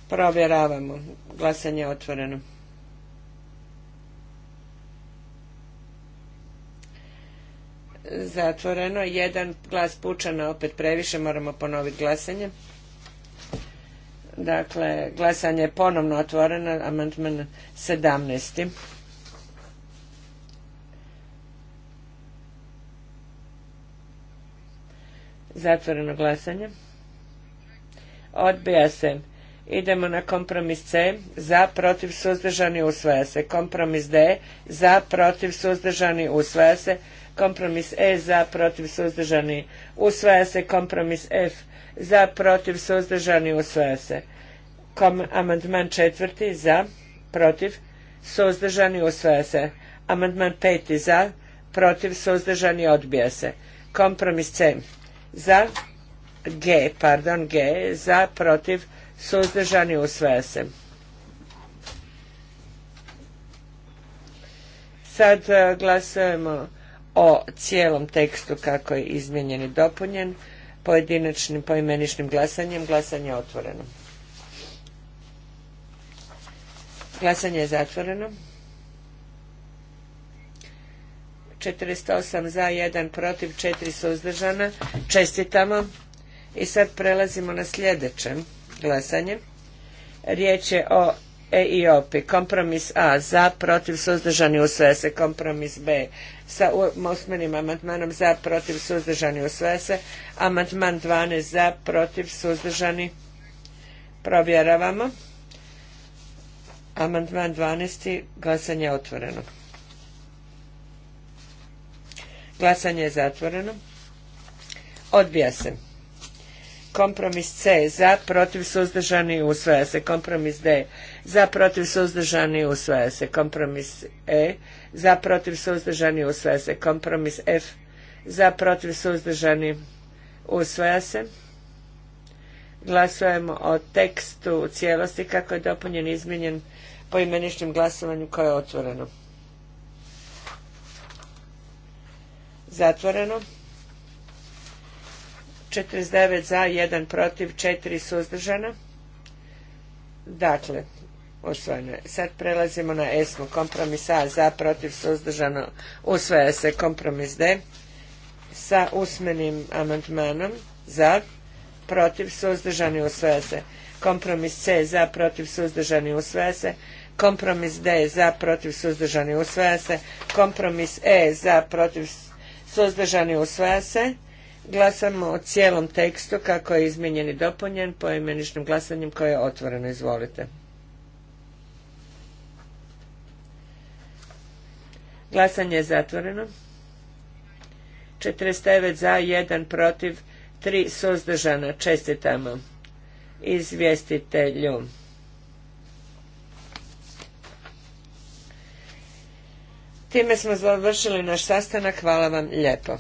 provjeravamo. Glasanje je otvoreno. Zatvoreno. Jedan glas pučana, opet previše. Moramo ponoviti glasanje. Dakle, glasanje je ponovno otvoreno. Amandman 17. Zatvoreno glasanje. Odbija se. Idemo na kompromis C. Za, protiv, suzdržani, usvaja se. Kompromis D. Za, protiv, suzdržani, usvaja se kompromis E za protiv suzdržani usvaja se, kompromis F za protiv suzdržani usvaja se. amandman četvrti za protiv suzdržani usvaja se. Amandman peti za protiv suzdržani odbija se. Kompromis C za G, pardon, G za protiv suzdržani usvaja se. Sad e, glasujemo o cijelom tekstu kako je izmijenjen i dopunjen pojedinačnim poimeničnim glasanjem. Glasanje je otvoreno. Glasanje je zatvoreno. 48 za, 1 protiv, 4 suzdržana. Čestitamo. I sad prelazimo na sljedeće glasanje. Riječ je o EIOP. Kompromis A za, protiv, suzdržani, usvaja se. Kompromis B sa osmanim amandmanom za, protiv, suzdržani, usvaja se. Amandman 12 za, protiv, suzdržani, provjeravamo. Amandman 12. Glasanje je otvoreno. Glasanje je zatvoreno. Odbija se. Kompromis C za, protiv, suzdržani, usvaja se. Kompromis D za protiv suzdržani usvaja se kompromis E, za protiv suzdržani usvaja se kompromis F, za protiv suzdržani usvaja se. Glasujemo o tekstu u cijelosti kako je dopunjen i izmijenjen po imeničnim glasovanju koje je otvoreno. Zatvoreno. 49 za, 1 protiv, 4 suzdržana. Dakle, Usvojeno je. Sad prelazimo na ESMU. Kompromis A za, protiv, suzdržano. Usvaja se kompromis D sa usmenim amandmanom za, protiv, suzdržani, usvaja se. Kompromis C za, protiv, suzdržani, usvaja se. Kompromis D za, protiv, suzdržani, usvaja se. Kompromis E za, protiv, suzdržani, usvaja se. Glasamo o cijelom tekstu kako je izmijenjen i dopunjen po imeničnim glasanjem koje je otvoreno. Izvolite. Glasanje je zatvoreno. 49 za, 1 protiv, 3 suzdržana. Čestitamo izvjestitelju. Time smo završili naš sastanak. Hvala vam lijepo.